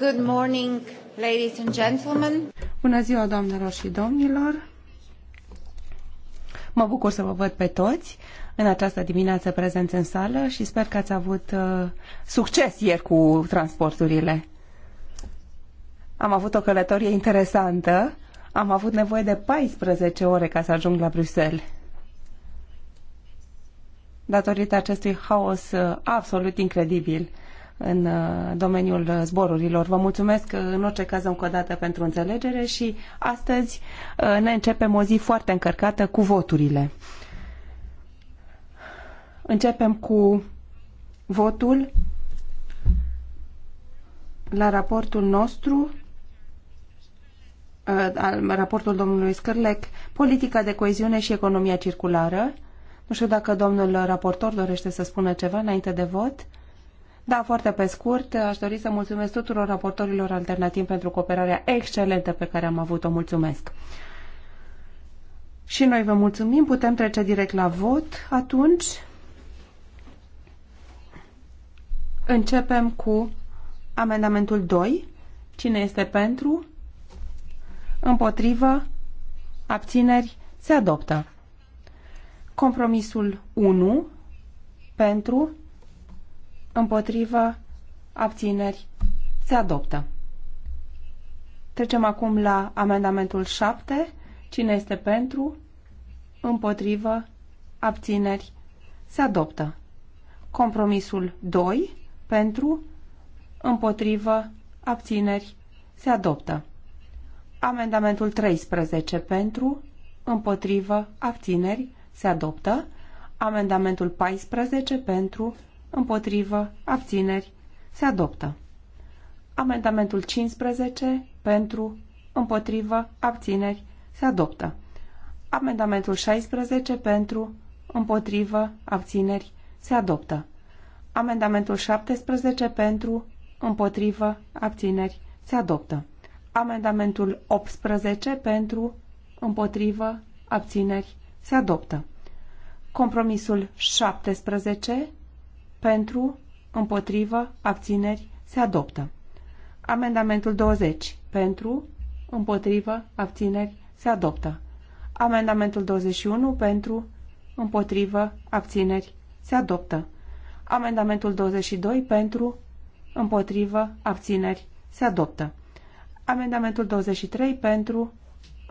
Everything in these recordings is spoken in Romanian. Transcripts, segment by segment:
Good morning, ladies and gentlemen. Bună ziua, doamnelor și domnilor. Mă bucur să vă văd pe toți în această dimineață prezenți în sală și sper că ați avut uh, succes ieri cu transporturile. Am avut o călătorie interesantă. Am avut nevoie de 14 ore ca să ajung la Bruxelles datorită acestui haos uh, absolut incredibil în uh, domeniul zborurilor. Vă mulțumesc uh, în orice caz încă o dată pentru înțelegere și astăzi uh, ne începem o zi foarte încărcată cu voturile. Începem cu votul la raportul nostru al raportul domnului Scârlec, politica de coeziune și economia circulară. Nu știu dacă domnul raportor dorește să spună ceva înainte de vot. Da, foarte pe scurt, aș dori să mulțumesc tuturor raportorilor alternativ pentru cooperarea excelentă pe care am avut-o. Mulțumesc! Și noi vă mulțumim, putem trece direct la vot atunci. Începem cu amendamentul 2. Cine este pentru? Împotrivă? Abțineri? Se adoptă. Compromisul 1. Pentru? împotrivă, abțineri, se adoptă. Trecem acum la amendamentul 7. Cine este pentru, împotrivă, abțineri, se adoptă. Compromisul 2, pentru, împotrivă, abțineri, se adoptă. Amendamentul 13 pentru, împotrivă, abțineri, se adoptă. Amendamentul 14 pentru, împotrivă, abțineri, se adoptă. Amendamentul 15 pentru, împotrivă, abțineri, se adoptă. Amendamentul 16 pentru, împotrivă, abțineri, se adoptă. Amendamentul 17 pentru, împotrivă, abțineri, se adoptă. Amendamentul 18 pentru, împotrivă, abțineri, se adoptă. Compromisul 17 pentru, împotrivă, abțineri, se adoptă. Amendamentul 20. Pentru, împotrivă, abțineri, se adoptă. Amendamentul 21. Pentru, împotrivă, abțineri, se adoptă. Amendamentul 22. Pentru, împotrivă, abțineri, se adoptă. Amendamentul 23. Pentru,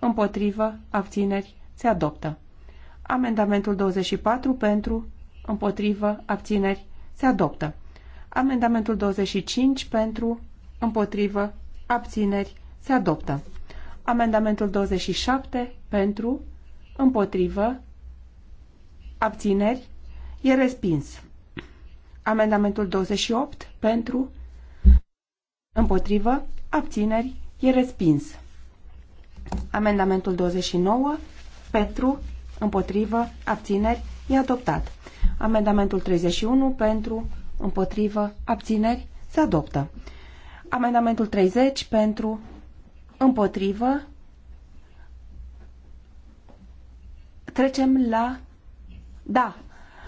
împotrivă, abțineri, se adoptă. Amendamentul 24. Pentru, împotrivă, abțineri, se adoptă. Amendamentul 25 pentru, împotrivă, abțineri, se adoptă. Amendamentul 27 pentru, împotrivă, abțineri, e respins. Amendamentul 28 pentru, împotrivă, abțineri, e respins. Amendamentul 29 pentru, împotrivă, abțineri, e adoptat. Amendamentul 31 pentru, împotrivă, abțineri, se adoptă. Amendamentul 30 pentru, împotrivă. Trecem la... Da,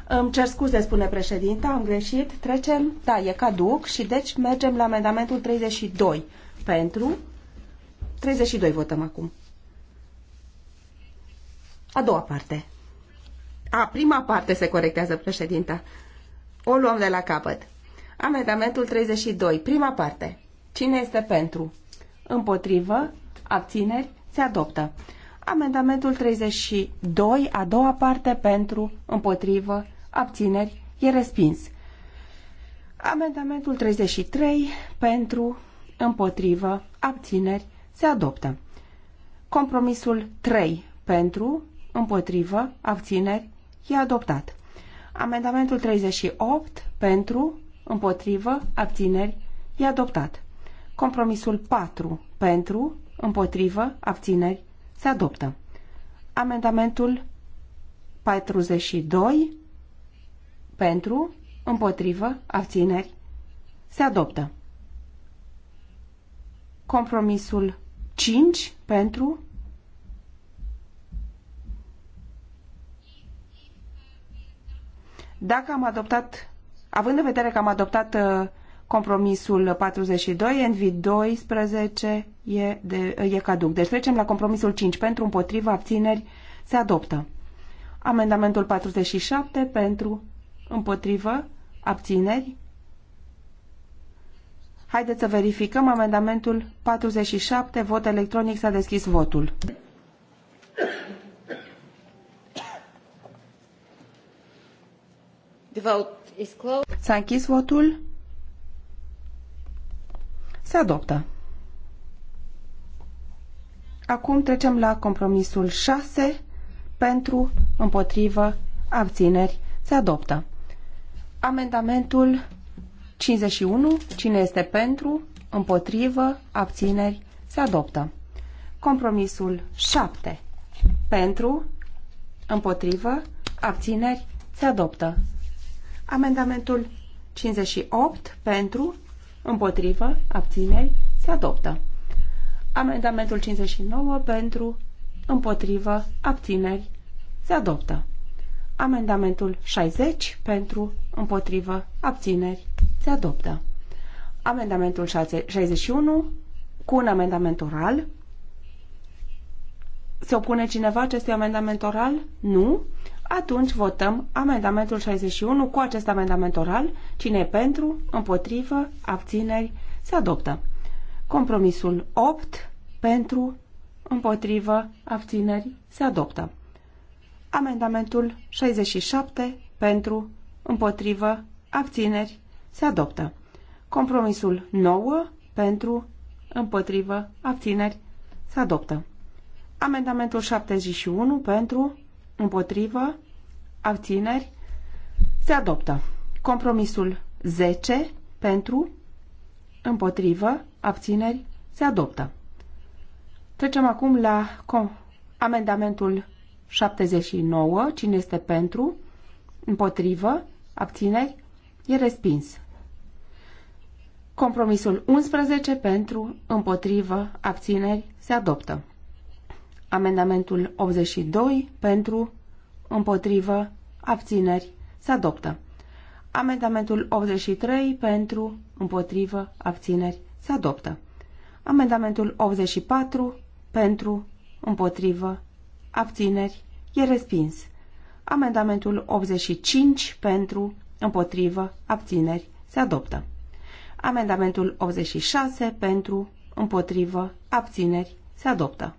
îmi cer scuze, spune președinta, am greșit. Trecem, da, e caduc și deci mergem la amendamentul 32 pentru... 32 votăm acum. A doua parte. A, prima parte se corectează președinte. O luăm de la capăt. Amendamentul 32, prima parte. Cine este pentru? Împotrivă, abțineri, se adoptă. Amendamentul 32, a doua parte, pentru, împotrivă, abțineri, e respins. Amendamentul 33, pentru, împotrivă, abțineri, se adoptă. Compromisul 3, pentru, împotrivă, abțineri, E adoptat. Amendamentul 38 pentru, împotrivă, abțineri, e adoptat. Compromisul 4 pentru, împotrivă, abțineri, se adoptă. Amendamentul 42 pentru, împotrivă, abțineri, se adoptă. Compromisul 5 pentru, Dacă am adoptat, având în vedere că am adoptat uh, compromisul 42, Envi 12 e, de, e caduc. Deci trecem la compromisul 5. Pentru, împotriva, abțineri, se adoptă. Amendamentul 47 pentru, împotrivă, abțineri. Haideți să verificăm amendamentul 47, vot electronic, s-a deschis votul. The vote is closed. S-a închis votul. Se adoptă. Acum trecem la compromisul 6 pentru, împotrivă, abțineri. Se adoptă. Amendamentul 51. Cine este pentru, împotrivă, abțineri. Se adoptă. Compromisul 7. Pentru, împotrivă, abțineri. Se adoptă. Amendamentul 58 pentru, împotrivă, abțineri, se adoptă. Amendamentul 59 pentru, împotrivă, abțineri, se adoptă. Amendamentul 60 pentru, împotrivă, abțineri, se adoptă. Amendamentul 61 cu un amendament oral. Se opune cineva acestui amendament oral? Nu. Atunci votăm amendamentul 61 cu acest amendament oral. Cine e pentru, împotrivă, abțineri, se adoptă. Compromisul 8 pentru, împotrivă, abțineri, se adoptă. Amendamentul 67 pentru, împotrivă, abțineri, se adoptă. Compromisul 9 pentru, împotrivă, abțineri, se adoptă. Amendamentul 71 pentru, împotrivă, abțineri, se adoptă. Compromisul 10 pentru, împotrivă, abțineri, se adoptă. Trecem acum la amendamentul 79. Cine este pentru? Împotrivă? Abțineri? E respins. Compromisul 11 pentru, împotrivă, abțineri, se adoptă. Amendamentul 82 pentru, împotrivă, abțineri, se adoptă. Amendamentul 83 pentru, împotrivă, abțineri, se adoptă. Amendamentul 84 pentru, împotrivă, abțineri, e respins. Amendamentul 85 pentru, împotrivă, abțineri, se adoptă. Amendamentul 86 pentru, împotrivă, abțineri, se adoptă.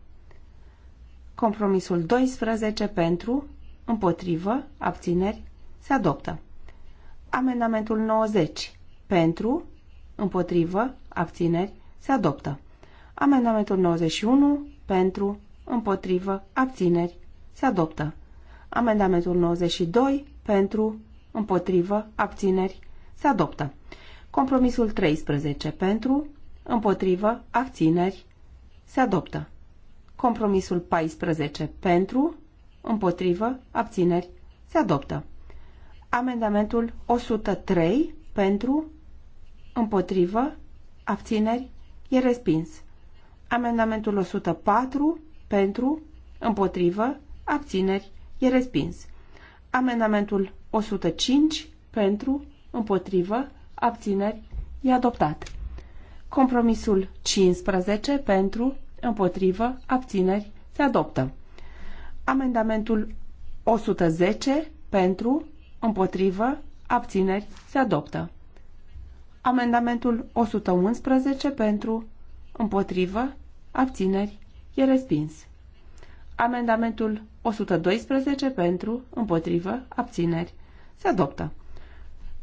Compromisul 12 pentru, împotrivă, abțineri, se adoptă. Amendamentul 90 pentru, împotrivă, abțineri, se adoptă. Amendamentul 91 pentru, împotrivă, abțineri, se adoptă. Amendamentul 92 pentru, împotrivă, abțineri, se adoptă. Compromisul 13 pentru, împotrivă, abțineri, se adoptă. Compromisul 14 pentru, împotrivă, abțineri, se adoptă. Amendamentul 103 pentru, împotrivă, abțineri, e respins. Amendamentul 104 pentru, împotrivă, abțineri, e respins. Amendamentul 105 pentru, împotrivă, abțineri, e adoptat. Compromisul 15 pentru, împotrivă, abțineri, se adoptă. Amendamentul 110 pentru, împotrivă, abțineri, se adoptă. Amendamentul 111 pentru, împotrivă, abțineri, e respins. Amendamentul 112 pentru, împotrivă, abțineri, se adoptă.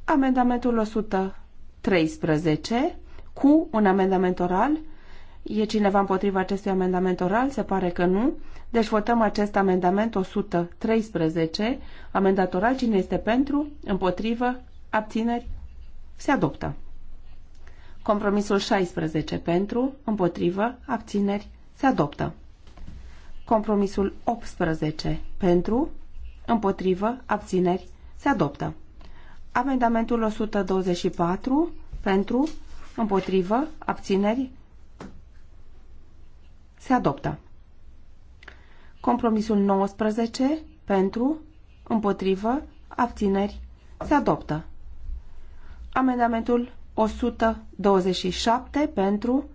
Amendamentul 113 cu un amendament oral E cineva împotriva acestui amendament oral? Se pare că nu. Deci votăm acest amendament 113. Amendat oral, cine este pentru? Împotrivă? Abțineri? Se adoptă. Compromisul 16 pentru, împotrivă, abțineri, se adoptă. Compromisul 18 pentru, împotrivă, abțineri, se adoptă. Amendamentul 124 pentru, împotrivă, abțineri, se adoptă. Compromisul 19 pentru, împotrivă, abțineri, se adoptă. Amendamentul 127 pentru,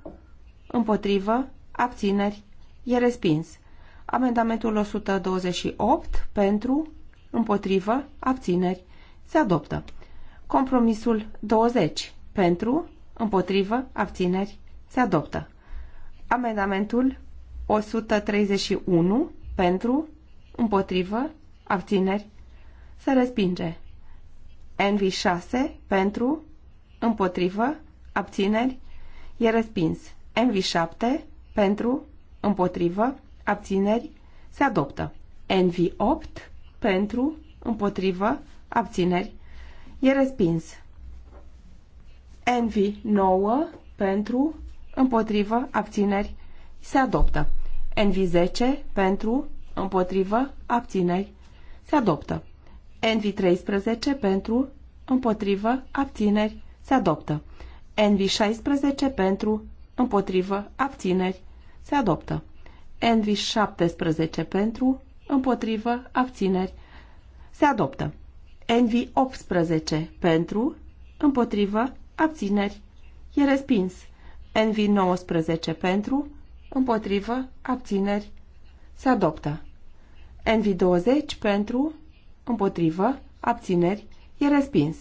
împotrivă, abțineri, e respins. Amendamentul 128 pentru, împotrivă, abțineri, se adoptă. Compromisul 20 pentru, împotrivă, abțineri, se adoptă. Amendamentul 131 pentru, împotrivă, abțineri, se respinge. NV6 pentru, împotrivă, abțineri, e respins. NV7 pentru, împotrivă, abțineri, se adoptă. NV8 pentru, împotrivă, abțineri, e respins. NV9 pentru, împotrivă, abțineri, se adoptă. NV10 pentru, împotrivă, abțineri, se adoptă. NV13 pentru, împotrivă, abțineri, se adoptă. NV16 pentru, împotrivă, abțineri, se adoptă. NV17 pentru, împotrivă, abțineri, se adoptă. NV18 pentru, împotrivă, abțineri, e respins. NV19 pentru, împotrivă, abțineri, se adoptă. NV20 pentru, împotrivă, abțineri, e respins.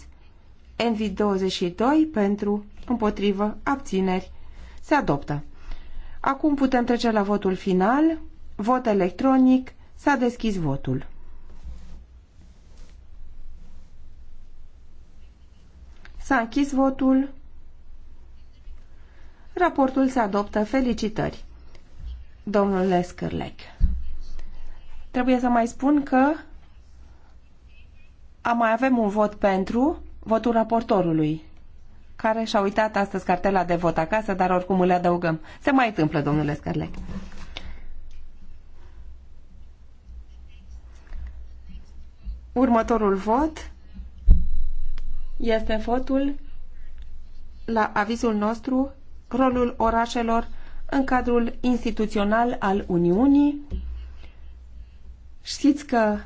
NV22 pentru, împotrivă, abțineri, se adoptă. Acum putem trece la votul final. Vot electronic. S-a deschis votul. S-a închis votul. Raportul se adoptă. Felicitări, domnule Scârlec. Trebuie să mai spun că a mai avem un vot pentru votul raportorului, care și-a uitat astăzi cartela de vot acasă, dar oricum îl adăugăm. Se mai întâmplă, domnule Scârlec. Următorul vot este votul la avizul nostru rolul orașelor în cadrul instituțional al Uniunii. Știți că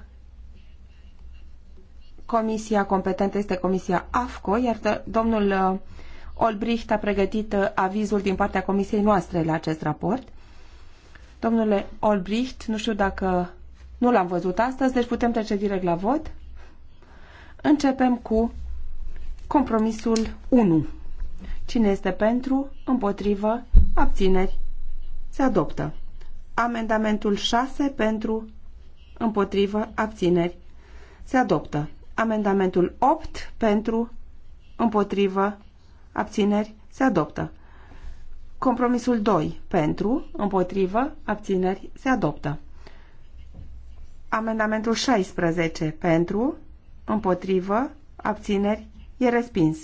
comisia competentă este comisia AFCO, iar domnul uh, Olbricht a pregătit uh, avizul din partea comisiei noastre la acest raport. Domnule Olbricht, nu știu dacă nu l-am văzut astăzi, deci putem trece direct la vot. Începem cu compromisul 1. Cine este pentru? Împotrivă? Abțineri? Se adoptă. Amendamentul 6 pentru? Împotrivă? Abțineri? Se adoptă. Amendamentul 8 pentru? Împotrivă? Abțineri? Se adoptă. Compromisul 2 pentru? Împotrivă? Abțineri? Se adoptă. Amendamentul 16 pentru? Împotrivă? Abțineri? E respins.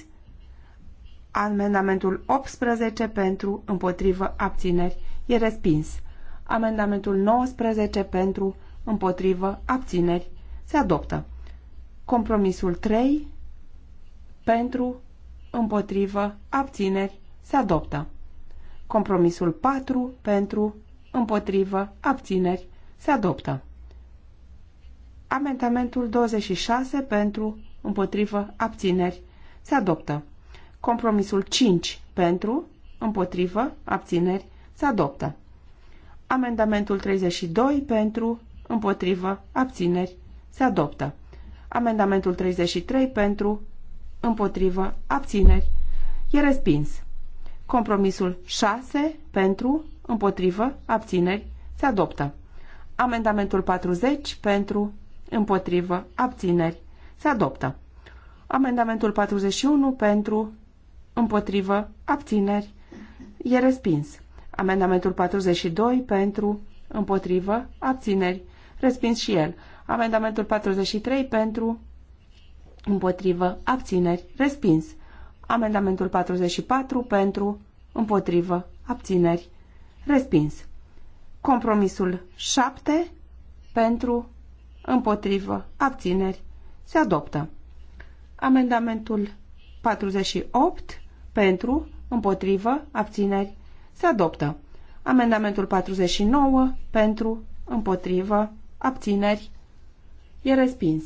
Amendamentul 18 pentru, împotrivă, abțineri, e respins. Amendamentul 19 pentru, împotrivă, abțineri, se adoptă. Compromisul 3 pentru, împotrivă, abțineri, se adoptă. Compromisul 4 pentru, împotrivă, abțineri, se adoptă. Amendamentul 26 pentru, împotrivă, abțineri, se adoptă. Compromisul 5 pentru, împotrivă, abțineri, se adoptă. Amendamentul 32 pentru, împotrivă, abțineri, se adoptă. Amendamentul 33 pentru, împotrivă, abțineri, e respins. Compromisul 6 pentru, împotrivă, abțineri, se adoptă. Amendamentul 40 pentru, împotrivă, abțineri, se adoptă. Amendamentul 41 pentru, împotrivă, abțineri, e respins. Amendamentul 42 pentru, împotrivă, abțineri, respins și el. Amendamentul 43 pentru, împotrivă, abțineri, respins. Amendamentul 44 pentru, împotrivă, abțineri, respins. Compromisul 7 pentru, împotrivă, abțineri, se adoptă. Amendamentul 48 pentru, împotrivă, abțineri, se adoptă. Amendamentul 49, pentru, împotrivă, abțineri, e respins.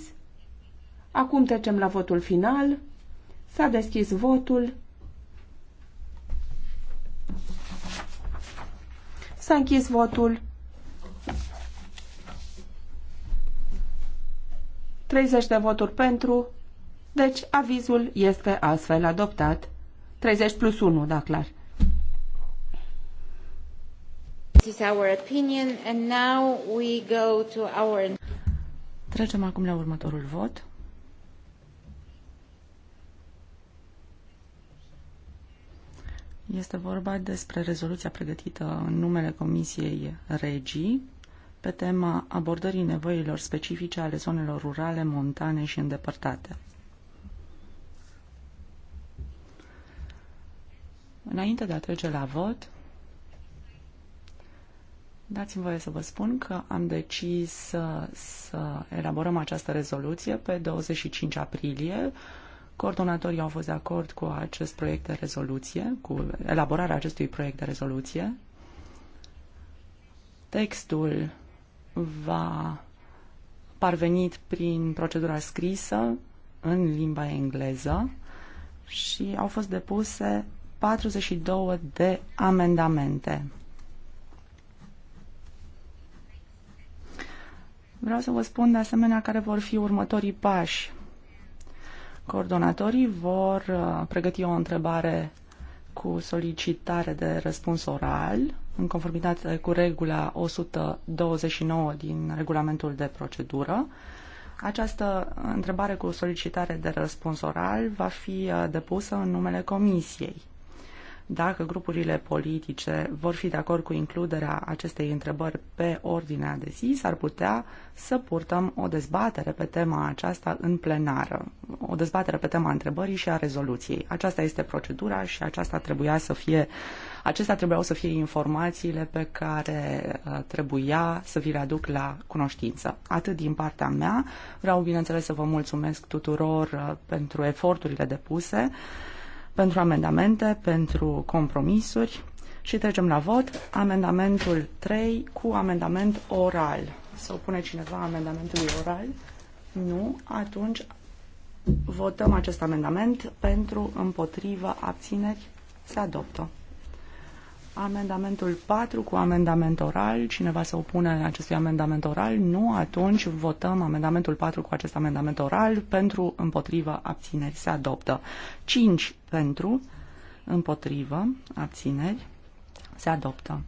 Acum trecem la votul final. S-a deschis votul. S-a închis votul. 30 de voturi pentru, deci avizul este astfel adoptat. 30 plus 1, da, clar. This is our opinion and now we go to our... Trecem acum la următorul vot. Este vorba despre rezoluția pregătită în numele Comisiei Regii pe tema abordării nevoilor specifice ale zonelor rurale, montane și îndepărtate. Înainte de a trece la vot, dați-mi voie să vă spun că am decis să, să elaborăm această rezoluție pe 25 aprilie. Coordonatorii au fost de acord cu acest proiect de rezoluție, cu elaborarea acestui proiect de rezoluție. Textul va parvenit prin procedura scrisă în limba engleză și au fost depuse 42 de amendamente. Vreau să vă spun de asemenea care vor fi următorii pași. Coordonatorii vor uh, pregăti o întrebare cu solicitare de răspuns oral, în conformitate cu regula 129 din regulamentul de procedură. Această întrebare cu solicitare de răspuns oral va fi uh, depusă în numele Comisiei dacă grupurile politice vor fi de acord cu includerea acestei întrebări pe ordinea de zi, s-ar putea să purtăm o dezbatere pe tema aceasta în plenară, o dezbatere pe tema întrebării și a rezoluției. Aceasta este procedura și aceasta trebuia să fie, acestea trebuiau să fie informațiile pe care uh, trebuia să vi le aduc la cunoștință. Atât din partea mea, vreau bineînțeles să vă mulțumesc tuturor uh, pentru eforturile depuse pentru amendamente, pentru compromisuri și trecem la vot. Amendamentul 3 cu amendament oral. Să opune cineva amendamentului oral? Nu. Atunci votăm acest amendament pentru împotriva abțineri. Se adoptă. Amendamentul 4 cu amendament oral. Cineva se opune acestui amendament oral? Nu. Atunci votăm amendamentul 4 cu acest amendament oral. Pentru, împotrivă, abțineri. Se adoptă. 5 pentru, împotrivă, abțineri. Se adoptă.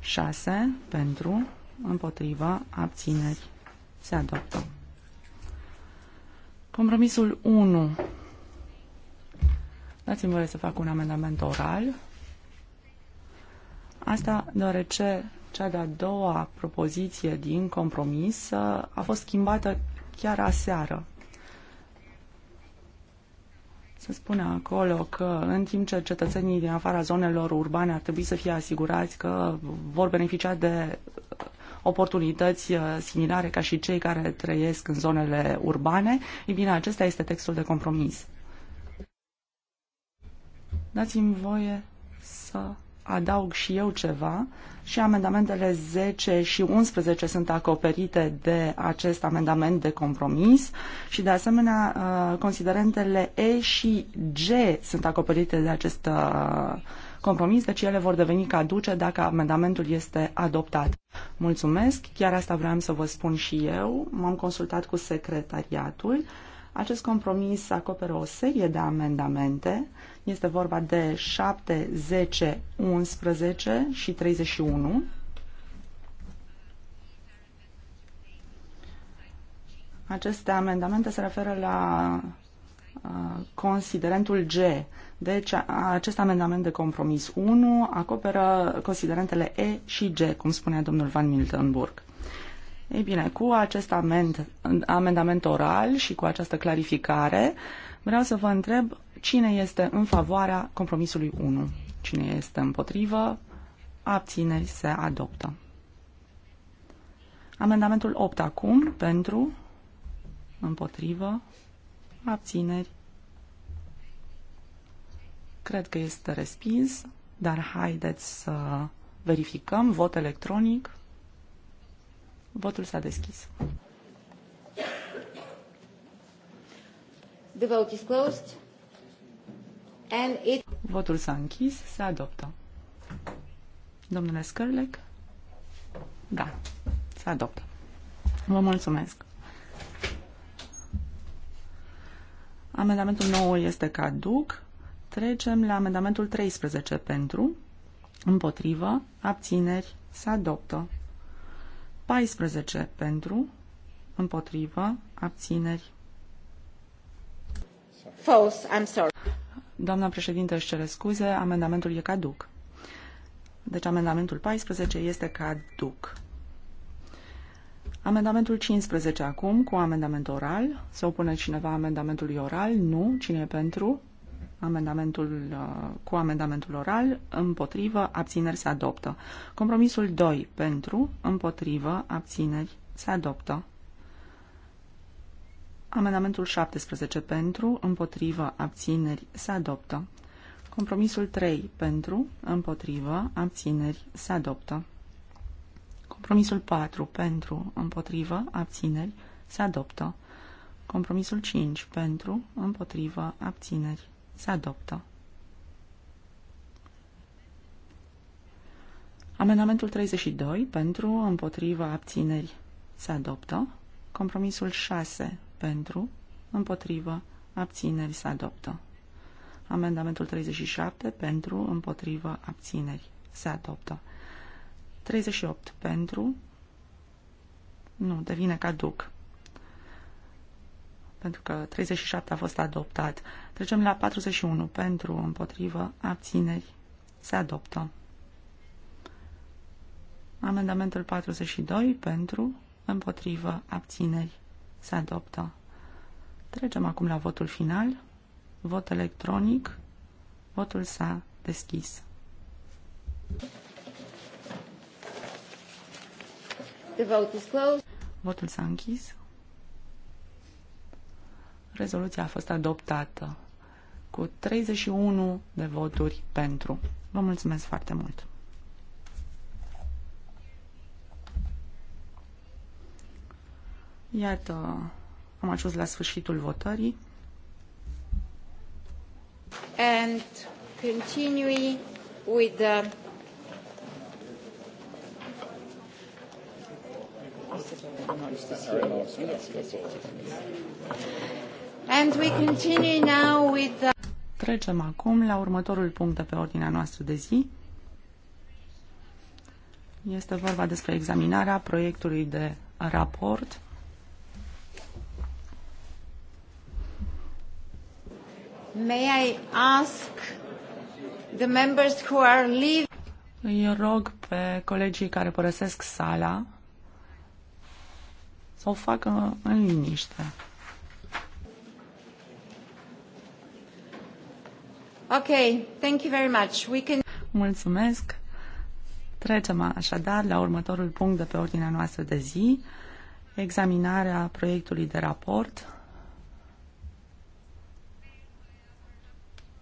6 pentru, împotrivă, abțineri. Se adoptă. Compromisul 1. Dați-mi voie să fac un amendament oral Asta deoarece cea de-a doua propoziție din compromis uh, a fost schimbată chiar aseară. Se spune acolo că în timp ce cetățenii din afara zonelor urbane ar trebui să fie asigurați că vor beneficia de uh, oportunități uh, similare ca și cei care trăiesc în zonele urbane, ei bine, acesta este textul de compromis. Dați-mi voie să adaug și eu ceva și amendamentele 10 și 11 sunt acoperite de acest amendament de compromis și de asemenea uh, considerentele E și G sunt acoperite de acest uh, compromis, deci ele vor deveni caduce dacă amendamentul este adoptat. Mulțumesc, chiar asta vreau să vă spun și eu, m-am consultat cu secretariatul. Acest compromis acoperă o serie de amendamente este vorba de 7, 10, 11 și 31. Aceste amendamente se referă la uh, considerentul G. Deci acest amendament de compromis 1 acoperă considerentele E și G, cum spunea domnul Van Miltenburg. Ei bine, cu acest amend, amendament oral și cu această clarificare, vreau să vă întreb Cine este în favoarea compromisului 1? Cine este împotrivă? Abțineri se adoptă. Amendamentul 8 acum, pentru, împotrivă, abțineri. Cred că este respins, dar haideți să verificăm vot electronic. Votul s-a deschis. The vote is closed. And it... Votul s-a închis, se adoptă. Domnule Scărlec? Da, se adoptă. Vă mulțumesc. Amendamentul 9 este caduc. Trecem la amendamentul 13 pentru, împotrivă, abțineri, se adoptă. 14 pentru, împotrivă, abțineri. False, I'm sorry. Doamna președinte își cere scuze, amendamentul e caduc. Deci amendamentul 14 este caduc. Amendamentul 15 acum, cu amendament oral. Se opune cineva amendamentului oral? Nu. Cine e pentru? Amendamentul, uh, cu amendamentul oral, împotrivă, abțineri se adoptă. Compromisul 2, pentru, împotrivă, abțineri se adoptă. Amendamentul 17 pentru, împotrivă, abțineri, se adoptă. Compromisul 3 pentru, împotrivă, abțineri, se adoptă. Compromisul 4 pentru, împotrivă, abțineri, se adoptă. Compromisul 5 pentru, împotrivă, abțineri, se adoptă. Amendamentul 32 pentru, împotrivă, abțineri, se adoptă. Compromisul 6 pentru, împotrivă, abțineri se adoptă. Amendamentul 37 pentru, împotrivă, abțineri se adoptă. 38 pentru, nu, devine caduc. Pentru că 37 a fost adoptat. Trecem la 41 pentru, împotrivă, abțineri se adoptă. Amendamentul 42 pentru, împotrivă, abțineri se adoptă. Trecem acum la votul final. Vot electronic. Votul s-a deschis. The vote is closed. Votul s-a închis. Rezoluția a fost adoptată cu 31 de voturi pentru. Vă mulțumesc foarte mult! Iată, am ajuns la sfârșitul votării. And continuing with the And we continue now with the... Trecem acum la următorul punct de pe ordinea noastră de zi. Este vorba despre examinarea proiectului de raport May I ask the members who are leaving? Îi rog pe colegii care părăsesc sala să o facă în liniște. Okay, thank you very much. We can... Mulțumesc. Trecem așadar la următorul punct de pe ordinea noastră de zi, examinarea proiectului de raport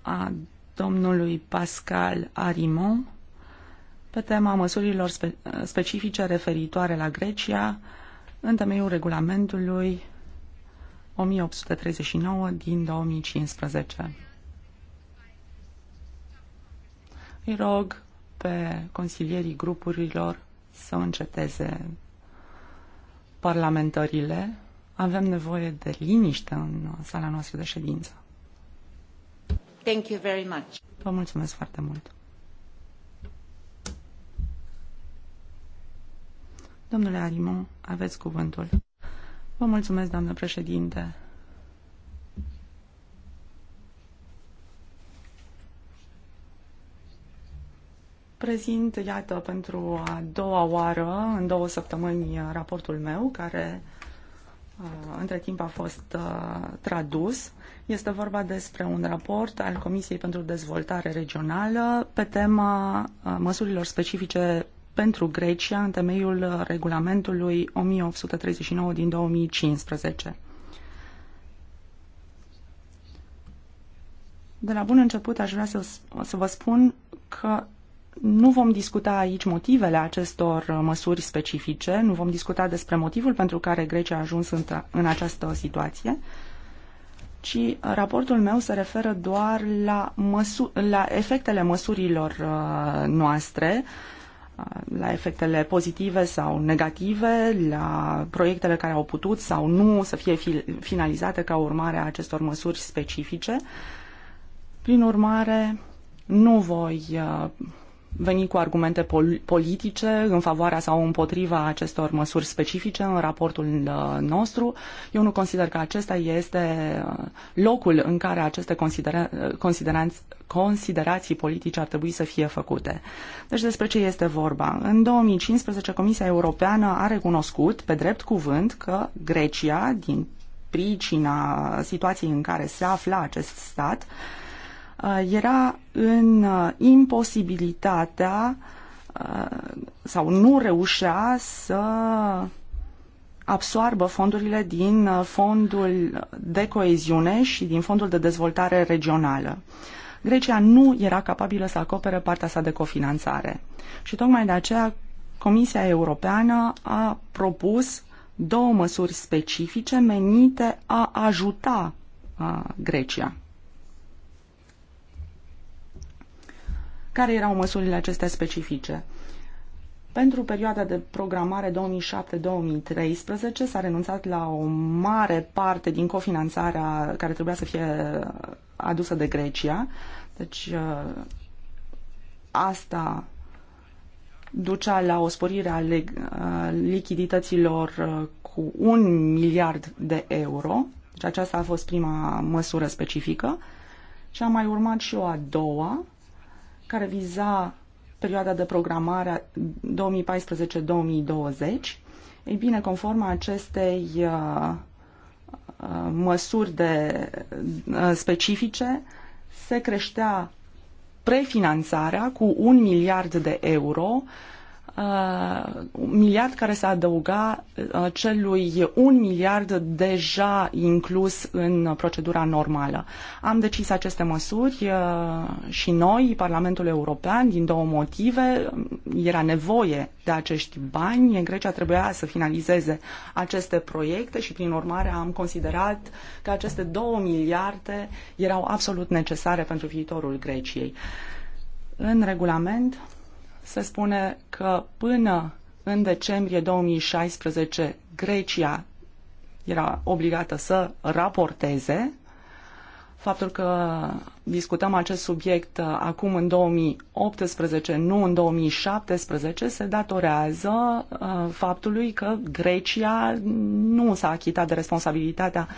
a domnului Pascal Arimon pe tema măsurilor spe specifice referitoare la Grecia în temeiul regulamentului 1839 din 2015. Îi rog pe consilierii grupurilor să înceteze parlamentările. Avem nevoie de liniște în sala noastră de ședință. Vă mulțumesc foarte mult. Domnule Arimon, aveți cuvântul. Vă mulțumesc, doamnă președinte. Prezint, iată, pentru a doua oară, în două săptămâni, raportul meu, care Uh, între timp a fost uh, tradus. Este vorba despre un raport al Comisiei pentru Dezvoltare Regională pe tema uh, măsurilor specifice pentru Grecia în temeiul regulamentului 1839 din 2015. De la bun început aș vrea să, să vă spun că nu vom discuta aici motivele acestor măsuri specifice, nu vom discuta despre motivul pentru care Grecia a ajuns în această situație, ci raportul meu se referă doar la, măsu- la efectele măsurilor uh, noastre, uh, la efectele pozitive sau negative, la proiectele care au putut sau nu să fie finalizate ca urmare a acestor măsuri specifice. Prin urmare, nu voi uh, veni cu argumente pol- politice în favoarea sau împotriva acestor măsuri specifice în raportul uh, nostru. Eu nu consider că acesta este uh, locul în care aceste considera- uh, considerații politice ar trebui să fie făcute. Deci despre ce este vorba? În 2015 Comisia Europeană a recunoscut pe drept cuvânt că Grecia, din pricina situației în care se afla acest stat, Uh, era în uh, imposibilitatea uh, sau nu reușea să absoarbă fondurile din fondul de coeziune și din fondul de dezvoltare regională. Grecia nu era capabilă să acopere partea sa de cofinanțare. Și tocmai de aceea Comisia Europeană a propus două măsuri specifice menite a ajuta a, Grecia. Care erau măsurile acestea specifice? Pentru perioada de programare 2007-2013 s-a renunțat la o mare parte din cofinanțarea care trebuia să fie adusă de Grecia. Deci uh, asta ducea la o sporire a uh, lichidităților uh, cu un miliard de euro. Deci aceasta a fost prima măsură specifică. Și a mai urmat și o a doua, care viza perioada de programare 2014-2020. Ei bine, conform acestei uh, uh, măsuri de, uh, specifice, se creștea prefinanțarea cu un miliard de euro uh, uh, miliard care se adăuga uh, celui un miliard deja inclus în procedura normală. Am decis aceste măsuri uh, și noi, Parlamentul European, din două motive. Era nevoie de acești bani. În Grecia trebuia să finalizeze aceste proiecte și, prin urmare, am considerat că aceste două miliarde erau absolut necesare pentru viitorul Greciei. În regulament, se spune că până în decembrie 2016 Grecia era obligată să raporteze. Faptul că discutăm acest subiect uh, acum în 2018, nu în 2017, se datorează uh, faptului că Grecia nu s-a achitat de responsabilitatea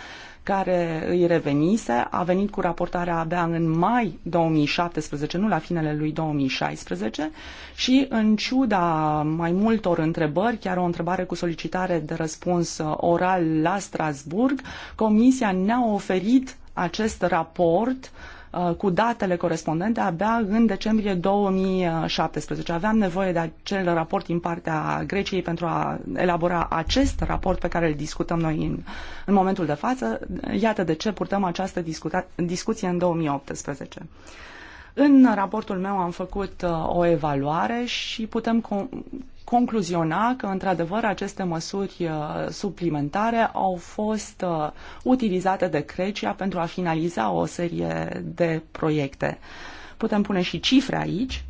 care îi revenise, a venit cu raportarea abia în mai 2017, nu la finele lui 2016 și în ciuda mai multor întrebări, chiar o întrebare cu solicitare de răspuns uh, oral la Strasburg, Comisia ne-a oferit acest raport uh, Uh, cu datele corespondente abia în decembrie 2017. Aveam nevoie de acel raport din partea Greciei pentru a elabora acest raport pe care îl discutăm noi în, în momentul de față. Iată de ce purtăm această discuție în 2018. În raportul meu am făcut uh, o evaluare și putem concluziona că, într-adevăr, aceste măsuri uh, suplimentare au fost uh, utilizate de Grecia pentru a finaliza o serie de proiecte. Putem pune și cifre aici.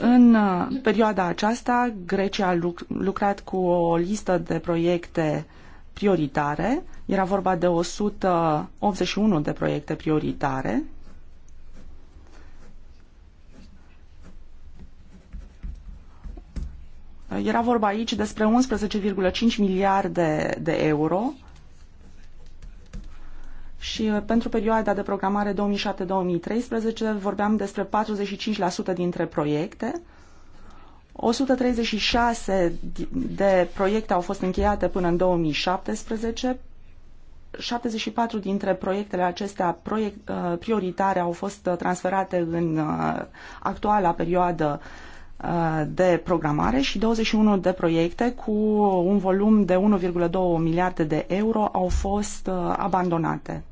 În perioada aceasta, Grecia a lucrat cu o listă de proiecte uh, prioritare. Era vorba de 181 de proiecte prioritare. Era vorba aici despre 11,5 miliarde de euro și uh, pentru perioada de programare 2007-2013 vorbeam despre 45% dintre proiecte. 136 de proiecte au fost încheiate până în 2017. 74 dintre proiectele acestea proiect, uh, prioritare au fost transferate în uh, actuala perioadă uh, de programare și 21 de proiecte cu un volum de 1,2 miliarde de euro au fost abandonate.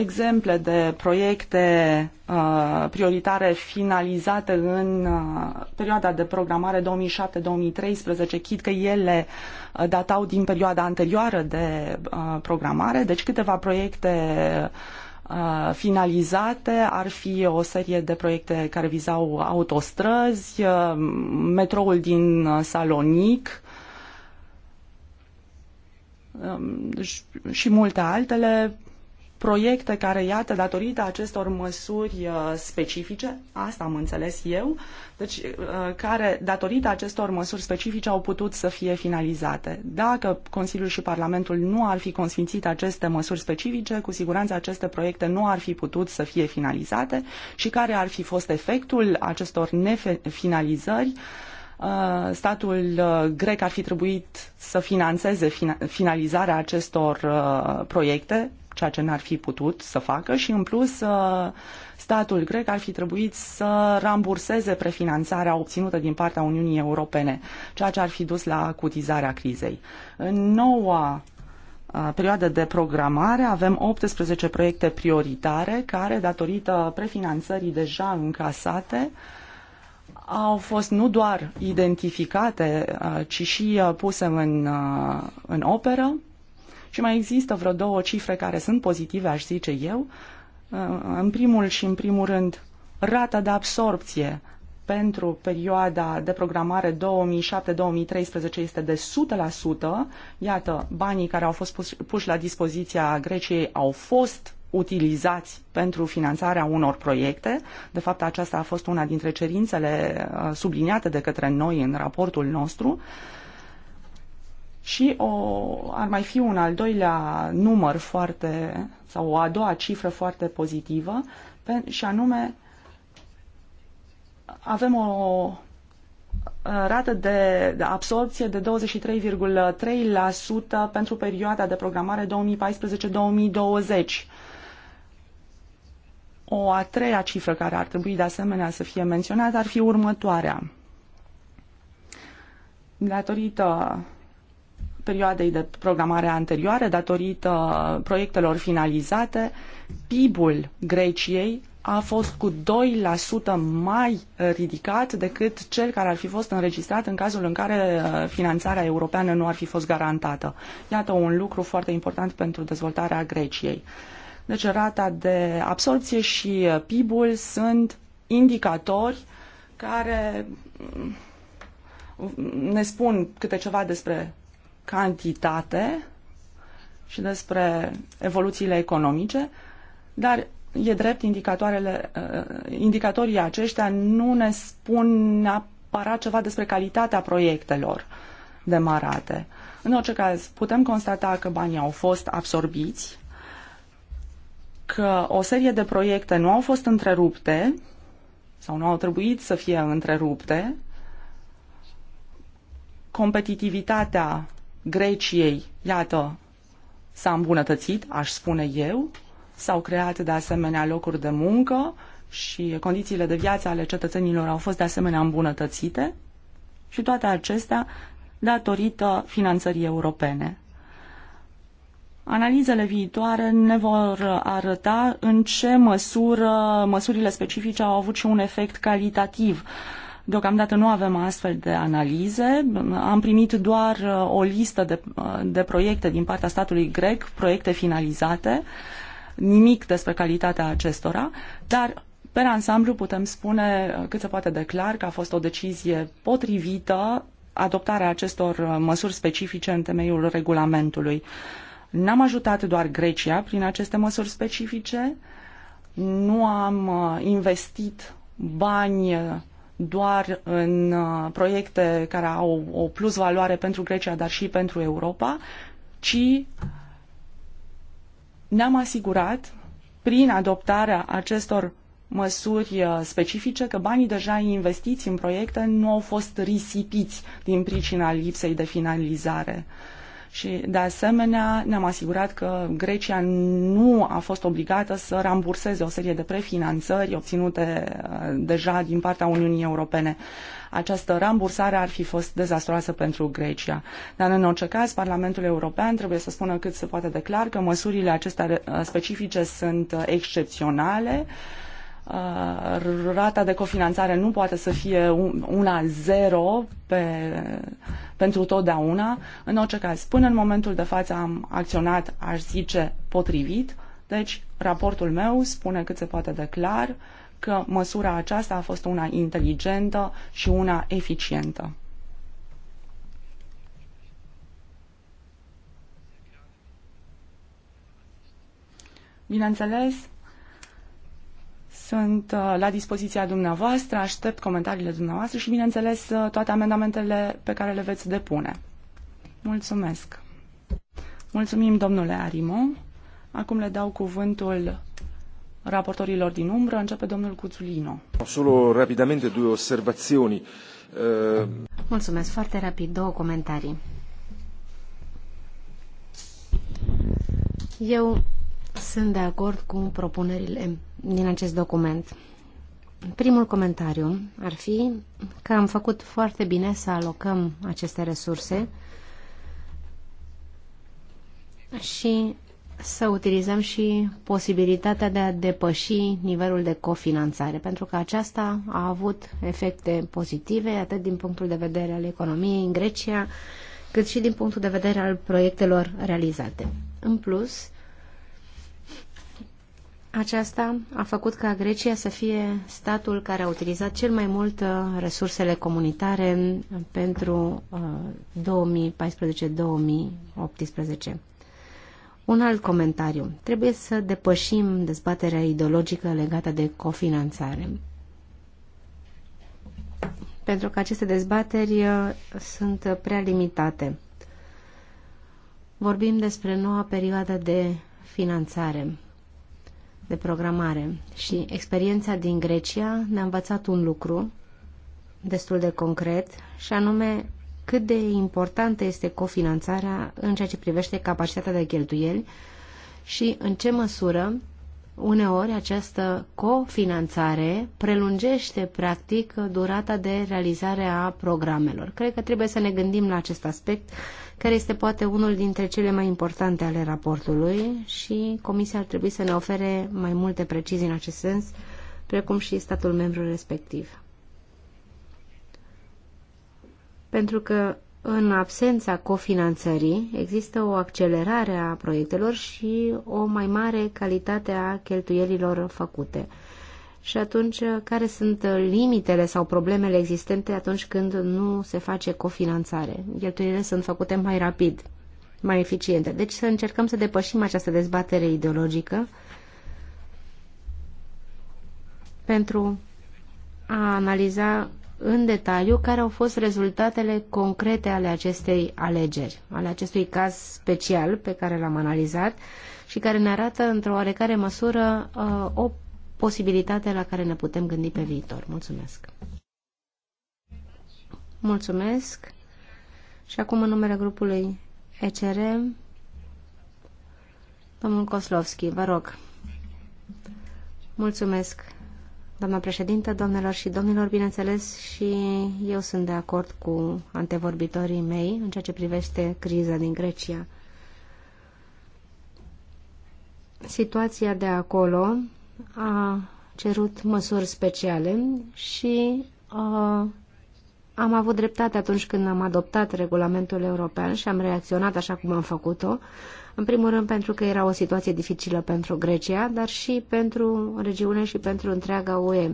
exemple de proiecte uh, prioritare finalizate în uh, perioada de programare 2007-2013, chit că ele uh, datau din perioada anterioară de uh, programare, deci câteva proiecte uh, finalizate ar fi o serie de proiecte care vizau autostrăzi, metroul din Salonic, um, și multe altele, proiecte care, iată, datorită acestor măsuri uh, specifice, asta am înțeles eu, deci uh, care, datorită acestor măsuri specifice, au putut să fie finalizate. Dacă Consiliul și Parlamentul nu ar fi consfințit aceste măsuri specifice, cu siguranță aceste proiecte nu ar fi putut să fie finalizate și care ar fi fost efectul acestor nefinalizări, uh, statul grec ar fi trebuit să financeze finalizarea acestor proiecte ceea ce n-ar fi putut să facă și, în plus, uh, statul grec ar fi trebuit să ramburseze prefinanțarea obținută din partea Uniunii Europene, ceea ce ar fi dus la acutizarea crizei. În noua uh, perioadă de programare avem 18 proiecte prioritare care, datorită prefinanțării deja încasate, au fost nu doar identificate, uh, ci și puse în, în operă și mai există vreo două cifre care sunt pozitive, aș zice eu. Uh, în primul și în primul rând, rata de absorpție pentru perioada de programare 2007-2013 este de 100%. Iată, banii care au fost puși la dispoziția Greciei au fost utilizați pentru finanțarea unor proiecte. De fapt, aceasta a fost una dintre cerințele uh, subliniate de către noi în raportul nostru. Uh, și o, ar mai fi un al doilea număr foarte, sau o a doua cifră foarte pozitivă, pe, și anume avem o rată de absorpție de 23,3% pentru perioada de programare 2014-2020. O a treia cifră care ar trebui de asemenea să fie menționată ar fi următoarea. Datorită perioadei de programare anterioare, datorită proiectelor finalizate, PIB-ul Greciei a fost cu 2% mai ridicat decât cel care ar fi fost înregistrat în cazul în care uh, finanțarea europeană nu ar fi fost garantată. Iată un lucru foarte important pentru dezvoltarea Greciei. Deci rata de absorpție și uh, PIB-ul sunt indicatori care mm, ne spun câte ceva despre cantitate și despre evoluțiile economice, dar e drept, indicatoarele, uh, indicatorii aceștia nu ne spun neapărat ceva despre calitatea proiectelor demarate. În orice caz, putem constata că banii au fost absorbiți, că o serie de proiecte nu au fost întrerupte sau nu au trebuit să fie întrerupte, competitivitatea Greciei, iată, s-a îmbunătățit, aș spune eu, s-au creat de asemenea locuri de muncă și condițiile de viață ale cetățenilor au fost de asemenea îmbunătățite și toate acestea datorită finanțării europene. Analizele viitoare ne vor arăta în ce măsură măsurile specifice au avut și un efect calitativ uh, Deocamdată nu avem astfel de analize. Am primit doar uh, o listă de, uh, de proiecte din partea statului grec, proiecte finalizate, nimic despre calitatea acestora, dar pe ansamblu putem spune uh, cât se poate de clar că a fost o decizie potrivită adoptarea acestor măsuri specifice în temeiul regulamentului. N-am ajutat doar Grecia prin aceste măsuri specifice, nu am investit bani doar în uh, proiecte care au o plus valoare pentru Grecia, dar și pentru Europa, ci ne-am asigurat prin adoptarea acestor măsuri uh, specifice că banii deja investiți în proiecte nu au fost risipiți din pricina lipsei de finalizare. Uh, și, de asemenea, ne-am asigurat că Grecia nu a fost obligată să ramburseze o serie de prefinanțări obținute uh, deja din partea Uniunii Europene. Această rambursare ar fi fost dezastroasă pentru Grecia. Dar, în orice caz, Parlamentul European trebuie să spună cât se poate declar că măsurile acestea uh, specifice sunt uh, excepționale, uh, Uh, rata de cofinanțare nu poate să fie una zero pe, pentru totdeauna. În orice caz, până în momentul de față am acționat, aș zice, potrivit. Deci, raportul meu spune cât se poate de clar că măsura aceasta a fost una inteligentă și una eficientă. Bineînțeles, sunt uh, la dispoziția dumneavoastră, aștept comentariile dumneavoastră și, bineînțeles, uh, toate amendamentele pe care le veți depune. Mulțumesc! Mulțumim, domnule Arimo. Acum le dau cuvântul raportorilor din umbră. Începe domnul Cuțulino. Solo rapidamente două observațiuni. Uh, Mulțumesc foarte rapid. Două comentarii. Eu sunt de acord cu propunerile din acest document. Primul comentariu ar fi că am făcut foarte bine să alocăm aceste resurse și să utilizăm și posibilitatea de a depăși nivelul de cofinanțare, pentru că aceasta a avut efecte pozitive, atât din punctul de vedere al economiei în Grecia, cât și din punctul de vedere al proiectelor realizate. În plus, aceasta a făcut ca Grecia să fie statul care a utilizat cel mai mult uh, resursele comunitare pentru 2014-2018. Uh, Un alt comentariu. Trebuie să depășim dezbaterea ideologică legată de cofinanțare. Pentru că aceste dezbateri uh, sunt prea limitate. Vorbim despre noua perioadă de finanțare de programare și experiența din Grecia ne-a învățat un lucru destul de concret și anume cât de importantă este cofinanțarea în ceea ce privește capacitatea de cheltuieli și în ce măsură uneori această cofinanțare prelungește practic durata de realizare a programelor. Cred că trebuie să ne gândim la acest aspect care este poate unul dintre cele mai importante ale raportului și Comisia ar trebui să ne ofere mai multe precizii în acest sens, precum și statul membru respectiv. Pentru că în absența cofinanțării există o accelerare a proiectelor și o mai mare calitate a cheltuielilor făcute și atunci uh, care sunt uh, limitele sau problemele existente atunci când nu se face cofinanțare. Cheltuielile sunt făcute mai rapid, mai eficiente. Deci să încercăm să depășim această dezbatere ideologică pentru a analiza în detaliu care au fost rezultatele concrete ale acestei alegeri, ale acestui caz special pe care l-am analizat și care ne arată într-o oarecare măsură uh, o posibilitatea la care ne putem gândi pe viitor. Mulțumesc! Mulțumesc! Și acum în numele grupului ECR, domnul Koslovski, vă rog. Mulțumesc, doamna președintă, doamnelor și domnilor, bineînțeles, și eu sunt de acord cu antevorbitorii mei în ceea ce privește criza din Grecia. Situația de acolo a cerut măsuri speciale și a, am avut dreptate atunci când am adoptat regulamentul european și am reacționat așa cum am făcut-o, în primul rând pentru că era o situație dificilă pentru Grecia, dar și pentru regiune și pentru întreaga UE.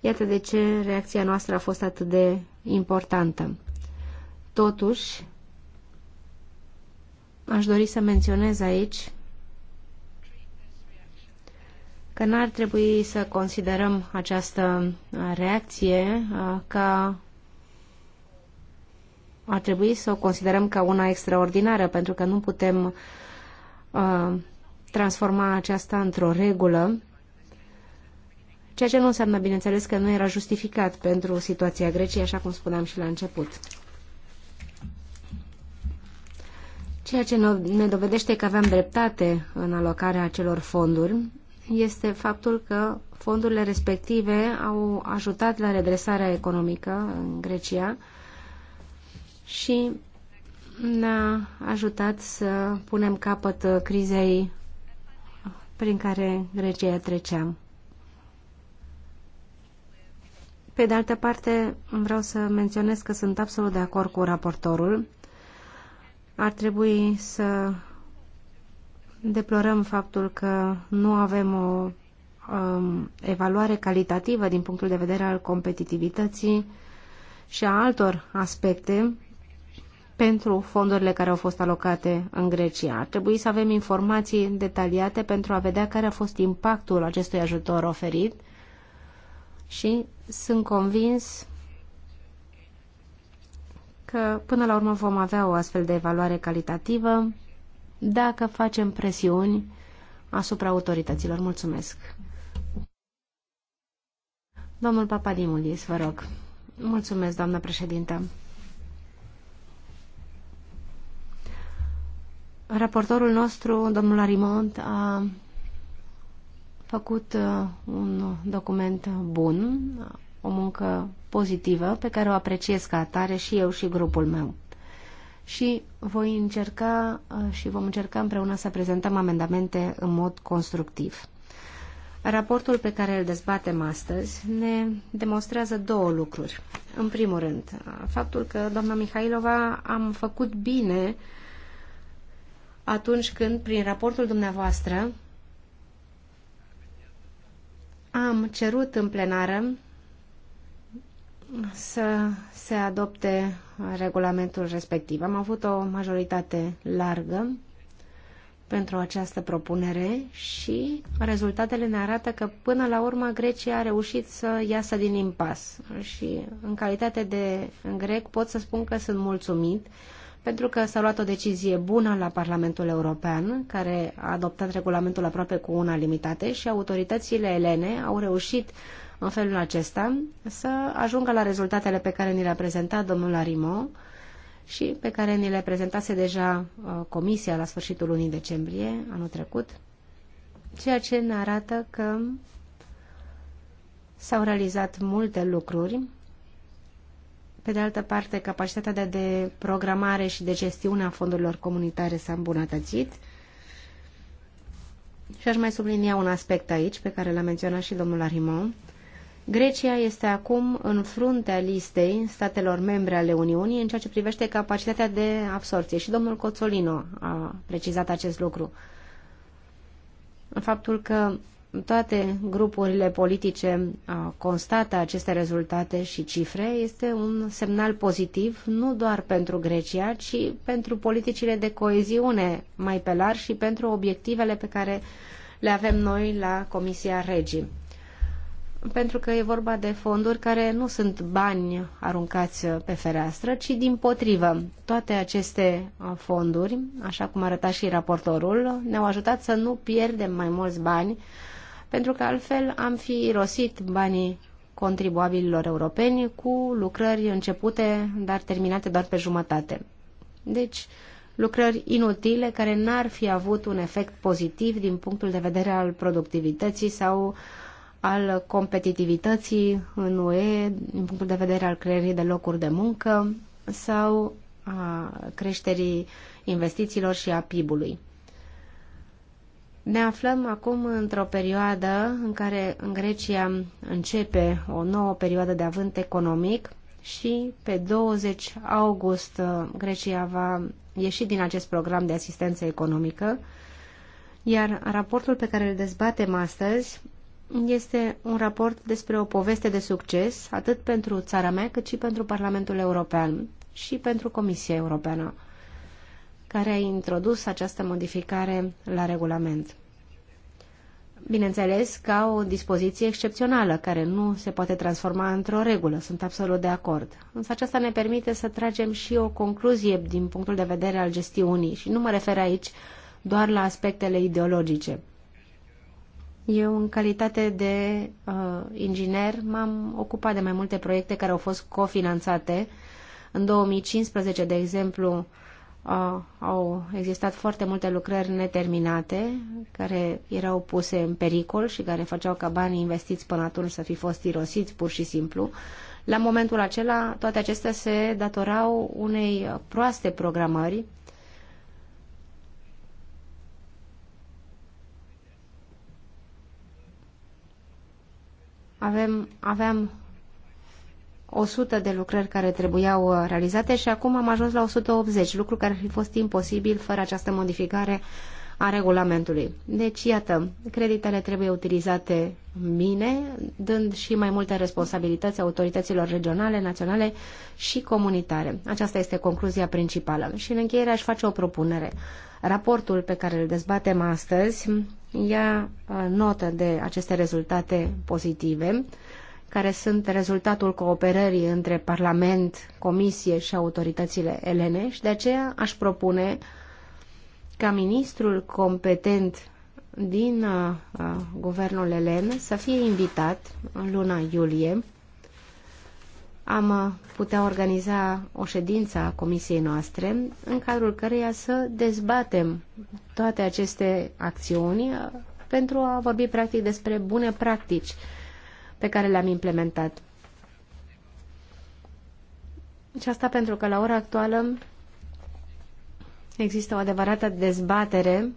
Iată de ce reacția noastră a fost atât de importantă. Totuși, aș dori să menționez aici că n-ar trebui să considerăm această uh, reacție uh, ca ar trebui să o considerăm ca una extraordinară, pentru că nu putem uh, transforma aceasta într-o regulă, ceea ce nu înseamnă, bineînțeles, că nu era justificat pentru situația Greciei, așa cum spuneam și la început. Ceea ce ne dovedește că aveam dreptate în alocarea acelor fonduri este faptul că fondurile respective au ajutat la redresarea economică în Grecia și ne-a ajutat să punem capăt crizei prin care Grecia trecea. Pe de altă parte, vreau să menționez că sunt absolut de acord cu raportorul. Ar trebui să Deplorăm faptul că nu avem o um, evaluare calitativă din punctul de vedere al competitivității și a altor aspecte pentru fondurile care au fost alocate în Grecia. Ar trebui să avem informații detaliate pentru a vedea care a fost impactul acestui ajutor oferit și sunt convins că până la urmă vom avea o astfel de evaluare calitativă dacă facem presiuni asupra autorităților. Mulțumesc. Domnul Papadimulis, vă rog. Mulțumesc, doamnă președintă. Raportorul nostru, domnul Arimont, a făcut uh, un document bun, o muncă pozitivă pe care o apreciez ca atare și eu și grupul meu și voi încerca uh, și vom încerca împreună să prezentăm amendamente în mod constructiv. Raportul pe care îl dezbatem astăzi ne demonstrează două lucruri. În primul rând, uh, faptul că doamna Mihailova am făcut bine atunci când, prin raportul dumneavoastră, am cerut în plenară să se adopte regulamentul respectiv. Am avut o majoritate largă pentru această propunere și rezultatele ne arată că până la urmă Grecia a reușit să iasă din impas și în calitate de în grec pot să spun că sunt mulțumit pentru că s-a luat o decizie bună la Parlamentul European, care a adoptat regulamentul aproape cu unanimitate și autoritățile elene au reușit în felul acesta să ajungă la rezultatele pe care ni le-a prezentat domnul Arimo și pe care ni le prezentase deja uh, comisia la sfârșitul lunii decembrie anul trecut, ceea ce ne arată că s-au realizat multe lucruri pe de altă parte, capacitatea de, de programare și de gestiune a fondurilor comunitare s-a îmbunătățit. Și aș mai sublinia un aspect aici, pe care l-a menționat și domnul Arimon, Grecia este acum în fruntea listei statelor membre ale Uniunii în ceea ce privește capacitatea de absorție și domnul Coțolino a precizat acest lucru. Faptul că toate grupurile politice constată aceste rezultate și cifre este un semnal pozitiv nu doar pentru Grecia, ci pentru politicile de coeziune mai pe larg și pentru obiectivele pe care le avem noi la Comisia Regii pentru că e vorba de fonduri care nu sunt bani aruncați pe fereastră, ci din potrivă. Toate aceste uh, fonduri, așa cum arăta și raportorul, ne-au ajutat să nu pierdem mai mulți bani, pentru că altfel am fi irosit banii contribuabililor europeni cu lucrări începute, dar terminate doar pe jumătate. Deci, lucrări inutile care n-ar fi avut un efect pozitiv din punctul de vedere al productivității sau uh, al competitivității în UE, din punctul de vedere al creierii de locuri de muncă sau a creșterii investițiilor și a PIB-ului. Ne aflăm acum într-o perioadă în care în Grecia începe o nouă perioadă de avânt economic și pe 20 august uh, Grecia va ieși din acest program de asistență economică, iar raportul pe care îl dezbatem astăzi este un raport despre o poveste de succes, atât pentru țara mea, cât și pentru Parlamentul European și pentru Comisia Europeană, care a introdus această modificare la regulament. Bineînțeles, ca o dispoziție excepțională, care nu se poate transforma într-o regulă, sunt absolut de acord. Însă aceasta ne permite să tragem și o concluzie din punctul de vedere al gestiunii și nu mă refer aici doar la aspectele ideologice. Eu, în calitate de uh, inginer, m-am ocupat de mai multe proiecte care au fost cofinanțate. În 2015, de exemplu, uh, au existat foarte multe lucrări neterminate care erau puse în pericol și care făceau ca banii investiți până atunci să fi fost irosiți pur și simplu. La momentul acela, toate acestea se datorau unei proaste programări Avem, aveam 100 de lucrări care trebuiau uh, realizate și acum am ajuns la 180, lucru care ar fi fost imposibil fără această modificare a regulamentului. Deci, iată, creditele trebuie utilizate bine, dând și mai multe responsabilități autorităților regionale, naționale și comunitare. Aceasta este concluzia principală. Și în încheiere aș face o propunere. Raportul pe care îl dezbatem astăzi ia uh, notă de aceste rezultate pozitive, care sunt rezultatul cooperării între Parlament, Comisie și autoritățile elene și de aceea aș propune ca ministrul competent din uh, uh guvernul elen să fie invitat în luna iulie am putea organiza o ședință a comisiei noastre în cadrul căreia să dezbatem toate aceste acțiuni uh, pentru a vorbi practic despre bune practici pe care le-am implementat. Și asta pentru că la ora actuală există o adevărată dezbatere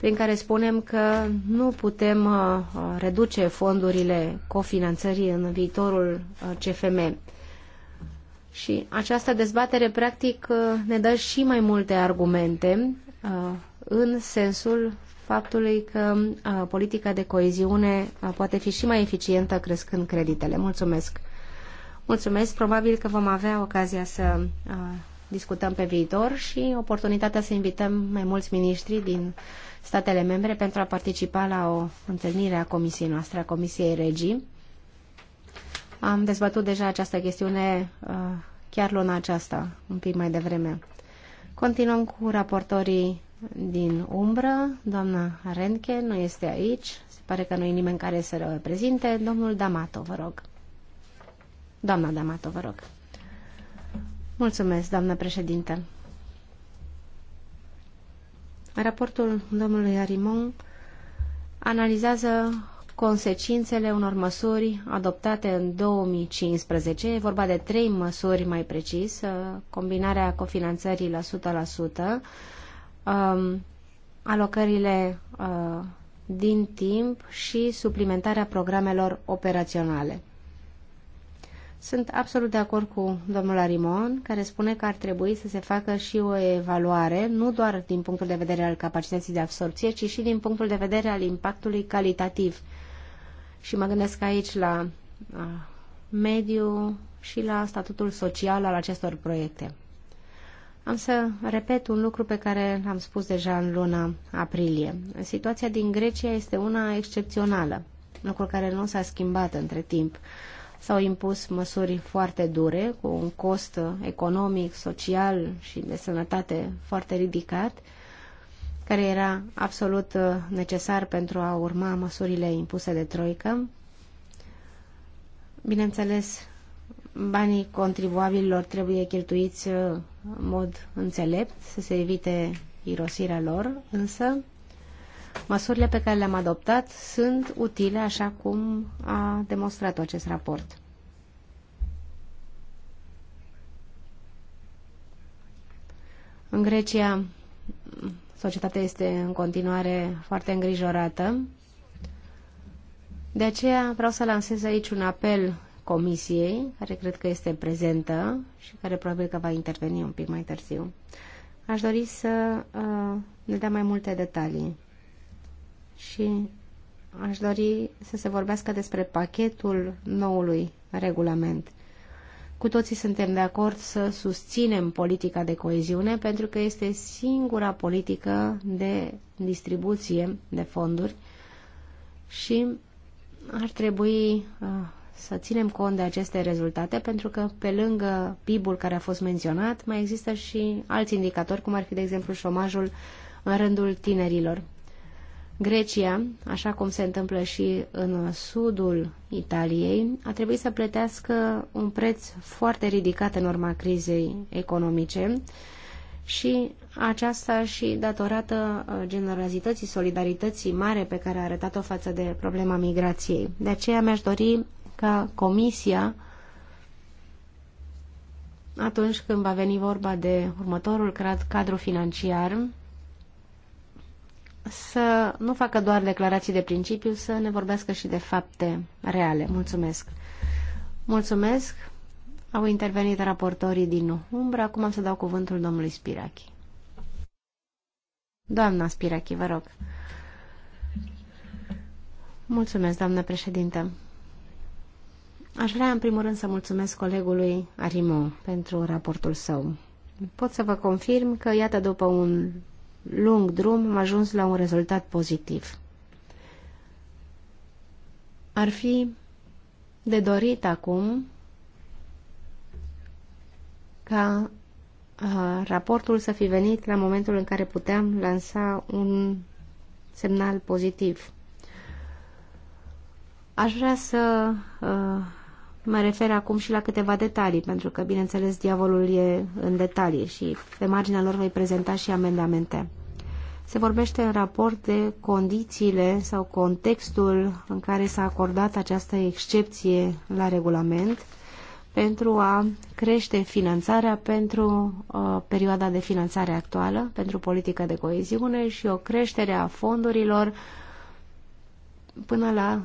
prin care spunem că nu putem uh, uh, reduce fondurile cofinanțării în viitorul uh, CFM. Și această dezbatere, practic, ne dă și mai multe argumente în sensul faptului că politica de coeziune poate fi și mai eficientă crescând creditele. Mulțumesc! Mulțumesc! Probabil că vom avea ocazia să discutăm pe viitor și oportunitatea să invităm mai mulți miniștri din statele membre pentru a participa la o întâlnire a comisiei noastre, a Comisiei Regii. Am dezbătut deja această chestiune uh, chiar luna aceasta, un pic mai devreme. Continuăm cu raportorii din umbră. Doamna Renke nu este aici. Se pare că nu e nimeni care să reprezinte. Domnul Damato, vă rog. Doamna Damato, vă rog. Mulțumesc, doamnă președinte. Raportul domnului Arimon analizează consecințele unor măsuri adoptate în 2015. E vorba de trei măsuri mai precis, uh, combinarea cofinanțării la 100%, um, alocările uh, din timp și suplimentarea programelor operaționale. Sunt absolut de acord cu domnul Arimon, care spune că ar trebui să se facă și o evaluare, nu doar din punctul de vedere al capacității de absorție, ci și din punctul de vedere al impactului calitativ. Și mă gândesc aici la mediu și la statutul social al acestor proiecte. Am să repet un lucru pe care l-am spus deja în luna aprilie. Situația din Grecia este una excepțională, lucru care nu s-a schimbat între timp. S-au impus măsuri foarte dure, cu un cost economic, social și de sănătate foarte ridicat, care era absolut uh, necesar pentru a urma măsurile impuse de Troică. Bineînțeles, banii contribuabililor trebuie cheltuiți uh, în mod înțelept, să se evite irosirea lor, însă Măsurile pe care le-am adoptat sunt utile, așa cum a demonstrat acest raport. În Grecia, societatea este în continuare foarte îngrijorată. De aceea vreau să lansez aici un apel comisiei, care cred că este prezentă și care probabil că va interveni un pic mai târziu. Aș dori să uh, ne dea mai multe detalii și aș dori să se vorbească despre pachetul noului regulament. Cu toții suntem de acord să susținem politica de coeziune pentru că este singura politică de distribuție de fonduri și ar trebui uh, să ținem cont de aceste rezultate pentru că pe lângă PIB-ul care a fost menționat mai există și alți indicatori cum ar fi de exemplu șomajul în rândul tinerilor. Grecia, așa cum se întâmplă și în sudul Italiei, a trebuit să plătească un preț foarte ridicat în urma crizei economice și aceasta și datorată uh, generozității, solidarității mare pe care a arătat-o față de problema migrației. De aceea mi-aș dori ca Comisia atunci când va veni vorba de următorul cadru financiar, să nu facă doar declarații de principiu, să ne vorbească și de fapte reale. Mulțumesc! Mulțumesc! Au intervenit raportorii din umbră. Acum am să dau cuvântul domnului Spirachi. Doamna Spirachi, vă rog. Mulțumesc, doamnă președinte. Aș vrea, în primul rând, să mulțumesc colegului Arimo pentru raportul său. Pot să vă confirm că, iată, după un lung drum am ajuns la un rezultat pozitiv. Ar fi de dorit acum ca a, uh, raportul să fi venit la momentul în care puteam lansa un semnal pozitiv. Aș vrea să a, uh, Mă refer acum și la câteva detalii, pentru că, bineînțeles, diavolul e în detalii și pe marginea lor voi prezenta și amendamente. Se vorbește în raport de condițiile sau contextul în care s-a acordat această excepție la regulament pentru a crește finanțarea pentru uh, perioada de finanțare actuală, pentru politică de coeziune și o creștere a fondurilor uh, până la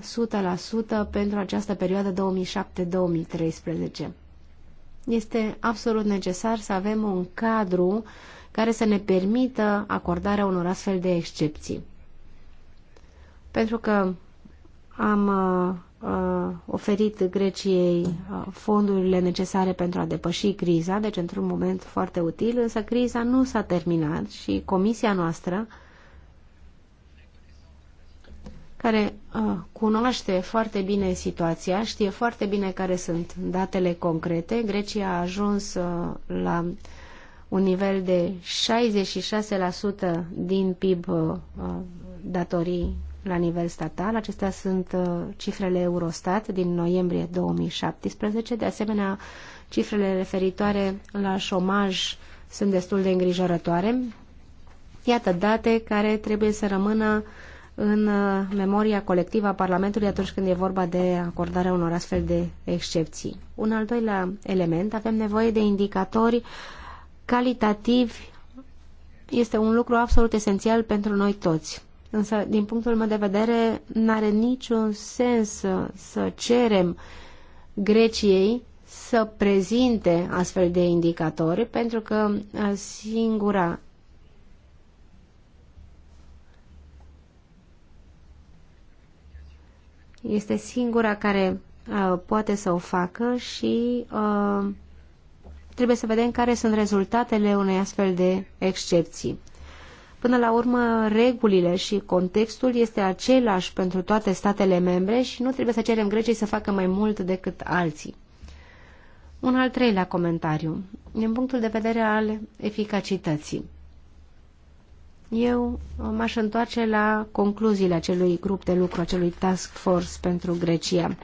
100% pentru această perioadă 2007-2013. Este absolut necesar să avem un cadru care să ne permită acordarea unor astfel de excepții. Pentru că am uh, uh, oferit Greciei uh, fondurile necesare pentru a depăși criza, deci într-un moment foarte util, însă criza nu s-a terminat și comisia noastră care uh, cunoaște foarte bine situația, știe foarte bine care sunt datele concrete. Grecia a ajuns uh, la un nivel de 66% din PIB uh, datorii la nivel statal. Acestea sunt uh, cifrele Eurostat din noiembrie 2017. De asemenea, cifrele referitoare la șomaj sunt destul de îngrijorătoare. Iată date care trebuie să rămână uh, în uh, memoria colectivă a Parlamentului atunci când e vorba de acordarea unor astfel de excepții. Un al doilea element, avem nevoie de indicatori calitativi, este un lucru absolut esențial pentru noi toți. Însă, din punctul meu de vedere, n-are niciun sens să, să cerem Greciei să prezinte astfel de indicatori, pentru că uh, singura Este singura care uh, poate să o facă și uh, trebuie să vedem care sunt rezultatele unei astfel de excepții. Până la urmă, regulile și contextul este același pentru toate statele membre și nu trebuie să cerem Grecii să facă mai mult decât alții. Un al treilea comentariu, din punctul de vedere al eficacității eu m-aș întoarce la concluziile acelui grup de lucru, acelui task force pentru Grecia.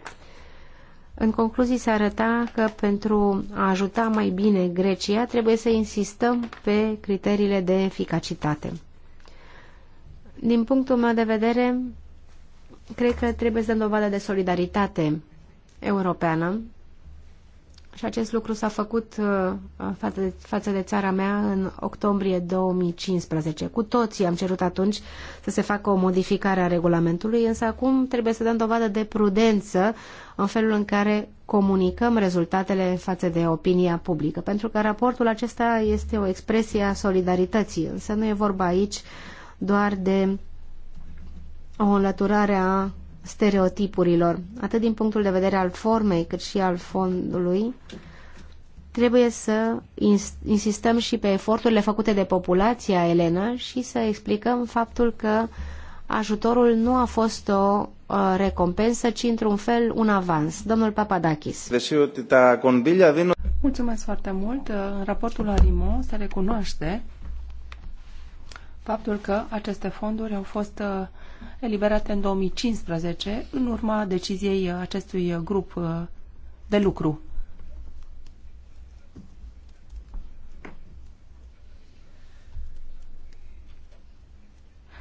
În concluzii se arăta că pentru a ajuta mai bine Grecia trebuie să insistăm pe criteriile de eficacitate. Din punctul meu de vedere, cred că trebuie să dăm dovadă de solidaritate europeană și acest lucru s-a făcut uh, față de, față de țara mea în octombrie 2015. Cu toții am cerut atunci să se facă o modificare a regulamentului, însă acum trebuie să dăm dovadă de prudență în felul în care comunicăm rezultatele față de opinia publică, pentru că raportul acesta este o expresie a solidarității, însă nu e vorba aici doar de o înlăturare a stereotipurilor, atât din punctul de vedere al formei cât și al fondului, trebuie să insistăm și pe eforturile făcute de populația Elena și să explicăm faptul că ajutorul nu a fost o uh, recompensă, ci într-un fel un avans. Domnul Papadakis. Mulțumesc foarte mult. În uh, raportul Arimo se recunoaște faptul că aceste fonduri au fost uh, eliberate în 2015 în urma deciziei acestui grup uh, de lucru.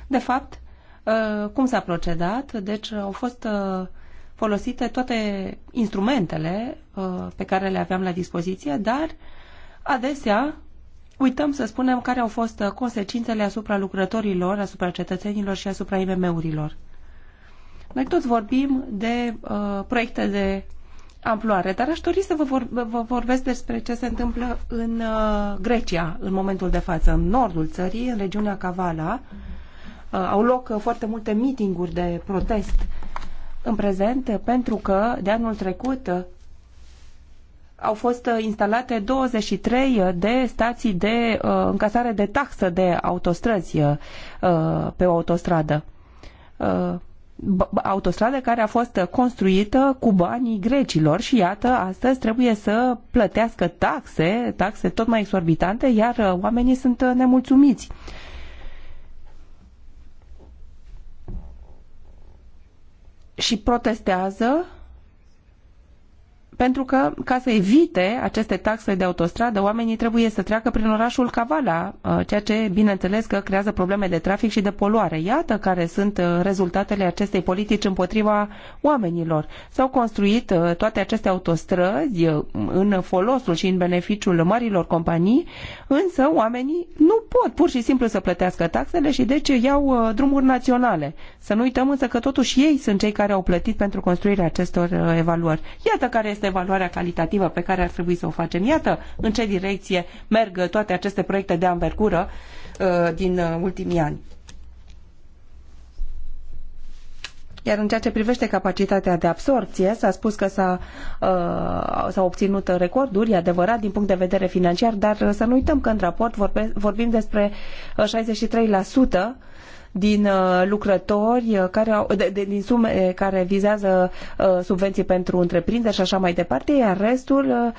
De fapt, uh, cum s-a procedat? Deci uh, au fost folosite toate instrumentele pe care le aveam la dispoziție, dar adesea uităm să spunem care au fost uh, consecințele asupra lucrătorilor, asupra cetățenilor și asupra IMM-urilor. Noi toți vorbim de uh, proiecte de amploare, dar aș dori să vă, vor, vă vorbesc despre ce se întâmplă în uh, Grecia în momentul de față, în nordul țării, în regiunea Cavala. Uh, au loc uh, foarte multe mitinguri de protest în prezent uh, pentru că de anul trecut uh, au fost uh, instalate 23 uh, de stații de uh, încasare de taxă de autostrăzi uh, uh pe o autostradă. Uh, autostradă care a fost construită cu banii grecilor și iată, astăzi trebuie să plătească taxe, taxe tot mai exorbitante, iar oamenii sunt nemulțumiți. Și protestează pentru că, ca să evite aceste taxe de autostradă, oamenii trebuie să treacă prin orașul Cavala, uh, ceea ce, bineînțeles, că creează probleme de trafic și de poluare. Iată care sunt uh, rezultatele acestei politici împotriva oamenilor. S-au construit uh, toate aceste autostrăzi în folosul și în beneficiul marilor companii, însă oamenii nu pot pur și simplu să plătească taxele și deci iau drumuri naționale. Să nu uităm însă că totuși ei sunt cei care au plătit pentru construirea acestor evaluări. Iată care este este evaluarea calitativă pe care ar trebui să o facem. Iată în ce direcție merg toate aceste proiecte de anvergură uh, din uh, ultimii ani. Iar în ceea ce privește capacitatea de absorpție, s-a spus că s-a, uh, obținut recorduri, e adevărat, din punct de vedere financiar, dar să nu uităm că în raport vorbe, vorbim despre 63% uh, din uh, lucrători, uh, care au, de, de, din sume care vizează uh, subvenții pentru întreprinderi și așa mai departe, iar restul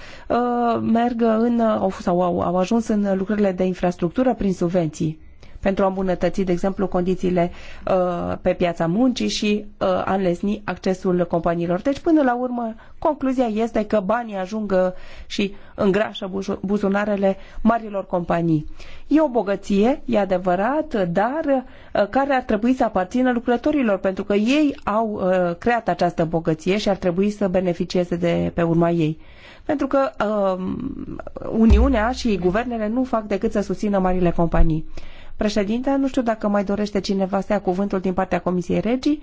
merg în, au, sau au, au ajuns în lucrările de infrastructură prin subvenții pentru a îmbunătăți, de exemplu, condițiile uh, pe piața muncii și uh, a înlesni accesul companiilor. Deci, până la urmă, concluzia este că banii ajung uh, și îngrașă buzunarele marilor companii. E o bogăție, e adevărat, dar care ar trebui să aparțină lucrătorilor, pentru că ei au creat această bogăție și ar trebui să beneficieze de pe urma ei pentru că uh, Uniunea și guvernele nu fac decât să susțină marile companii. Președinte, nu știu dacă mai dorește cineva să ia cuvântul din partea Comisiei Regii.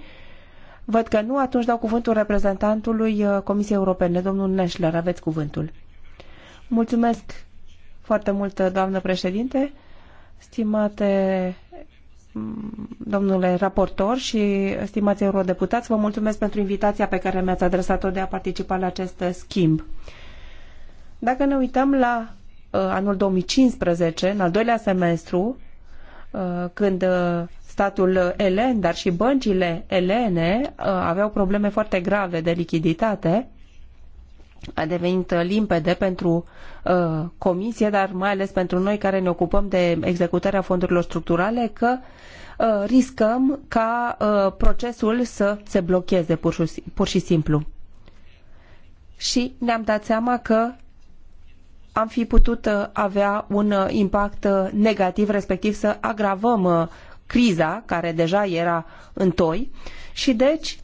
Văd că nu, atunci dau cuvântul reprezentantului uh, Comisiei Europene, domnul Neșler, aveți cuvântul. Mulțumesc foarte mult, uh, doamnă președinte, stimate mm, domnule raportor și uh, stimați eurodeputați, vă mulțumesc pentru invitația pe care mi-ați adresat-o de a participa la acest schimb. Dacă ne uităm la anul 2015, în al doilea semestru, Uh, când uh, statul elen, dar și băncile elene uh, aveau probleme foarte grave de lichiditate, a devenit limpede pentru comisie, dar mai ales pentru noi care ne ocupăm de executarea fondurilor structurale, că riscăm ca procesul să se blocheze pur și simplu. Și ne-am dat seama că am fi putut uh, avea un uh, impact uh, negativ, respectiv să agravăm criza care deja era în toi și deci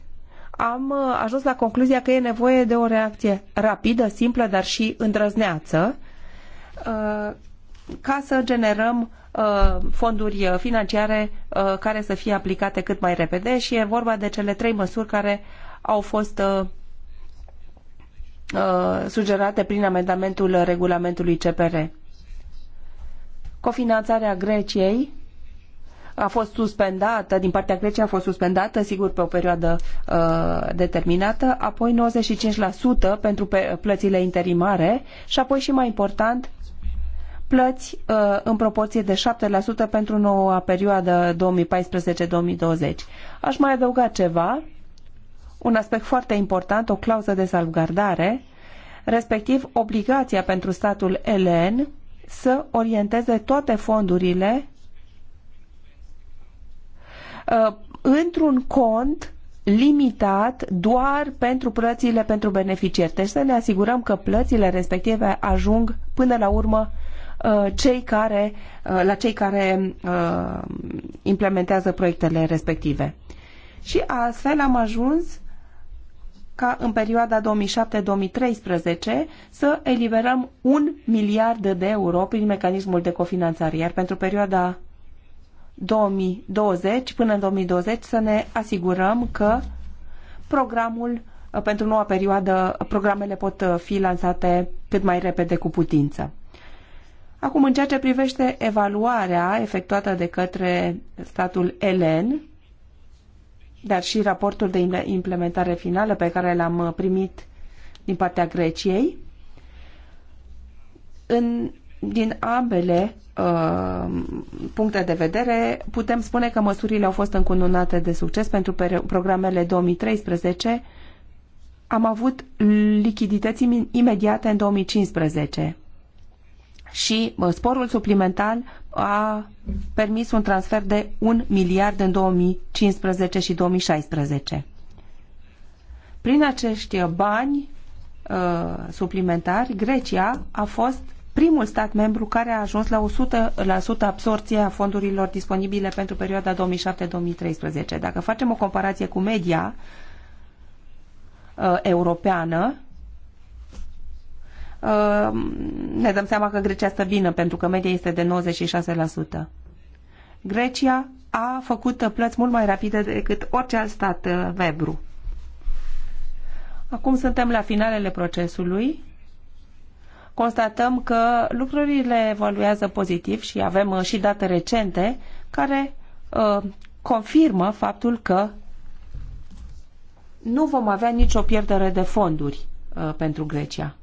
am ajuns la concluzia că e nevoie de o reacție rapidă, simplă, dar și îndrăzneață ca să generăm fonduri financiare care să fie aplicate cât mai repede și e vorba de cele trei măsuri care au fost Uh, sugerate prin amendamentul regulamentului CPR. Cofinanțarea Greciei a fost suspendată, din partea Greciei a fost suspendată, sigur, pe o perioadă uh, determinată, apoi 95% pentru pe, plățile interimare și apoi și mai important, plăți uh, în proporție de 7% pentru noua perioadă 2014-2020. Aș mai adăuga ceva, un aspect foarte important, o clauză de salvgardare, respectiv obligația pentru statul elen să orienteze toate fondurile uh, într-un cont limitat doar pentru plățile pentru beneficiari. Deci să ne asigurăm că plățile respective ajung până la urmă uh, cei care, uh, la cei care uh, implementează proiectele respective. Și astfel am ajuns ca în perioada 2007-2013 să eliberăm un miliard de euro prin mecanismul de cofinanțare, iar pentru perioada 2020 până în 2020 să ne asigurăm că programul uh, pentru noua perioadă, uh, programele pot uh, fi lansate cât mai repede cu putință. Acum, în ceea ce privește evaluarea efectuată de către statul elen, dar și raportul de implementare finală pe care l-am uh, primit din partea Greciei. În, din ambele uh, puncte de vedere, putem spune că măsurile au fost încununate de succes pentru programele 2013. Am avut lichidități imediate în 2015 și sporul suplimentar a permis un transfer de 1 miliard în 2015 și 2016. Prin acești uh, bani uh, suplimentari, Grecia a fost primul stat membru care a ajuns la 100% absorție a fondurilor disponibile pentru perioada 2007-2013. Dacă facem o comparație cu media uh, europeană, Uh, ne dăm seama că Grecia stă bine pentru că media este de 96%. Grecia a făcut plăți mult mai rapide decât orice alt stat uh, vebru. Acum suntem la finalele procesului. Constatăm că lucrurile evoluează pozitiv și avem uh, și date recente care uh, confirmă faptul că nu vom avea nicio pierdere de fonduri uh, pentru Grecia.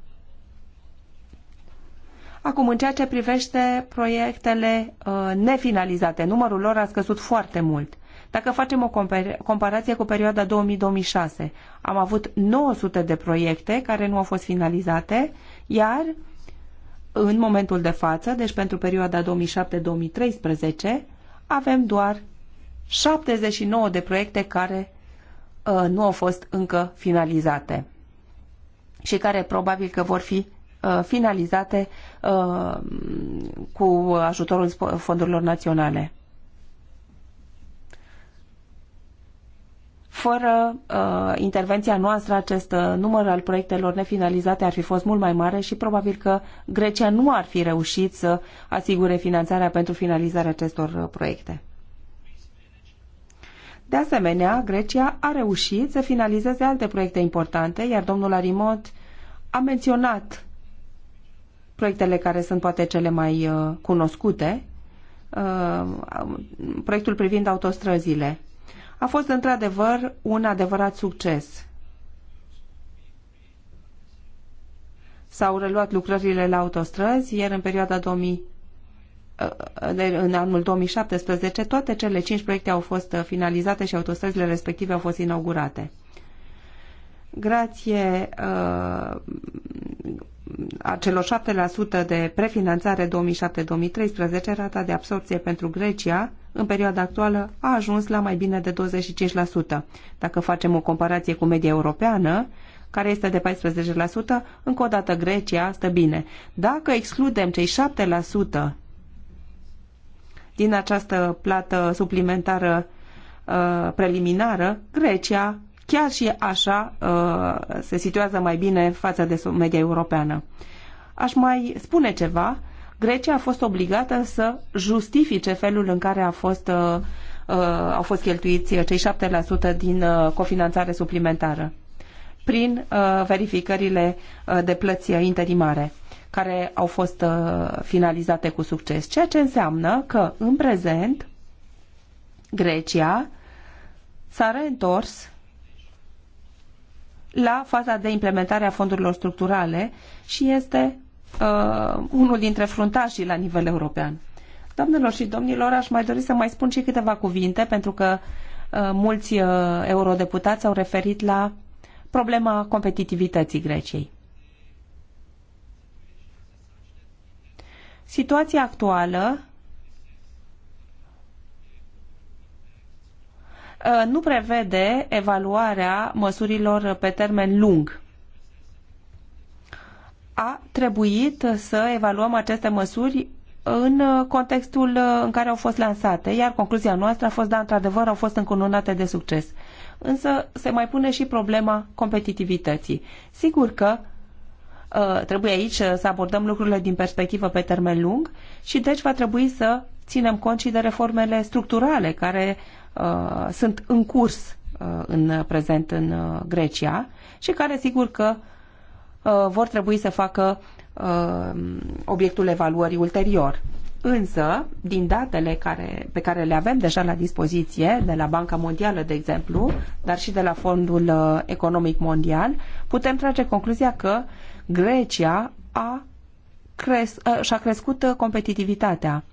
Acum, în ceea ce privește proiectele uh, nefinalizate, numărul lor a scăzut foarte mult. Dacă facem o comparație cu perioada 2000-2006, am avut 900 de proiecte care nu au fost finalizate, iar în momentul de față, deci pentru perioada 2007-2013, avem doar 79 de proiecte care uh, nu au fost încă finalizate și care probabil că vor fi Uh, finalizate uh, cu ajutorul fondurilor naționale. Fără uh, intervenția noastră, acest uh, număr al proiectelor nefinalizate ar fi fost mult mai mare și probabil că Grecia nu ar fi reușit să asigure finanțarea pentru finalizarea acestor uh, proiecte. De asemenea, Grecia a reușit să finalizeze alte proiecte importante, iar domnul Arimot a menționat proiectele care sunt poate cele mai uh, cunoscute, uh, proiectul privind autostrăzile, a fost într-adevăr un adevărat succes. S-au reluat lucrările la autostrăzi, iar în perioada 2000 uh, în anul 2017, toate cele cinci proiecte au fost finalizate și autostrăzile respective au fost inaugurate. Grație uh, acelor 7% de prefinanțare 2007-2013, rata de absorpție pentru Grecia în perioada actuală a ajuns la mai bine de 25%. Dacă facem o comparație cu media europeană, care este de 14%, încă o dată Grecia stă bine. Dacă excludem cei 7% din această plată suplimentară uh, preliminară, Grecia chiar și așa uh, se situează mai bine față de media europeană. Aș mai spune ceva. Grecia a fost obligată să justifice felul în care a fost, uh, uh, au fost cheltuiți cei 7% din cofinanțare suplimentară prin verificările de plăți interimare care au fost finalizate cu succes, ceea ce înseamnă că în prezent Grecia s-a reîntors la faza de implementare a fondurilor structurale și este uh, unul dintre fruntașii la nivel european. Doamnelor și domnilor, aș mai dori să mai spun și câteva cuvinte, pentru că uh, mulți uh, eurodeputați au referit la problema competitivității Greciei. Situația actuală Uh, nu prevede evaluarea măsurilor pe termen lung. A trebuit să evaluăm aceste măsuri în contextul în care au fost lansate, iar concluzia noastră a fost, da, într-adevăr, au fost încununate de succes. Însă se mai pune și problema competitivității. Sigur că uh, trebuie aici să abordăm lucrurile din perspectivă pe termen lung și deci va trebui să ținem cont și de reformele structurale care Uh, sunt în curs uh, în prezent în uh, Grecia și care sigur că vor trebui să facă obiectul evaluării ulterior. Însă, din datele care, pe care le avem deja la dispoziție, de la Banca Mondială, de exemplu, dar și de la Fondul Economic Mondial, putem trage concluzia că Grecia a cres, și-a crescut competitivitatea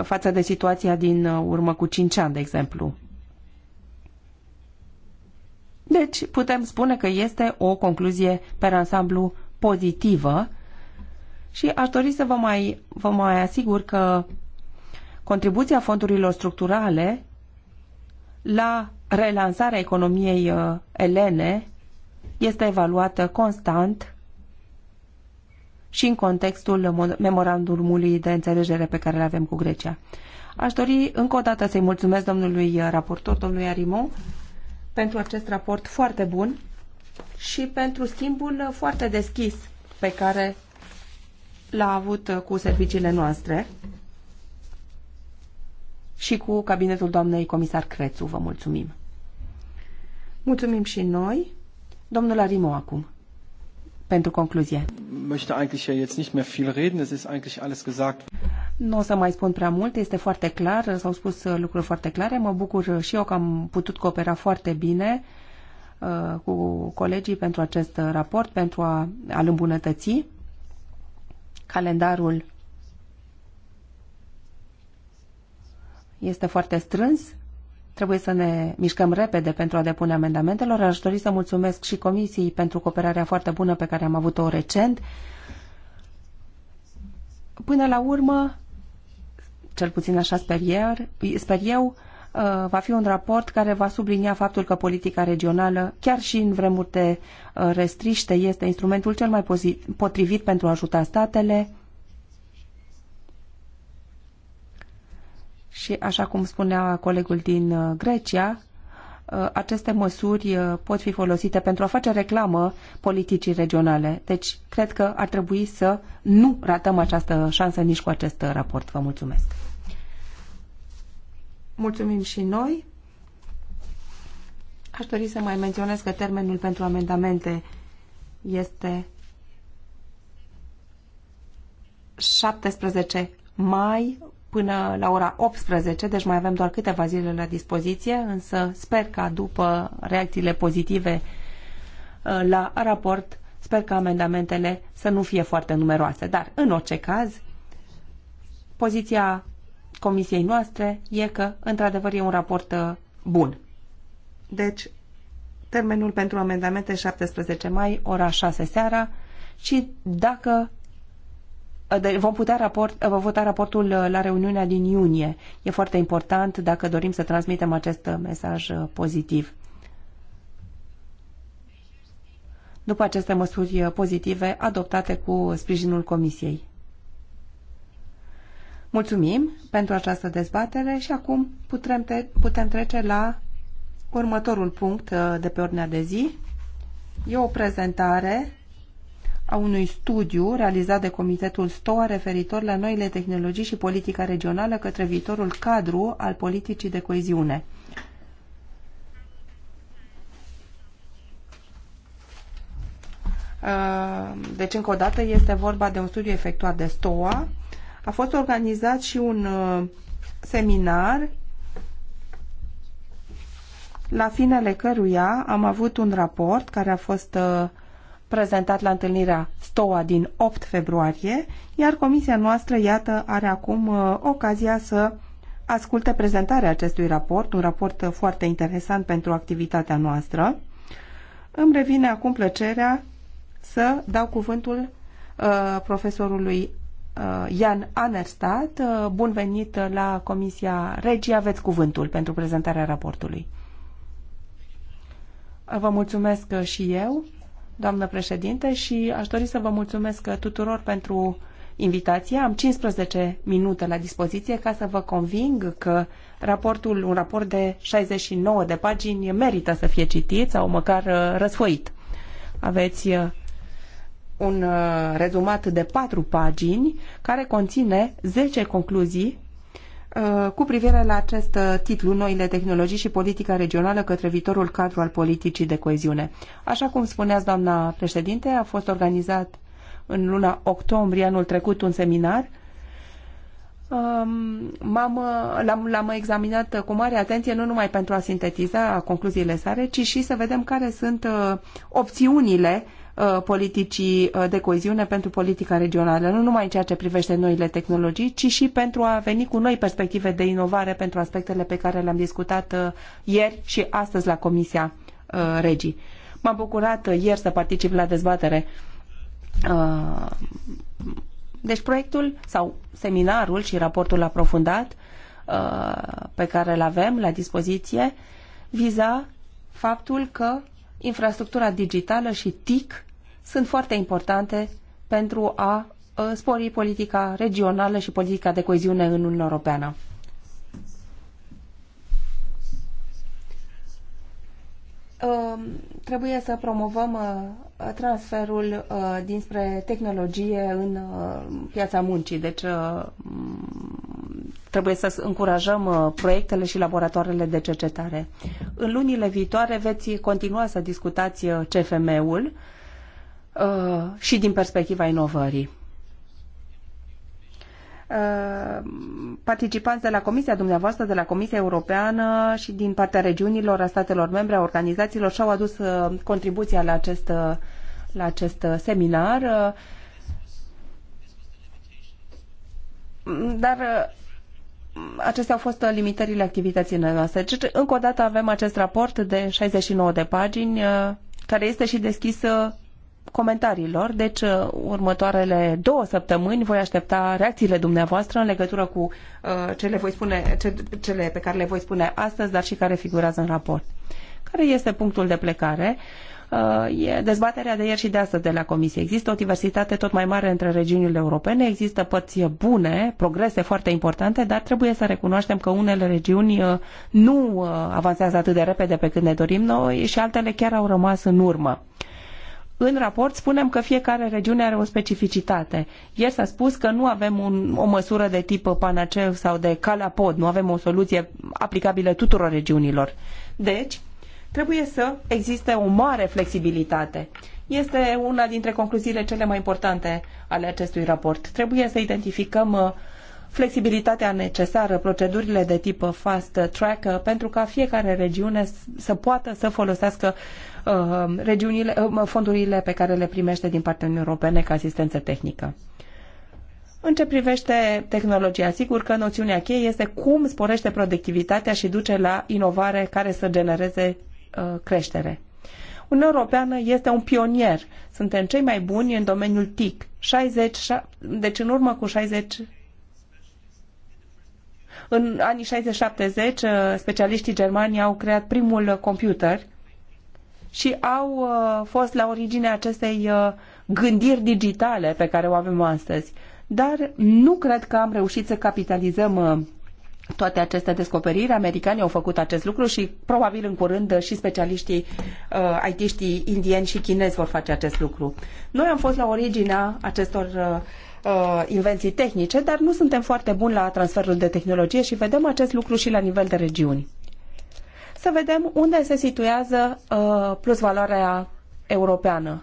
față de situația din uh, urmă cu 5 ani, de exemplu. Deci putem spune că este o concluzie pe ansamblu pozitivă și aș dori să vă mai, vă mai asigur că contribuția fondurilor structurale la relansarea economiei uh, elene este evaluată constant și în contextul memorandumului de înțelegere pe care îl avem cu Grecia. Aș dori încă o dată să-i mulțumesc domnului raportor, domnului Arimo, pentru acest raport foarte bun și pentru schimbul foarte deschis pe care l-a avut cu serviciile noastre și cu cabinetul doamnei comisar Crețu. Vă mulțumim! Mulțumim și noi. Domnul Arimo acum pentru concluzie. Nu o să mai spun prea mult, este foarte clar, s-au spus uh, lucruri foarte clare. Mă bucur și eu că am putut coopera foarte bine uh, cu colegii pentru acest raport, pentru a, a-l îmbunătăți. Calendarul este foarte strâns Trebuie să ne mișcăm repede pentru a depune amendamentelor. Aș dori să mulțumesc și comisiei pentru cooperarea foarte bună pe care am avut-o recent. Până la urmă, cel puțin așa sper eu, sper eu uh, va fi un raport care va sublinia faptul că politica regională, chiar și în vremuri de uh, restriște, este instrumentul cel mai potrivit pentru a ajuta statele Și așa cum spunea colegul din uh, Grecia, uh, aceste măsuri uh, pot fi folosite pentru a face reclamă politicii regionale. Deci, cred că ar trebui să nu ratăm această șansă nici cu acest raport. Vă mulțumesc! Mulțumim și noi! Aș dori să mai menționez că termenul pentru amendamente este 17 mai, până la ora 18, deci mai avem doar câteva zile la dispoziție, însă sper ca după reacțiile pozitive uh, la raport, sper ca amendamentele să nu fie foarte numeroase. Dar, în orice caz, poziția comisiei noastre e că, într-adevăr, e un raport uh, bun. Deci, termenul pentru amendamente 17 mai, ora 6 seara și dacă Eh, de, vom putea raport, eh, vota raportul eh, la reuniunea din iunie. E foarte important dacă dorim să transmitem acest mesaj pozitiv. După aceste măsuri pozitive adoptate cu sprijinul Comisiei. Mulțumim pentru această dezbatere și acum putem, putem trece la următorul punct de pe ordinea de zi. E o prezentare a unui studiu realizat de Comitetul STOA referitor la noile tehnologii și politica regională către viitorul cadru al politicii de coeziune. Uh, deci, încă o dată, este vorba de un studiu efectuat de STOA. A fost organizat și un uh, seminar la finele căruia am avut un raport care a fost uh, prezentat la întâlnirea STOA din 8 februarie, iar comisia noastră, iată, are acum uh, ocazia să asculte prezentarea acestui raport, un raport uh, foarte interesant pentru activitatea noastră. Îmi revine acum plăcerea să dau cuvântul uh, profesorului uh, Ian Anerstat. Uh, bun venit la Comisia Regii. Aveți cuvântul pentru prezentarea raportului. Vă mulțumesc uh, și eu doamnă președinte, și aș dori să vă mulțumesc tuturor pentru invitație. Am 15 minute la dispoziție ca să vă conving că raportul, un raport de 69 de pagini merită să fie citit sau măcar uh, răsfoit. Aveți uh, un uh, rezumat de 4 pagini care conține 10 concluzii Uh, cu privire la acest uh, titlu, noile tehnologii și politica regională către viitorul cadru al politicii de coeziune. Așa cum spuneați, doamna președinte, a fost organizat în luna octombrie anul trecut un seminar um, am uh, l-am, l-am examinat cu mare atenție, nu numai pentru a sintetiza concluziile sale, ci și să vedem care sunt opțiunile uh, Uh, politicii uh, de coeziune pentru politica regională, nu numai în ceea ce privește noile tehnologii, ci și pentru a veni cu noi perspective de inovare pentru aspectele pe care le-am discutat uh, ieri și astăzi la Comisia Regii. M-am bucurat ieri să particip la dezbatere deci proiectul sau seminarul și raportul aprofundat pe care îl avem la dispoziție viza faptul că infrastructura digitală și TIC sunt foarte importante pentru a uh, spori politica regională și politica de coeziune în Uniunea Europeană. Um, trebuie să promovăm uh, transferul uh, dinspre tehnologie în piața muncii, deci trebuie să încurajăm uh, proiectele și laboratoarele de cercetare. În lunile viitoare veți continua să discutați uh, CFM-ul uh, și din perspectiva inovării participanți de la Comisia dumneavoastră, de la Comisia Europeană și din partea regiunilor, a statelor membre, a organizațiilor și-au adus contribuția la acest, la acest seminar. Dar acestea au fost uh, limitările activității noastre. Deci, deci, încă o dată avem acest raport de 69 de pagini, uh, care este și deschis uh, comentariilor. Deci, următoarele două săptămâni voi aștepta reacțiile dumneavoastră în legătură cu ce le voi spune, ce, cele pe care le voi spune astăzi, dar și care figurează în raport. Care este punctul de plecare? Uh, e dezbaterea de ieri și de astăzi de la Comisie. Există o diversitate tot mai mare între regiunile europene, există părți bune, progrese foarte importante, dar trebuie să recunoaștem că unele regiuni uh, nu uh, avansează atât de repede pe cât ne dorim noi și altele chiar au rămas în urmă. În raport spunem că fiecare regiune are o specificitate. Ieri s-a spus că nu avem un, o măsură de tip panaceu sau de calapod, nu avem o soluție aplicabilă tuturor regiunilor. Deci, Trebuie să existe o mare flexibilitate. Este una dintre concluziile cele mai importante ale acestui raport. Trebuie să identificăm uh, flexibilitatea necesară, procedurile de tip uh, fast track, uh, pentru ca fiecare regiune să poată să folosească regiunile, fondurile pe care le primește din partea Uniunii Europene ca asistență tehnică. În ce privește tehnologia, sigur că noțiunea cheie este cum sporește productivitatea și duce la inovare care să genereze Uh, creștere. Uniunea Europeană este un pionier. Suntem cei mai buni în domeniul TIC. 60, deci în urmă cu 60 în anii 60-70, uh, specialiștii germani au creat primul computer și au uh, fost la originea acestei gândiri digitale pe care o avem astăzi. Dar nu cred că am reușit să capitalizăm toate aceste descoperiri. Americanii au făcut acest lucru și probabil în curând și specialiștii uh, IT-știi indieni și chinezi vor face acest lucru. Noi am fost la originea acestor uh, uh, invenții tehnice, dar nu suntem foarte buni la transferul de tehnologie și vedem acest lucru și la nivel de regiuni. Să vedem unde se situează uh, plus valoarea europeană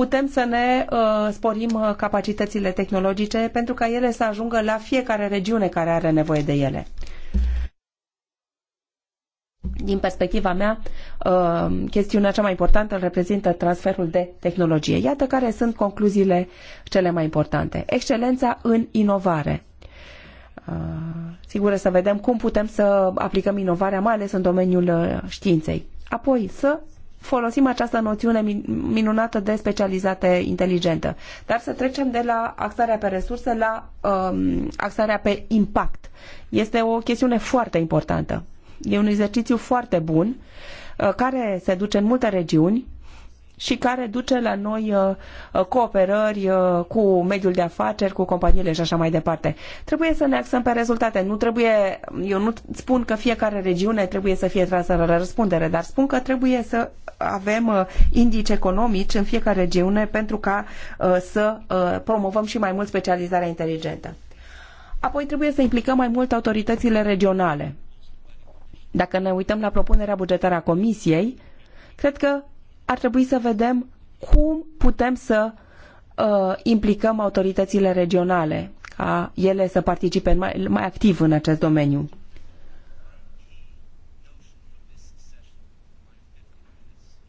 putem să ne uh, sporim uh, capacitățile tehnologice pentru ca ele să ajungă la fiecare regiune care are nevoie de ele. Din perspectiva mea, uh, chestiunea cea mai importantă îl reprezintă transferul de tehnologie. Iată care sunt concluziile cele mai importante. Excelența în inovare. Uh, sigur, să vedem cum putem să aplicăm inovarea, mai ales în domeniul științei. Apoi, să folosim această noțiune minunată de specializate inteligentă. Dar să trecem de la axarea pe resurse la um, axarea pe impact. Este o chestiune foarte importantă. E un exercițiu foarte bun uh, care se duce în multe regiuni și care duce la noi uh, uh, cooperări uh, cu mediul de afaceri, cu companiile și așa mai departe. Trebuie să ne axăm pe rezultate. Nu trebuie, eu nu spun că fiecare regiune trebuie să fie trasă la răspundere, dar spun că trebuie să avem indici economici în fiecare regiune pentru ca să promovăm și mai mult specializarea inteligentă. Apoi trebuie să implicăm mai mult autoritățile regionale. Dacă ne uităm la propunerea bugetară a Comisiei, cred că ar trebui să vedem cum putem să uh, implicăm autoritățile regionale ca ele să participe mai, mai activ în acest domeniu.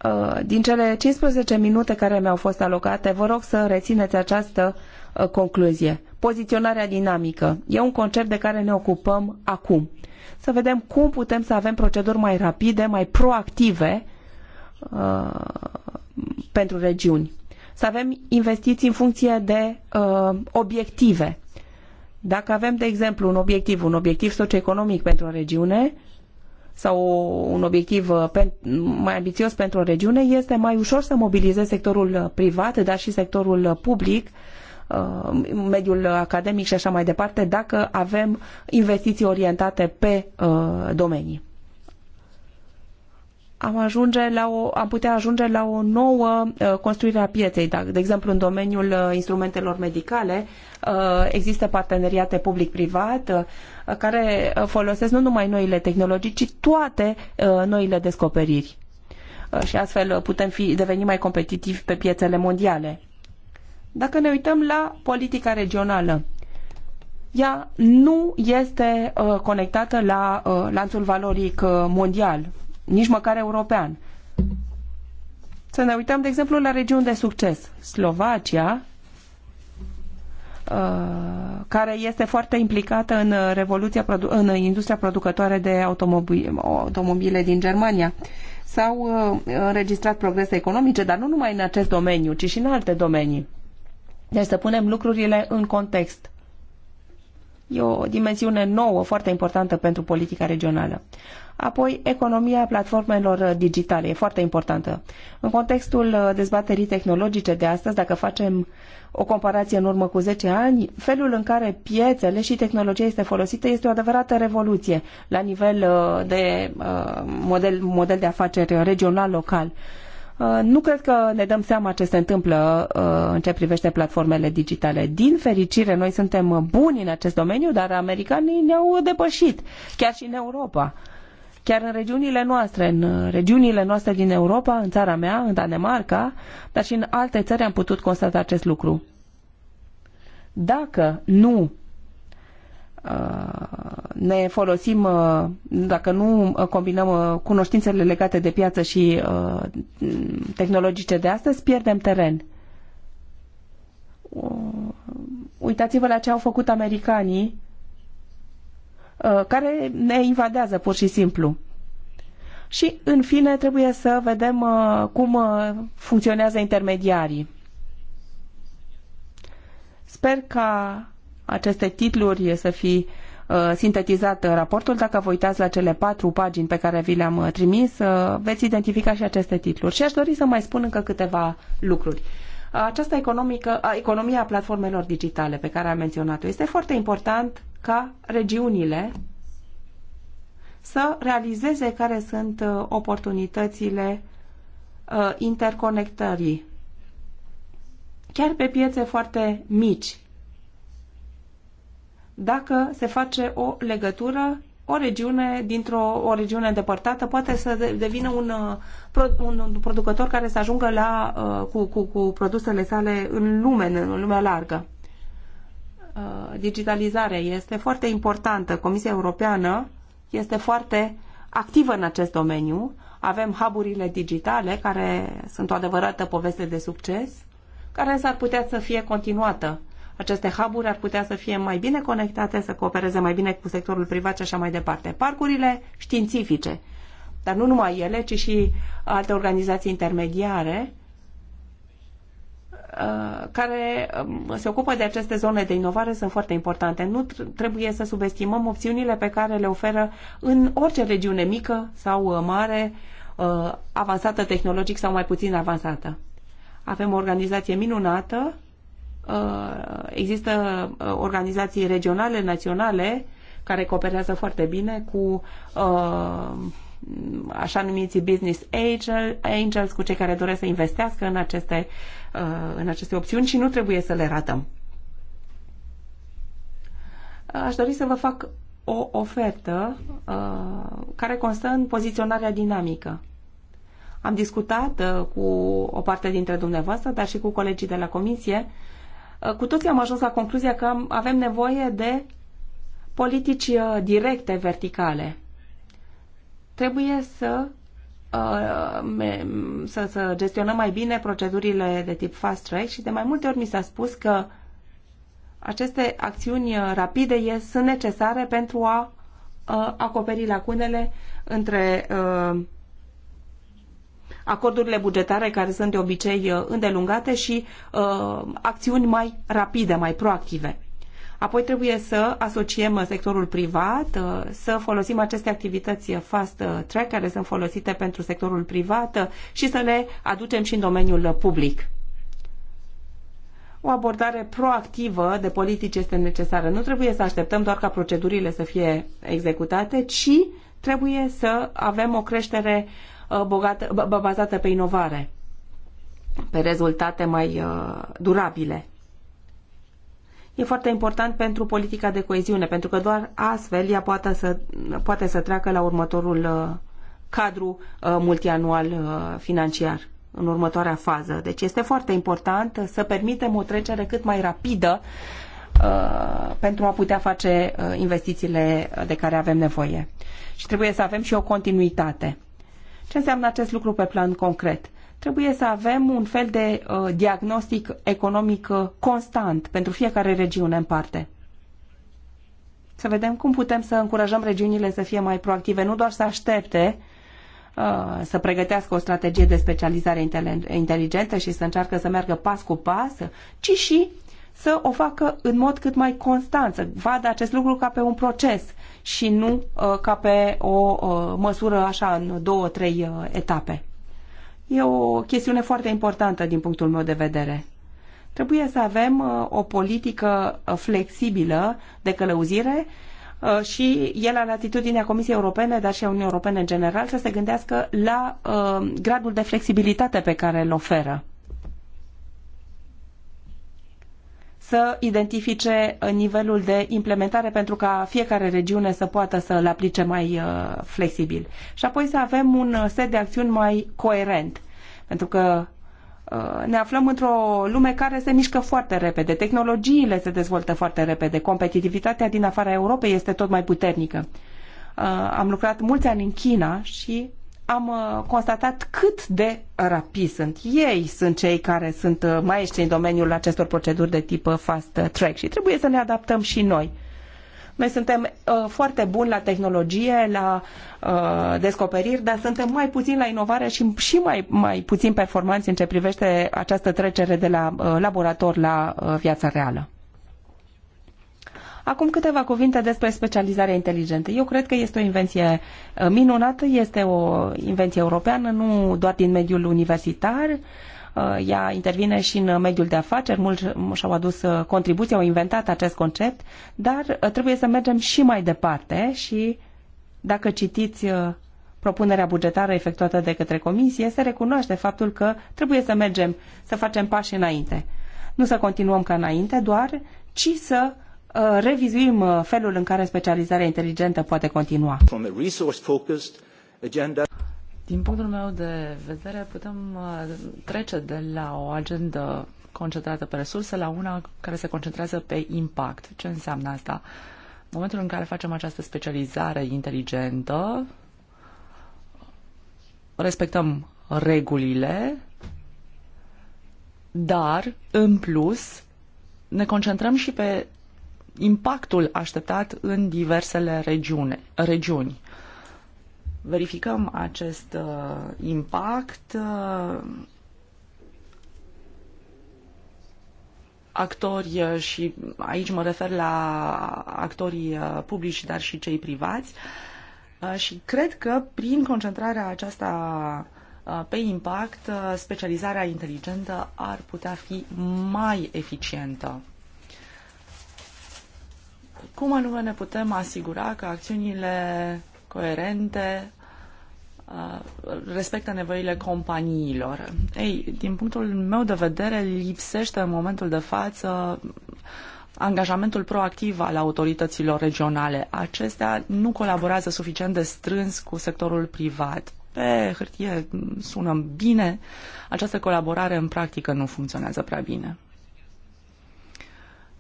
Uh, din cele 15 minute care mi-au fost alocate, vă rog să rețineți această uh, concluzie. Poziționarea dinamică e un concept de care ne ocupăm acum. Să vedem cum putem să avem proceduri mai rapide, mai proactive Uh, pentru regiuni. Să avem investiții în funcție de uh, obiective. Dacă avem, de exemplu, un obiectiv, un obiectiv socioeconomic pentru o regiune sau un obiectiv uh, mai ambițios pentru o regiune, este mai ușor să mobilizeze sectorul privat, dar și sectorul public, mediul academic și așa mai departe, dacă avem investiții orientate pe domenii am, ajunge la o, am putea ajunge la o nouă uh, construire a pieței. De exemplu, în domeniul uh, instrumentelor medicale uh, există parteneriate public-privat care folosesc nu numai noile tehnologii, ci toate noile descoperiri. Și astfel putem fi, deveni mai competitivi pe piețele mondiale. Dacă ne uităm la politica regională, ea nu este conectată la lanțul valoric mondial nici măcar european. Să ne uităm, de exemplu, la regiuni de succes. Slovacia, uh, care este foarte implicată în, revoluția, în industria producătoare de automobile din Germania. S-au uh, înregistrat progrese economice, dar nu numai în acest domeniu, ci și în alte domenii. Deci să punem lucrurile în context. E o dimensiune nouă, foarte importantă pentru politica regională. Apoi, economia platformelor digitale e foarte importantă. În contextul uh, dezbaterii tehnologice de astăzi, dacă facem o comparație în urmă cu 10 ani, felul în care piețele și tehnologia este folosită este o adevărată revoluție la nivel uh, de uh, model, model de afaceri regional, local. Nu cred că ne dăm seama ce se întâmplă în ce privește platformele digitale. Din fericire, noi suntem buni în acest domeniu, dar americanii ne-au depășit, chiar și în Europa. Chiar în regiunile noastre, în uh, regiunile noastre din Europa, în țara mea, în Danemarca, dar și în alte țări am putut constata acest lucru. Dacă nu uh, ne folosim, uh, dacă nu combinăm cunoștințele legate de piață și tehnologice de astăzi, pierdem teren. Uitați-vă la ce au făcut americanii Uh, care ne invadează pur și simplu. Și, în fine, trebuie să vedem uh, cum uh, funcționează intermediarii. Sper ca aceste titluri să fi sintetizat raportul. Dacă vă uitați la cele patru pagini pe care vi le-am trimis, veți identifica și aceste titluri. Și aș dori să mai spun încă câteva lucruri. Această economică, economia platformelor digitale pe care am menționat-o este foarte important ca regiunile să realizeze care sunt uh, oportunitățile uh, interconectării, chiar pe piețe foarte mici. Dacă se face o legătură, o regiune dintr-o o regiune îndepărtată poate să devină un, uh, un producător care să ajungă la, cu, cu, cu produsele sale în lume, în lumea largă. Uh, digitalizare este foarte importantă. Comisia Europeană este foarte activă în acest domeniu. Avem hub-urile digitale, care sunt o adevărată poveste de succes, care s-ar putea să fie continuată. Aceste hub-uri ar putea să fie mai bine conectate, să coopereze mai bine cu sectorul privat și așa mai departe. Parcurile științifice, dar nu numai ele, ci și alte organizații intermediare, Uh, care um, se ocupă de aceste zone de inovare sunt foarte importante. Nu trebuie să subestimăm opțiunile pe care le oferă în orice regiune mică sau uh, mare, uh, avansată tehnologic sau mai puțin avansată. Avem o organizație minunată, există organizații regionale, naționale, care cooperează foarte bine cu așa numiți business angels, cu cei care doresc să investească în aceste Uh, în aceste opțiuni și nu trebuie să le ratăm. Aș dori să vă fac o ofertă uh, care constă în poziționarea dinamică. Am discutat uh, cu o parte dintre dumneavoastră, dar și cu colegii de la comisie. Cu toții am ajuns la concluzia că avem nevoie de politici directe, verticale. Trebuie să Uh, să, să gestionăm mai bine procedurile de tip fast track și de mai multe ori mi s-a spus că aceste acțiuni rapide sunt necesare pentru a, uh, acoperi lacunele între uh, acordurile bugetare care sunt de obicei îndelungate și acțiuni mai rapide, mai proactive. Apoi trebuie să asociem uh, sectorul privat, uh, să folosim aceste activități uh, fast track care sunt folosite pentru sectorul privat și să le aducem și în domeniul public. O abordare proactivă de politici este necesară. Nu trebuie să așteptăm doar ca procedurile să fie executate, ci trebuie să avem o creștere bogată, bazată pe inovare, pe rezultate mai durabile e foarte important pentru politica de coeziune, pentru că doar astfel ea poate să, poate să treacă la următorul uh, cadru uh, multianual uh, financiar în următoarea fază. Deci este foarte important să permitem o trecere cât mai rapidă pentru a putea face investițiile de care avem nevoie. Și trebuie să avem și o continuitate. Ce înseamnă acest lucru pe plan concret? trebuie să avem un fel de uh, diagnostic economic uh, constant pentru fiecare regiune în parte. Să vedem cum putem să încurajăm regiunile să fie mai proactive, nu doar să aștepte uh, să pregătească o strategie de specializare inteligentă și să încearcă să meargă pas cu pas, ci și să o facă în mod cât mai constant, să vadă acest lucru ca pe un proces și nu uh, ca pe o uh, măsură așa în două, trei uh, etape. E o chestiune foarte importantă din punctul meu de vedere. Trebuie să avem uh, o politică uh, flexibilă de călăuzire uh, și el la atitudinea Comisiei Europene, dar și a Uniunii Europene în general, să se gândească la gradul de flexibilitate pe care îl oferă. să identifice uh, nivelul de implementare pentru ca fiecare regiune să poată să-l aplice mai uh, flexibil. Și apoi să avem un uh, set de acțiuni mai coerent. Pentru că ne aflăm într-o lume care se mișcă foarte repede, tehnologiile se dezvoltă foarte repede, competitivitatea din afara Europei este tot mai puternică. Am lucrat mulți ani în China și am uh, constatat cât de rapizi sunt. Ei sunt cei care sunt uh, maestri în domeniul acestor proceduri de tip uh, fast track și trebuie să ne adaptăm și noi. Noi suntem uh, foarte buni la tehnologie, la uh, descoperiri, dar suntem mai puțin la inovare și, și mai, mai puțin performanți în ce privește această trecere de la uh, laborator la uh, viața reală. Acum câteva cuvinte despre specializarea inteligentă. Eu cred că este o invenție uh, minunată, este o invenție europeană, nu doar din mediul universitar. Uh, ea intervine și în mediul de afaceri, mulți și-au adus uh, contribuții, au inventat acest concept, dar trebuie să mergem și mai departe și dacă citiți propunerea bugetară efectuată de către comisie, se recunoaște faptul că trebuie să mergem, să facem pași înainte. Nu să continuăm ca înainte doar, ci să uh, Uh, revizuim uh, felul în care specializarea inteligentă poate continua. Din punctul meu de vedere, putem uh, trece de la o agendă concentrată pe resurse la una care se concentrează pe impact. Ce înseamnă asta? În momentul în care facem această specializare inteligentă, respectăm regulile, dar, în plus, ne concentrăm și pe impactul așteptat în diversele regiune, regiuni. Verificăm acest uh, impact. Uh, actori uh, și aici mă refer la actorii uh, publici, dar și cei privați. Uh, și cred că prin concentrarea aceasta pe impact, specializarea inteligentă ar putea fi mai eficientă. Cum anume ne putem asigura că acțiunile coerente uh, respectă nevoile companiilor. Ei, din punctul meu de vedere, lipsește în momentul de față angajamentul proactiv al autorităților regionale. Acestea nu colaborează suficient de strâns cu sectorul privat. Pe hârtie sună bine, această colaborare în practică nu funcționează prea bine.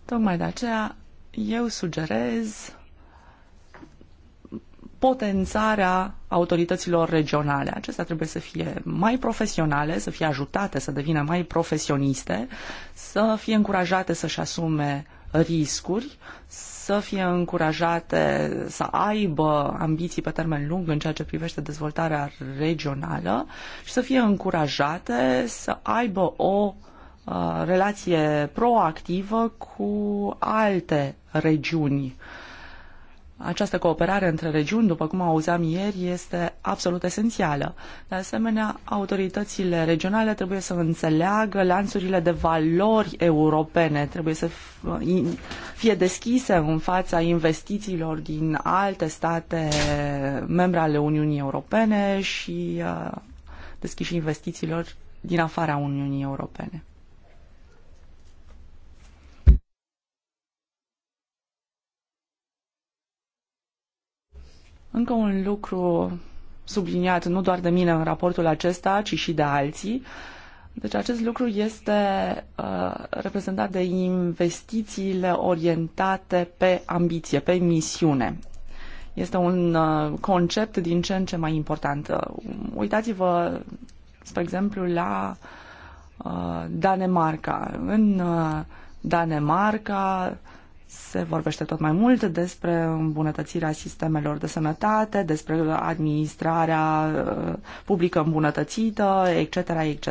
Tocmai de aceea eu sugerez potențarea autorităților regionale. Acestea trebuie să fie mai profesionale, să fie ajutate să devină mai profesioniste, să fie încurajate să-și asume riscuri, să fie încurajate să aibă ambiții pe termen lung în ceea ce privește dezvoltarea regională și să fie încurajate să aibă o uh, relație proactivă cu alte regiuni. Această cooperare între regiuni, după cum auzeam ieri, este absolut esențială. De asemenea, autoritățile regionale trebuie să înțeleagă lanțurile de valori europene, trebuie să fie deschise în fața investițiilor din alte state membre ale Uniunii Europene și deschiși investițiilor din afara Uniunii Europene. Încă un lucru subliniat nu doar de mine în raportul acesta, ci și de alții. Deci acest lucru este uh, reprezentat de investițiile orientate pe ambiție, pe misiune. Este un uh, concept din ce în ce mai important. Uh, uitați-vă, spre exemplu, la uh, Danemarca. În uh, Danemarca, uh, se vorbește tot mai mult despre îmbunătățirea sistemelor de sănătate, despre administrarea uh, publică îmbunătățită, etc., etc.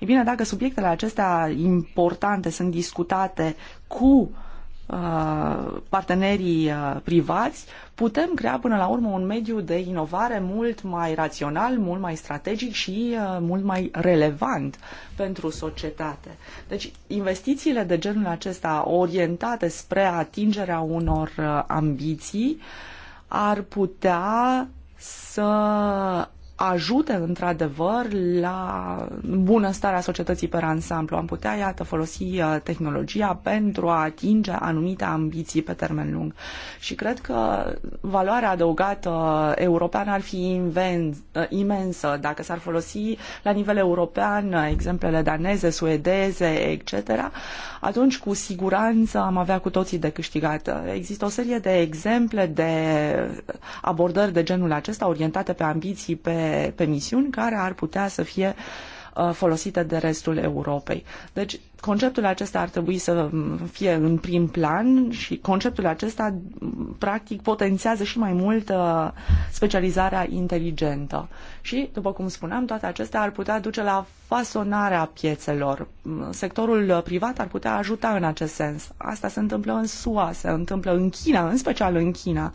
E bine, dacă subiectele acestea importante sunt discutate cu uh, Uh, partenerii uh, privați, putem crea până la urmă un mediu de inovare mult mai rațional, mult mai strategic și uh, mult mai relevant pentru societate. Deci investițiile de genul acesta orientate spre atingerea unor ambiții ar putea să ajute într-adevăr la bunăstarea societății pe ansamblu. Am putea, iată, folosi uh, tehnologia pentru a atinge anumite ambiții pe termen lung. Și cred că valoarea adăugată uh, europeană ar fi uh, imensă dacă s-ar folosi la nivel european exemplele daneze, suedeze, etc. Atunci, cu siguranță, am avea cu toții de câștigat. Există o serie de exemple de abordări de genul acesta orientate pe ambiții, pe pe, misiuni care ar putea să fie uh, folosite de restul Europei. Deci conceptul acesta ar trebui să fie în prim plan și conceptul acesta practic potențează și mai mult uh, specializarea inteligentă. Și, după cum spuneam, toate acestea ar putea duce la fasonarea piețelor. Sectorul uh, privat ar putea ajuta în acest sens. Asta se întâmplă în SUA, se întâmplă în China, în special în China.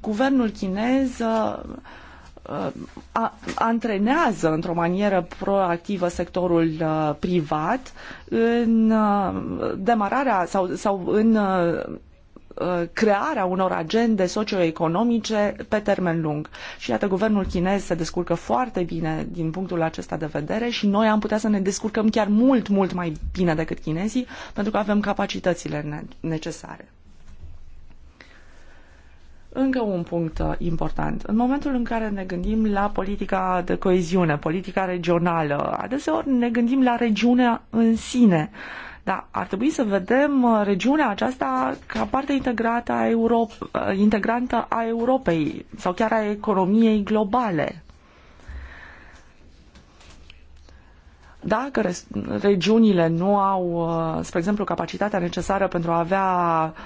Guvernul chinez uh, antrenează într-o manieră proactivă sectorul uh, privat în uh, demararea sau, sau în uh, crearea unor agende socioeconomice pe termen lung. Și iată, guvernul chinez se descurcă foarte bine din punctul acesta de vedere și noi am putea să ne descurcăm chiar mult, mult mai bine decât chinezii, pentru că avem capacitățile necesare. Încă un punct uh, important. În momentul în care ne gândim la politica de coeziune, politica regională, adeseori ne gândim la regiunea în sine. Dar ar trebui să vedem uh, regiunea aceasta ca parte integrată a Europ- uh, integrantă a Europei sau chiar a economiei globale. Dacă regiunile nu au, uh, spre exemplu, capacitatea necesară pentru a, avea,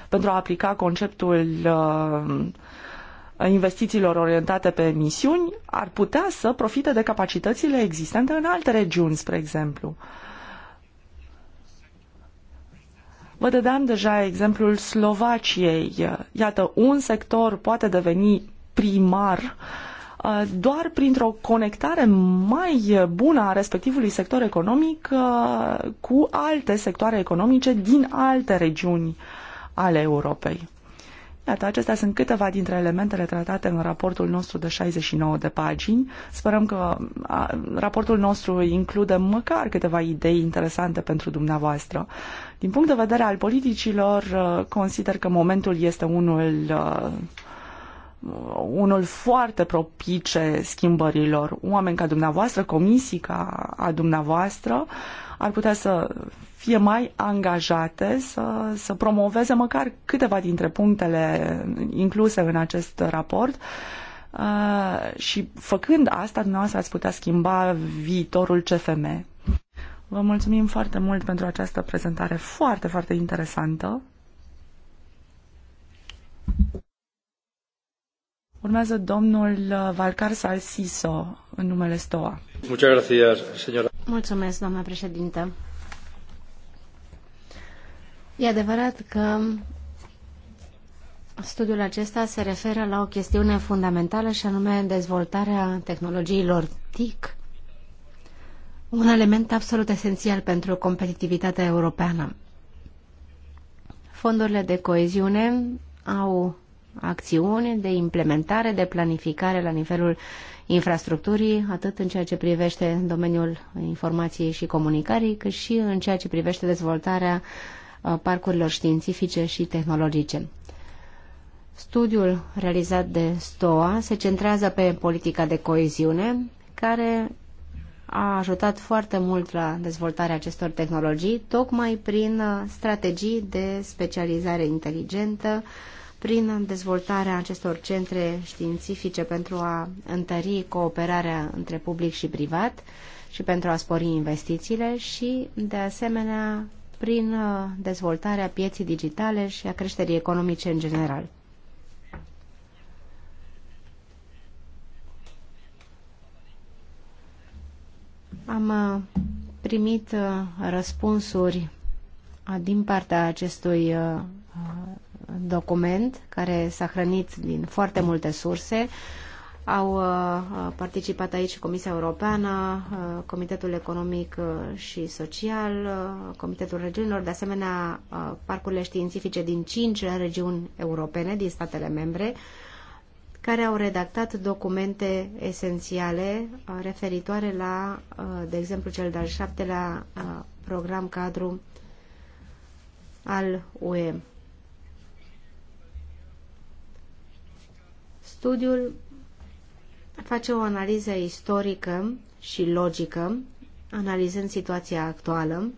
pentru a aplica conceptul uh, investițiilor orientate pe misiuni, ar putea să profite de capacitățile existente în alte regiuni, spre exemplu. Vă dădeam deja exemplul Slovaciei. Iată, un sector poate deveni primar uh, Uh, doar printr-o conectare mai bună a respectivului sector economic uh, cu alte sectoare economice din alte regiuni ale Europei. Iată, acestea sunt câteva dintre elementele tratate în raportul nostru de 69 de pagini. Sperăm că raportul nostru include măcar câteva idei interesante pentru dumneavoastră. Din punct de vedere al politicilor, uh, consider că momentul este unul uh, unul foarte propice schimbărilor. Oameni ca dumneavoastră, comisii ca a dumneavoastră, ar putea să fie mai angajate, să, să promoveze măcar câteva dintre punctele incluse în acest raport. Uh, și făcând asta, dumneavoastră ați putea schimba viitorul CFM. Vă mulțumim foarte mult pentru această prezentare foarte, foarte interesantă. Urmează domnul uh, Valcar Salsiso în numele STOA. Mulțumesc, doamna președintă. E adevărat că studiul acesta se referă la o chestiune fundamentală și anume dezvoltarea tehnologiilor TIC, un element absolut esențial pentru competitivitatea europeană. Fondurile de coeziune au acțiune de implementare, de planificare la nivelul infrastructurii, atât în ceea ce privește domeniul informației și comunicării, cât și în ceea ce privește dezvoltarea uh, parcurilor științifice și tehnologice. Studiul realizat de STOA se centrează pe politica de coeziune, care a ajutat foarte mult la dezvoltarea acestor tehnologii, tocmai prin uh, strategii de specializare inteligentă, uh, prin dezvoltarea acestor centre științifice pentru a întări cooperarea între public și privat și pentru a spori investițiile și, de asemenea, prin uh, dezvoltarea pieții digitale și a creșterii economice în general. Am uh, primit uh, răspunsuri din partea acestui document care s-a hrănit din foarte multe surse. Au uh, participat aici Comisia Europeană, uh, Comitetul Economic uh, și Social, Comitetul Regiunilor, de asemenea parcurile științifice din cinci regiuni europene, din statele membre, care au redactat documente esențiale referitoare la, de exemplu, cel de-al șaptelea program cadru al UE. Studiul face o analiză istorică și logică, analizând situația actuală,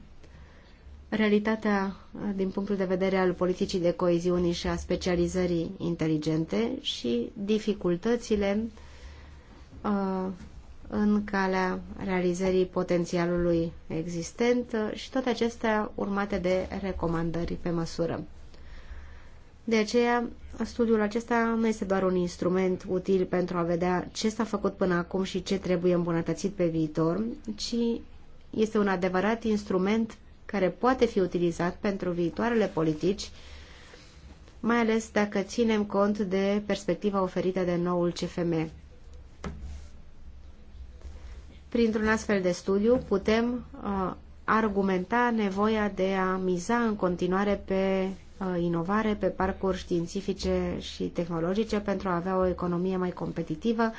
realitatea din punctul de vedere al politicii de coeziune și a specializării inteligente și dificultățile uh, în calea realizării potențialului existent uh, și toate acestea urmate de recomandări pe măsură. De aceea, studiul acesta nu este doar un instrument util pentru a vedea ce s-a făcut până acum și ce trebuie îmbunătățit pe viitor, ci este un adevărat instrument care poate fi utilizat pentru viitoarele politici, mai ales dacă ținem cont de perspectiva oferită de noul CFM. Printr-un astfel de studiu putem uh, argumenta nevoia de a miza în continuare pe Uh, inovare pe parcuri științifice și tehnologice pentru a avea o economie mai competitivă,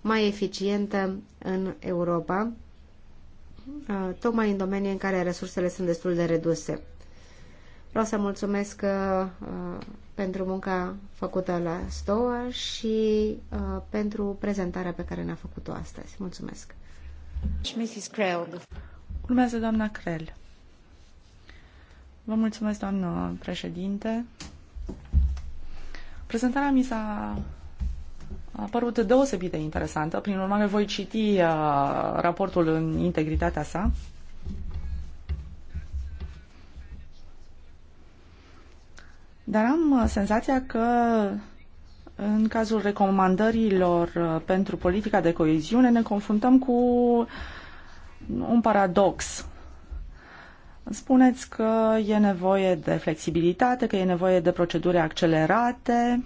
mai eficientă în Europa, uh, tocmai în domenii în care resursele sunt destul de reduse. Vreau să mulțumesc uh, pentru munca făcută la STOA și pentru prezentarea pe care ne-a făcut-o astăzi. Mulțumesc! Urmează doamna Crel. Vă mulțumesc, doamnă președinte. Prezentarea mi s-a a părut deosebit de interesantă. Prin urmare, voi citi uh, raportul în integritatea sa. Dar am uh, senzația că în cazul recomandărilor uh, pentru politica de coeziune ne confruntăm cu un paradox. Spuneți că e nevoie de flexibilitate, că e nevoie de proceduri accelerate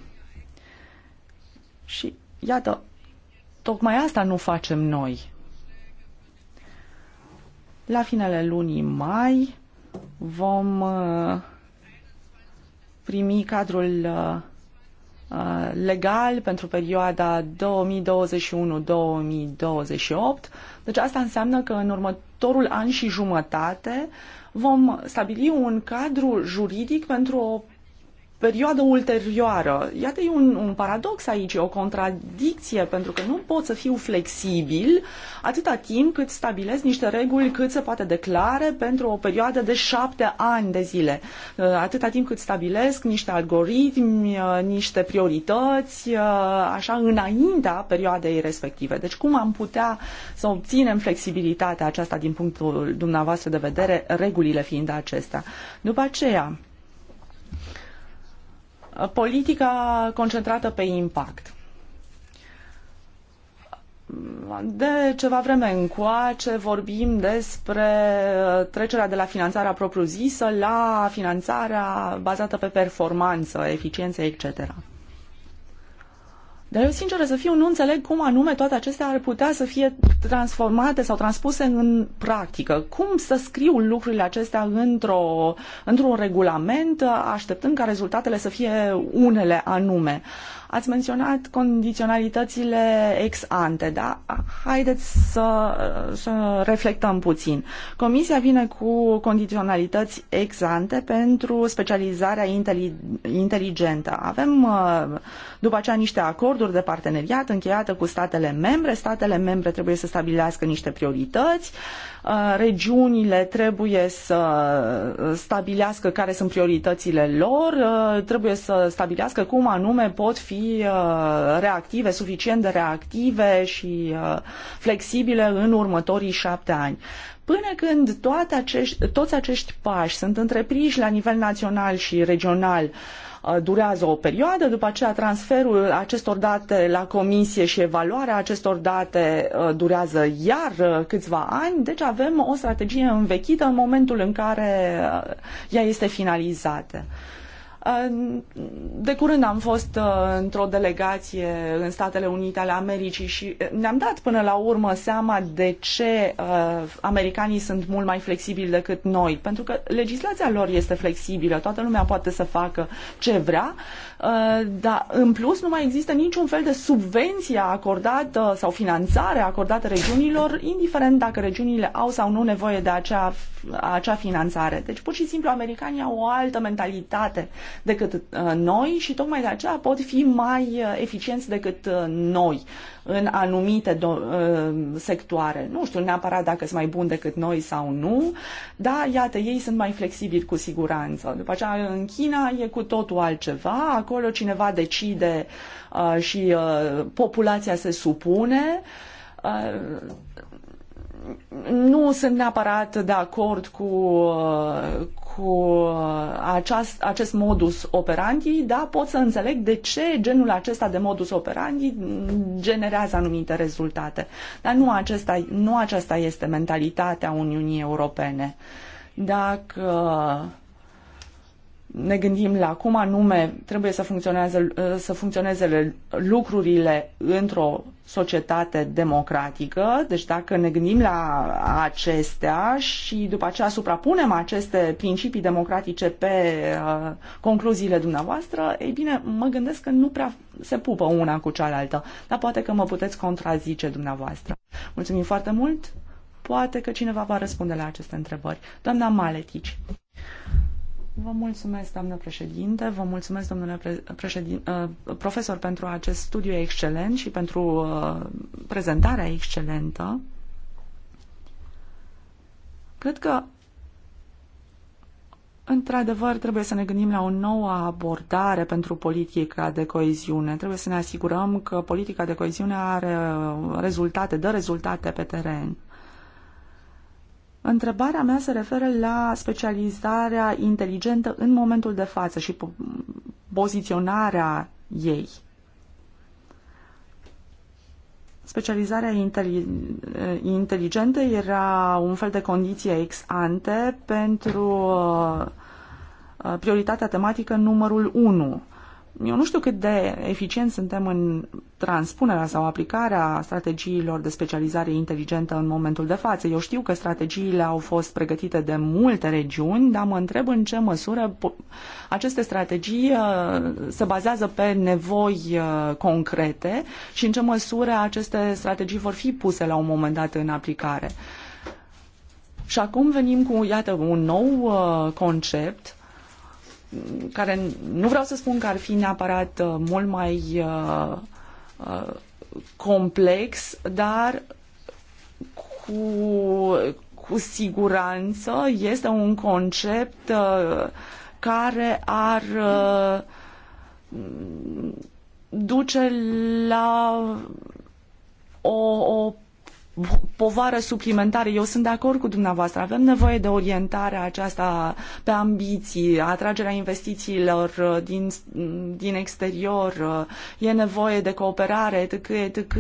și, iată, tocmai asta nu facem noi. La finele lunii mai vom uh, primi cadrul uh, uh, legal pentru perioada 2021-2028. Deci asta înseamnă că în următorul an și jumătate vom stabili un cadru juridic pentru o perioadă ulterioară. Iată, e un, un paradox aici, o contradicție, pentru că nu pot să fiu flexibil atâta timp cât stabilesc niște reguli cât se poate declare pentru o perioadă de șapte ani de zile. Uh, atâta timp cât stabilesc niște algoritmi, uh, niște priorități, uh, așa, înaintea perioadei respective. Deci cum am putea să obținem flexibilitatea aceasta din punctul dumneavoastră de vedere, regulile fiind acestea. După aceea, politica concentrată pe impact. De ceva vreme încoace vorbim despre trecerea de la finanțarea propriu-zisă la finanțarea bazată pe performanță, eficiență, etc. Dar eu, sinceră să fiu, nu înțeleg cum anume toate acestea ar putea să fie transformate sau transpuse în practică. Cum să scriu lucrurile acestea într-o, într-un regulament, așteptând ca rezultatele să fie unele anume. Ați menționat condiționalitățile ex ante, da? Haideți să, să reflectăm puțin. Comisia vine cu condiționalități ex ante pentru specializarea inteli- inteligentă. Avem uh, după aceea niște acorduri de parteneriat încheiate cu statele membre. Statele membre trebuie să stabilească niște priorități, Uh, regiunile trebuie să stabilească care sunt prioritățile lor, uh, trebuie să stabilească cum anume pot fi uh, reactive, suficient de reactive și flexibile în următorii șapte ani. Până când toate acești, toți acești pași sunt întreprinși la nivel național și regional, Uh, durează o perioadă, după aceea transferul acestor date la comisie și evaluarea acestor date uh, durează iar uh, câțiva ani, deci avem o strategie învechită în momentul în care ea este finalizată. De curând am fost uh, într-o delegație în Statele Unite ale Americii și uh, ne-am dat până la urmă seama de ce uh, americanii sunt mult mai flexibili decât noi, pentru că legislația lor este flexibilă, toată lumea poate să facă ce vrea, dar în plus nu mai există niciun fel de subvenție acordată sau finanțare acordată regiunilor, indiferent dacă regiunile au sau nu nevoie de acea, acea finanțare. Deci pur și simplu americanii au o altă mentalitate decât uh, noi și tocmai de aceea pot fi mai uh, eficienți decât uh, noi în anumite sectoare. Nu știu neapărat dacă sunt mai buni decât noi sau nu, dar iată, ei sunt mai flexibili cu siguranță. După aceea, în China e cu totul altceva, acolo cineva decide și populația se supune. nu sunt neapărat de acord cu, cu uh, aceast, acest modus operandi, da, pot să înțeleg de ce genul acesta de modus operandi generează anumite rezultate. Dar nu, acesta, nu aceasta este mentalitatea Uniunii Europene. Dacă ne gândim la cum anume trebuie să, funcționeze, uh, să funcționeze lucrurile într-o societate democratică, deci dacă ne gândim la acestea și după aceea suprapunem aceste principii democratice pe uh, concluziile dumneavoastră, ei bine, mă gândesc că nu prea se pupă una cu cealaltă, dar poate că mă puteți contrazice dumneavoastră. Mulțumim foarte mult! Poate că cineva va răspunde la aceste întrebări. Doamna Maletici. Vă mulțumesc, doamnă președinte, vă mulțumesc, domnule președin, uh, profesor, pentru acest studiu excelent și pentru uh, prezentarea excelentă. Cred că, într-adevăr, trebuie să ne gândim la o nouă abordare pentru politica de coeziune. Trebuie să ne asigurăm că politica de coeziune are rezultate, dă rezultate pe teren. Întrebarea mea se referă la specializarea inteligentă în momentul de față și po poziționarea ei. Specializarea inteligentă era un fel de condiție ex ante pentru uh, uh, prioritatea tematică numărul 1 eu nu știu cât de eficient suntem în transpunerea sau aplicarea strategiilor de specializare inteligentă în momentul de față. Eu știu că strategiile au fost pregătite de multe regiuni, dar mă întreb în ce măsură aceste strategii uh, se bazează pe nevoi uh, concrete și în ce măsură aceste strategii vor fi puse la un moment dat în aplicare. Și acum venim cu, iată, un nou uh, concept care nu vreau să spun că ar fi neapărat uh, mult mai uh, uh, complex, dar cu, cu siguranță este un concept care ar duce la o, o povară suplimentară. Eu sunt de acord cu dumneavoastră. Avem nevoie de orientarea aceasta pe ambiții, atragerea investițiilor uh, din, mm, din exterior, uh, e nevoie de cooperare, etc., etc.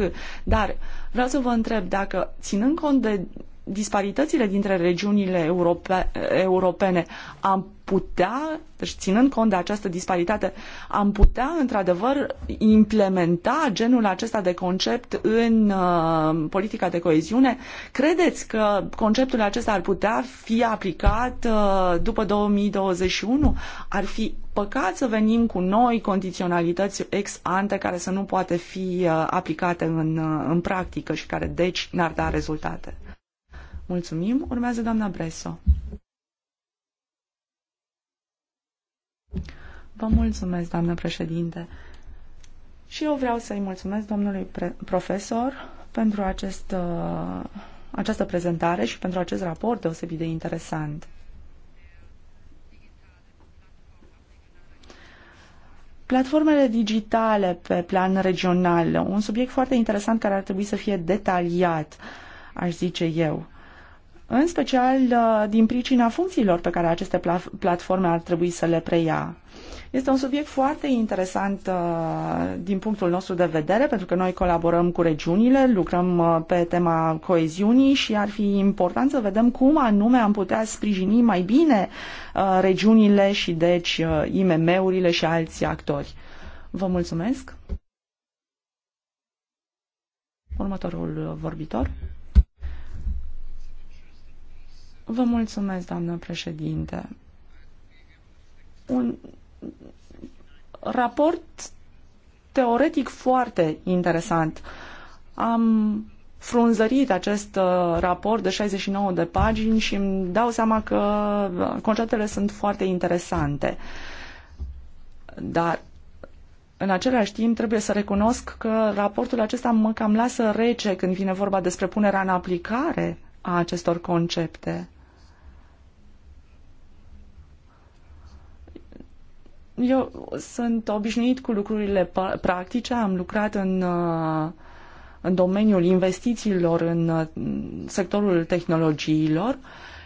Dar vreau să vă întreb dacă, ținând cont de disparitățile dintre regiunile europe, europene, am putea, deci ținând cont de această disparitate, am putea într-adevăr implementa genul acesta de concept în uh, politica de coeziune? Credeți că conceptul acesta ar putea fi aplicat uh, după 2021? Ar fi păcat să venim cu noi condiționalități ex ante care să nu poate fi uh, aplicate în, uh, în practică și care deci n-ar da rezultate? Mulțumim. Urmează doamna Breso. Vă mulțumesc, doamnă președinte. Și eu vreau să-i mulțumesc domnului profesor pentru acest, uh, această prezentare și pentru acest raport deosebit de interesant. Platformele digitale pe plan regional, un subiect foarte interesant care ar trebui să fie detaliat, aș zice eu în special uh, din pricina funcțiilor pe care aceste platforme ar trebui să le preia. Este un subiect foarte interesant uh, din punctul nostru de vedere, pentru că noi colaborăm cu regiunile, lucrăm uh, pe tema coeziunii și ar fi important să vedem cum anume am putea sprijini mai bine regiunile și deci IMM-urile și alți actori. Vă mulțumesc! Următorul vorbitor. Vă mulțumesc, doamnă președinte. Un raport teoretic foarte interesant. Am frunzărit acest uh, raport de 69 de pagini și îmi dau seama că uh, conceptele sunt foarte interesante. Dar în același timp trebuie să recunosc că raportul acesta mă cam lasă rece când vine vorba despre punerea în aplicare a acestor concepte. eu sunt obișnuit cu lucrurile practice, am lucrat în, uh, în domeniul investițiilor, în uh, sectorul tehnologiilor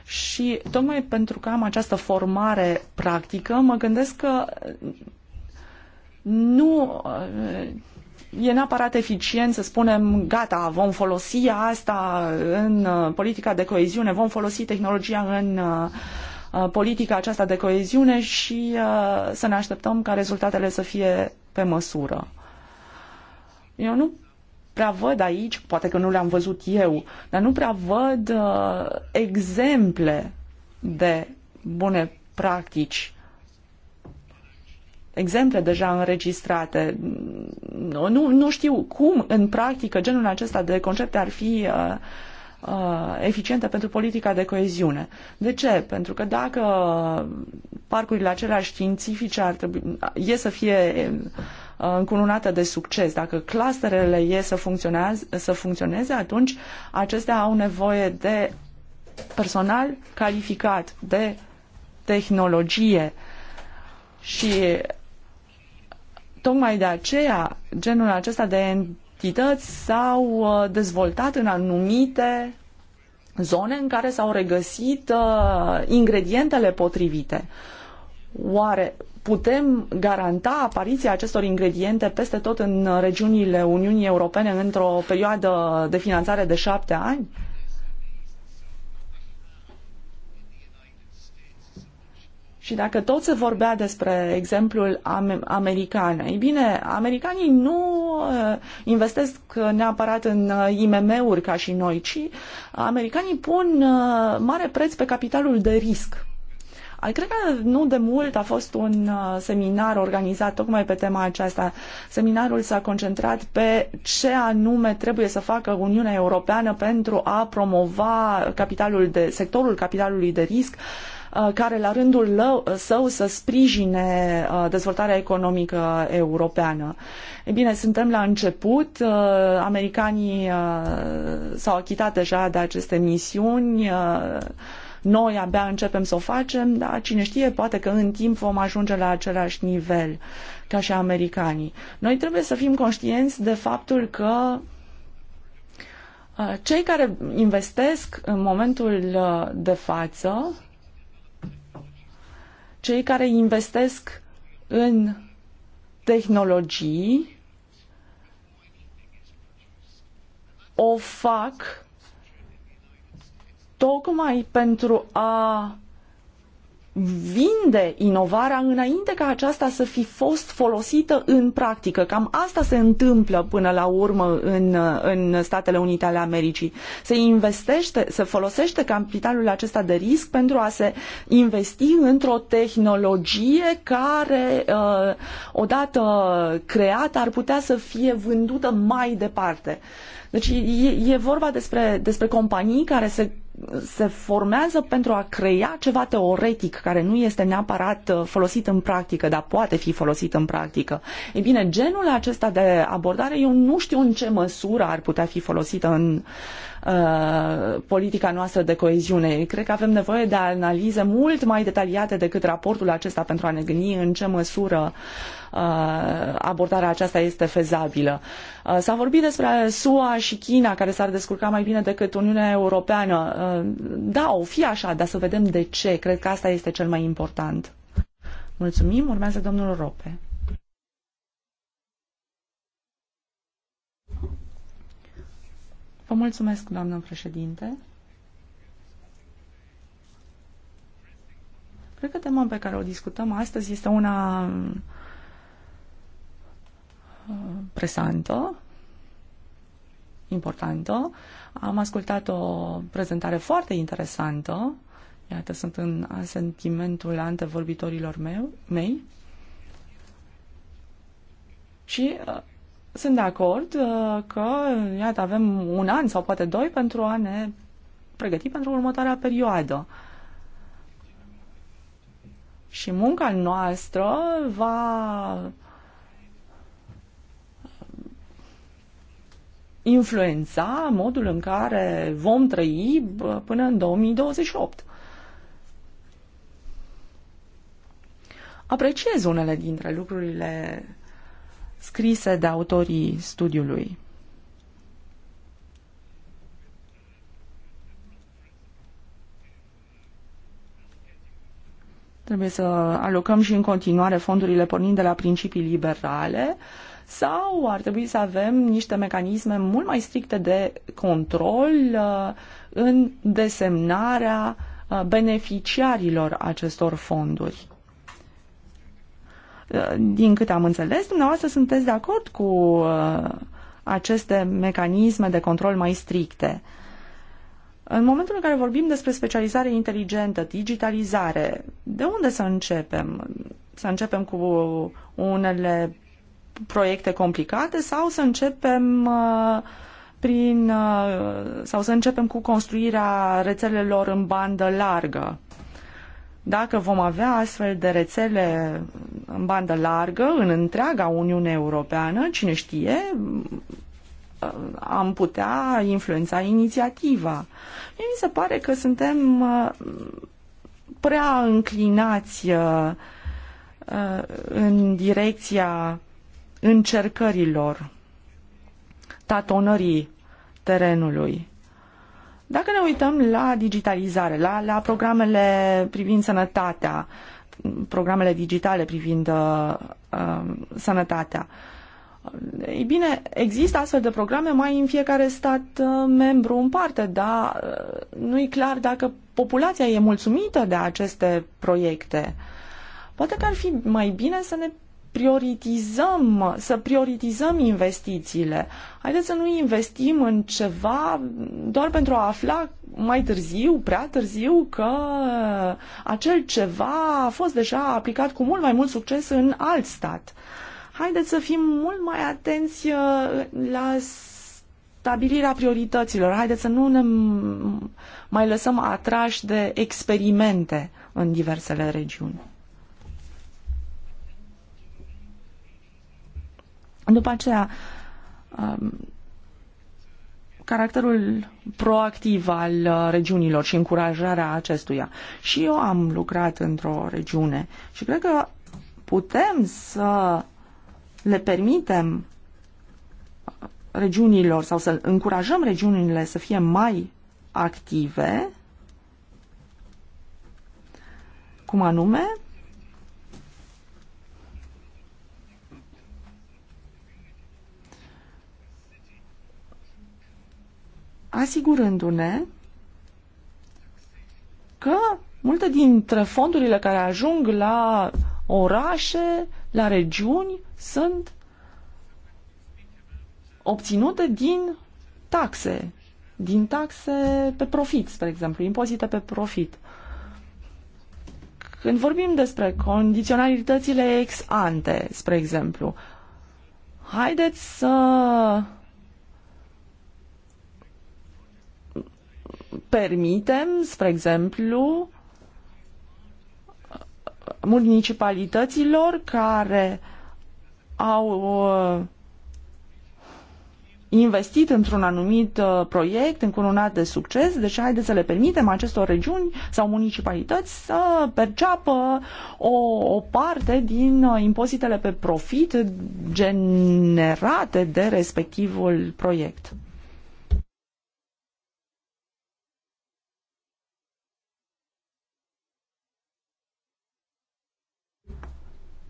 și tocmai pentru că am această formare practică, mă gândesc că nu uh, e neapărat eficient să spunem gata, vom folosi asta în politica de coeziune, vom folosi tehnologia în uh, Uh, politica aceasta de coeziune și uh, să ne așteptăm ca rezultatele să fie pe măsură. Eu nu prea văd aici, poate că nu le-am văzut eu, dar nu prea văd uh, exemple de bune practici. Exemple deja înregistrate. Nu, nu știu cum, în practică, genul acesta de concepte ar fi uh, Uh, eficientă pentru politica de coeziune. De ce? Pentru că dacă parcurile acelea științifice ar trebui, e să fie uh, încununată de succes, dacă clusterele e să, să funcționeze, atunci acestea au nevoie de personal calificat, de tehnologie și tocmai de aceea genul acesta de entități s-au uh, dezvoltat în anumite zone în care s-au regăsit uh, ingredientele potrivite. Oare putem garanta apariția acestor ingrediente peste tot în regiunile Uniunii Europene într-o perioadă de finanțare de șapte ani? Și dacă tot se vorbea despre exemplul am- american, ei bine, americanii nu uh, investesc neapărat în uh, IMM-uri ca și noi, ci americanii pun uh, mare preț pe capitalul de risc. Cred că nu de mult a fost un seminar organizat tocmai pe tema aceasta. Seminarul s-a concentrat pe ce anume trebuie să facă Uniunea Europeană pentru a promova capitalul de, sectorul capitalului de risc uh, Uh, care la rândul uh, său să sprijine uh, dezvoltarea economică europeană. E bine, suntem la început, americanii s-au achitat deja de aceste misiuni, noi abia începem să o facem, dar cine știe, poate că în timp vom ajunge la același nivel ca și americanii. Noi trebuie să fim conștienți de faptul că cei care investesc în momentul de față cei care investesc în tehnologii o fac tocmai pentru a vinde inovarea înainte ca aceasta să fi fost folosită în practică. Cam asta se întâmplă până la urmă în, în Statele Unite ale Americii. Se investește, se folosește capitalul acesta de risc pentru a se investi într-o tehnologie care, uh, odată creată, ar putea să fie vândută mai departe. Deci e, e vorba despre, despre companii care se se formează pentru a crea ceva teoretic care nu este neapărat uh, folosit în practică, dar poate fi folosit în practică. Ei bine, genul acesta de abordare, eu nu știu în ce măsură ar putea fi folosită în Uh, politica noastră de coeziune. Cred că avem nevoie de analize mult mai detaliate decât raportul acesta pentru a ne gândi în ce măsură uh, abordarea aceasta este fezabilă. Uh, s-a vorbit despre SUA și China care s-ar descurca mai bine decât Uniunea Europeană. Uh, da, o fi așa, dar să vedem de ce. Cred că asta este cel mai important. Mulțumim. Urmează domnul Rope. Vă mulțumesc, doamnă președinte. Cred că tema pe care o discutăm astăzi este una uh, presantă, importantă. Am ascultat o prezentare foarte interesantă. Iată, sunt în sentimentul antevorbitorilor mei. Și uh, sunt de acord uh, că, iată, avem un an sau poate doi pentru a ne pregăti pentru următoarea perioadă. Și munca noastră va uh, influența modul în care vom trăi uh, până în 2028. Apreciez unele dintre lucrurile scrise de autorii studiului. Trebuie să alocăm și în continuare fondurile pornind de la principii liberale sau ar trebui să avem niște mecanisme mult mai stricte de control uh, în desemnarea uh, beneficiarilor acestor fonduri. Din câte am înțeles, dumneavoastră sunteți de acord cu uh, aceste mecanisme de control mai stricte. În momentul în care vorbim despre specializare inteligentă, digitalizare, de unde să începem? Să începem cu unele proiecte complicate sau să începem uh, prin, uh, sau să începem cu construirea rețelelor în bandă largă? Dacă vom avea astfel de rețele în bandă largă, în întreaga Uniune Europeană, cine știe, am putea influența inițiativa. Mie mi se pare că suntem uh, prea înclinați uh, uh, în direcția încercărilor, tatonării terenului. Dacă ne uităm la digitalizare, la, la programele privind sănătatea, programele digitale privind uh, um, sănătatea, ei bine, există astfel de programe mai în fiecare stat uh, membru în parte, dar uh, nu e clar dacă populația e mulțumită de aceste proiecte. Poate că ar fi mai bine să ne prioritizăm, să prioritizăm investițiile. Haideți să nu investim în ceva doar pentru a afla mai târziu, prea târziu, că acel ceva a fost deja aplicat cu mult mai mult succes în alt stat. Haideți să fim mult mai atenți uh, la stabilirea priorităților. Haideți să nu ne mai lăsăm atrași de experimente în diversele regiuni. După aceea, um, caracterul proactiv al uh, regiunilor și încurajarea acestuia. Și eu am lucrat într-o regiune și cred că putem să le permitem uh, regiunilor sau să încurajăm regiunile să fie mai active, cum anume, asigurându-ne că multe dintre fondurile care ajung la orașe, la regiuni, sunt obținute din taxe, din taxe pe profit, spre exemplu, impozite pe profit. Când vorbim despre condiționalitățile ex ante, spre exemplu, haideți să permitem, spre exemplu, municipalităților care au uh, investit într-un anumit uh, proiect încununat de succes, deci haideți să le permitem acestor regiuni sau municipalități să perceapă o, o parte din uh, impozitele pe profit generate de respectivul proiect.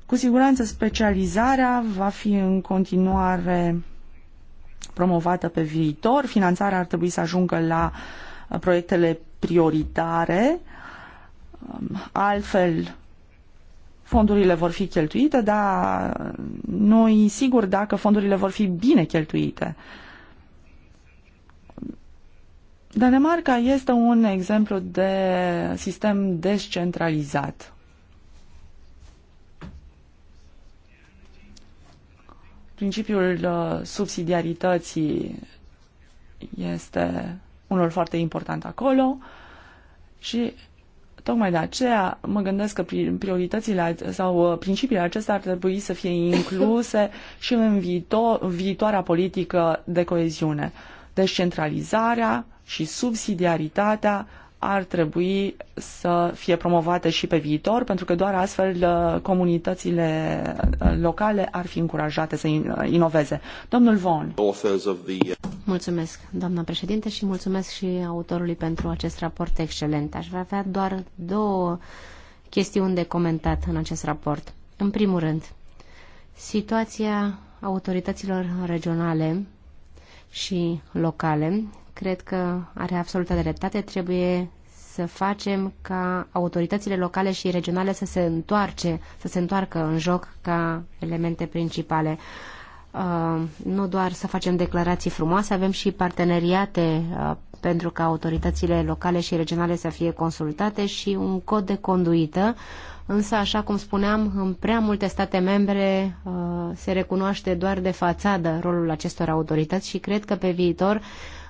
Cu siguranță specializarea va fi în continuare promovată pe viitor. Finanțarea ar trebui să ajungă la uh, proiectele prioritare. Um, altfel, fondurile vor fi cheltuite, dar uh, noi sigur dacă fondurile vor fi bine cheltuite. Danemarca este un exemplu de sistem descentralizat. Principiul uh, subsidiarității este unul foarte important acolo și tocmai de aceea mă gândesc că prioritățile sau uh, principiile acestea ar trebui să fie incluse și în viito- viitoarea politică de coeziune. Descentralizarea și subsidiaritatea ar trebui să fie promovate și pe viitor, pentru că doar astfel uh, comunitățile uh, locale ar fi încurajate să uh, inoveze. Domnul Von. Mulțumesc, doamna președinte, și mulțumesc și autorului pentru acest raport excelent. Aș vrea avea doar două chestiuni de comentat în acest raport. În primul rând, situația autorităților regionale și locale cred că are absolută dreptate, trebuie să facem ca autoritățile locale și regionale să se întoarce, să se întoarcă în joc ca elemente principale. Uh, nu doar să facem declarații frumoase, avem și parteneriate uh, pentru ca autoritățile locale și regionale să fie consultate și un cod de conduită. Însă, așa cum spuneam, în prea multe state membre uh, se recunoaște doar de fațadă rolul acestor autorități și cred că pe viitor uh,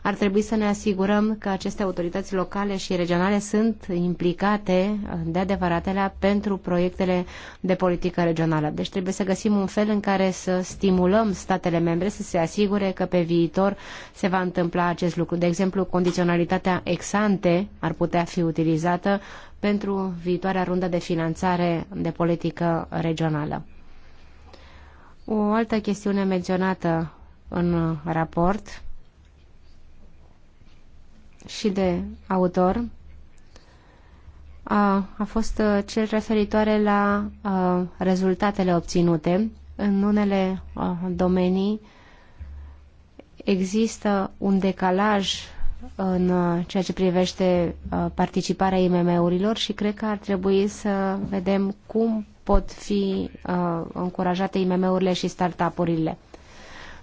ar trebui să ne asigurăm că aceste autorități locale și regionale sunt implicate de adevăratele pentru proiectele de politică regională. Deci trebuie să găsim un fel în care să stimulăm statele membre să se asigure că pe viitor se va întâmpla acest lucru. De exemplu, condiționalitatea ex-ante ar putea fi utilizată pentru viitoarea rundă de finanțare de politică regională. O altă chestiune menționată în raport și de autor a, a fost uh, cel referitoare la a, uh, rezultatele obținute. În unele a, uh, domenii există un decalaj în ceea ce privește participarea IMM-urilor și cred că ar trebui să vedem cum pot fi încurajate IMM-urile și up urile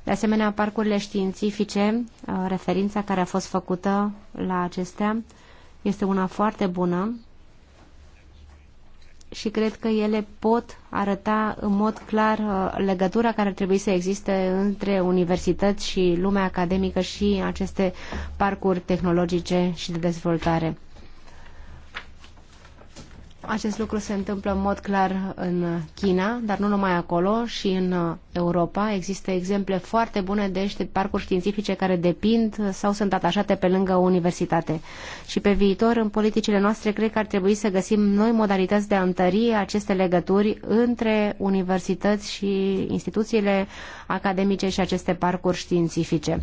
de asemenea, parcurile științifice, uh, referința care a fost făcută la acestea, este una foarte bună și cred că ele pot arăta în mod clar uh, legătura care ar trebui să existe între universități și lumea academică și aceste parcuri tehnologice și de dezvoltare. Acest lucru se întâmplă în mod clar în China, dar nu numai acolo, și în uh, Europa. Există exemple foarte bune de parcuri științifice care depind sau sunt atașate pe lângă universitate. Și pe viitor, în politicile noastre, cred că ar trebui să găsim noi modalități de a întări aceste legături între universități și instituțiile academice și aceste parcuri științifice.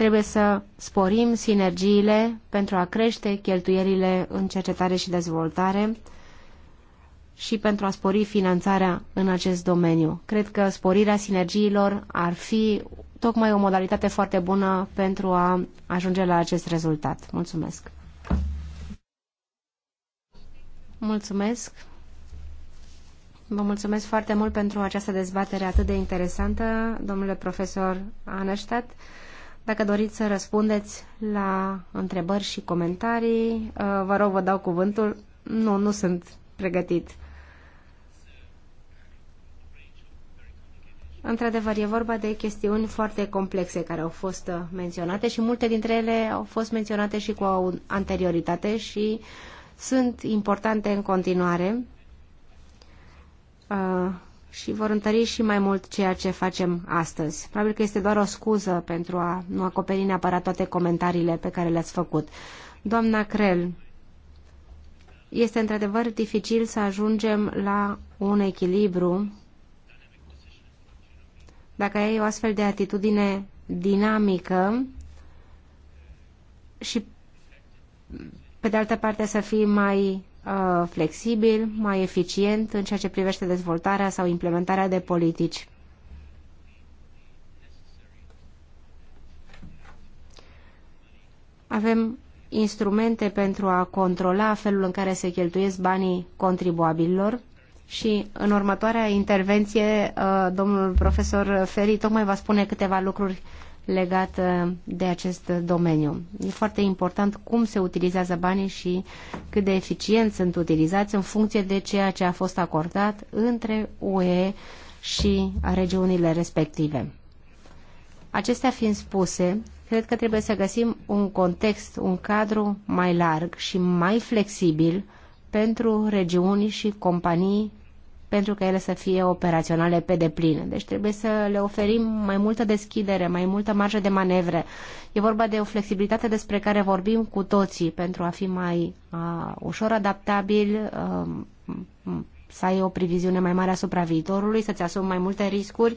Trebuie să sporim sinergiile pentru a crește cheltuierile în cercetare și dezvoltare și pentru a spori finanțarea în acest domeniu. Cred că sporirea sinergiilor ar fi tocmai o modalitate foarte bună pentru a ajunge la acest rezultat. Mulțumesc! Mulțumesc! Vă mulțumesc foarte mult pentru această dezbatere atât de interesantă, domnule profesor Anăștat. Dacă doriți să răspundeți la întrebări și comentarii, uh, vă rog, vă dau cuvântul. Nu, nu sunt pregătit. Într-adevăr, e vorba de chestiuni foarte complexe care au fost uh, menționate și multe dintre ele au fost menționate și cu anterioritate și sunt importante în continuare. Uh, și vor întări și mai mult ceea ce facem astăzi. Probabil că este doar o scuză pentru a nu acoperi neapărat toate comentariile pe care le-ați făcut. Doamna Crel, este într-adevăr dificil să ajungem la un echilibru dacă ai o astfel de atitudine dinamică și pe de altă parte să fii mai Uh, flexibil, mai eficient în ceea ce privește dezvoltarea sau implementarea de politici. Avem instrumente pentru a controla felul în care se cheltuiesc banii contribuabililor și în următoarea intervenție uh, domnul profesor Feri tocmai va spune câteva lucruri legată de acest domeniu. E foarte important cum se utilizează banii și cât de eficient sunt utilizați în funcție de ceea ce a fost acordat între UE și regiunile respective. Acestea fiind spuse, cred că trebuie să găsim un context, un cadru mai larg și mai flexibil pentru regiuni și companii pentru că ele să fie operaționale pe deplin. Deci trebuie să le oferim mai multă deschidere, mai multă marjă de manevre. E vorba de o flexibilitate despre care vorbim cu toții pentru a fi mai a, ușor adaptabil, a, să ai o previziune mai mare asupra viitorului, să-ți asumi mai multe riscuri,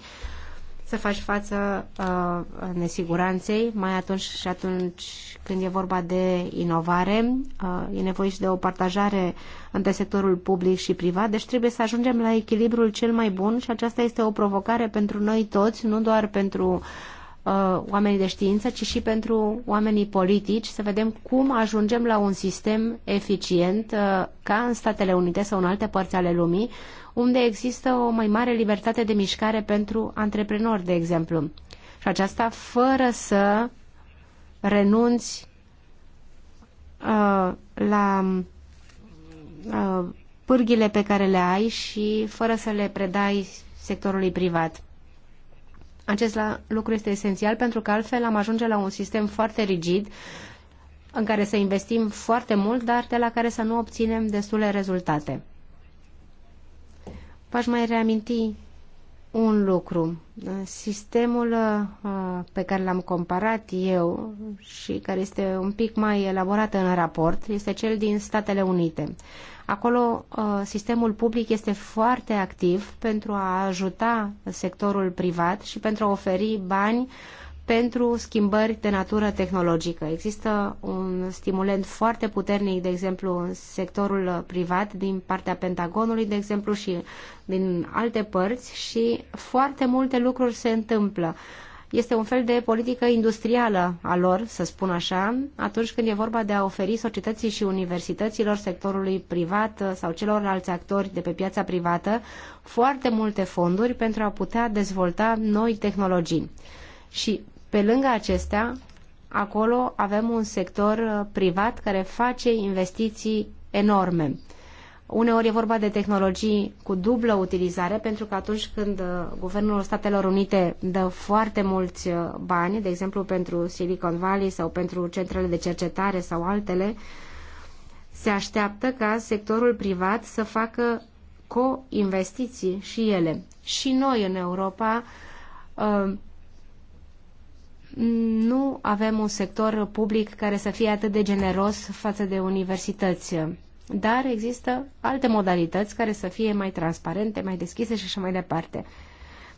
să faci față uh, nesiguranței, mai atunci și atunci când e vorba de inovare, uh, e nevoie și de o partajare între sectorul public și privat, deci trebuie să ajungem la echilibrul cel mai bun și aceasta este o provocare pentru noi toți, nu doar pentru uh, uh, oamenii de știință, ci și pentru oamenii politici, să vedem cum ajungem la un sistem eficient, uh, ca în Statele Unite sau în alte părți ale lumii, unde există o mai mare libertate de mișcare pentru antreprenori, de exemplu. Și aceasta fără să renunți uh, la uh, pârghile pe care le ai și fără să le predai sectorului privat. Acest lucru este esențial pentru că altfel am ajunge la un sistem foarte rigid în care să investim foarte mult, dar de la care să nu obținem destule rezultate. V-aș mai reaminti un lucru. Sistemul uh, pe care l-am comparat eu și care este un pic mai elaborat în raport este cel din Statele Unite. Acolo uh, sistemul public este foarte activ pentru a ajuta sectorul privat și pentru a oferi bani uh, pentru schimbări de natură tehnologică. Există un stimulent foarte puternic, de exemplu, în sectorul privat, din partea Pentagonului, de exemplu, și din alte părți și foarte multe lucruri se întâmplă. Este un fel de politică industrială a lor, să spun așa, atunci când e vorba de a oferi societății și universităților, sectorului privat sau celorlalți actori de pe piața privată foarte multe fonduri pentru a putea dezvolta noi tehnologii. Și pe lângă acestea, acolo avem un sector uh, privat care face investiții enorme. Uneori e vorba de tehnologii cu dublă utilizare, pentru că atunci când uh, Guvernul Statelor Unite dă foarte mulți uh, bani, de exemplu pentru Silicon Valley sau pentru centrele de cercetare sau altele, se așteaptă ca sectorul privat să facă co-investiții și ele. Și noi în Europa nu avem un sector public care să fie atât de generos față de universități. Dar există alte modalități care să fie mai transparente, mai deschise și așa mai departe.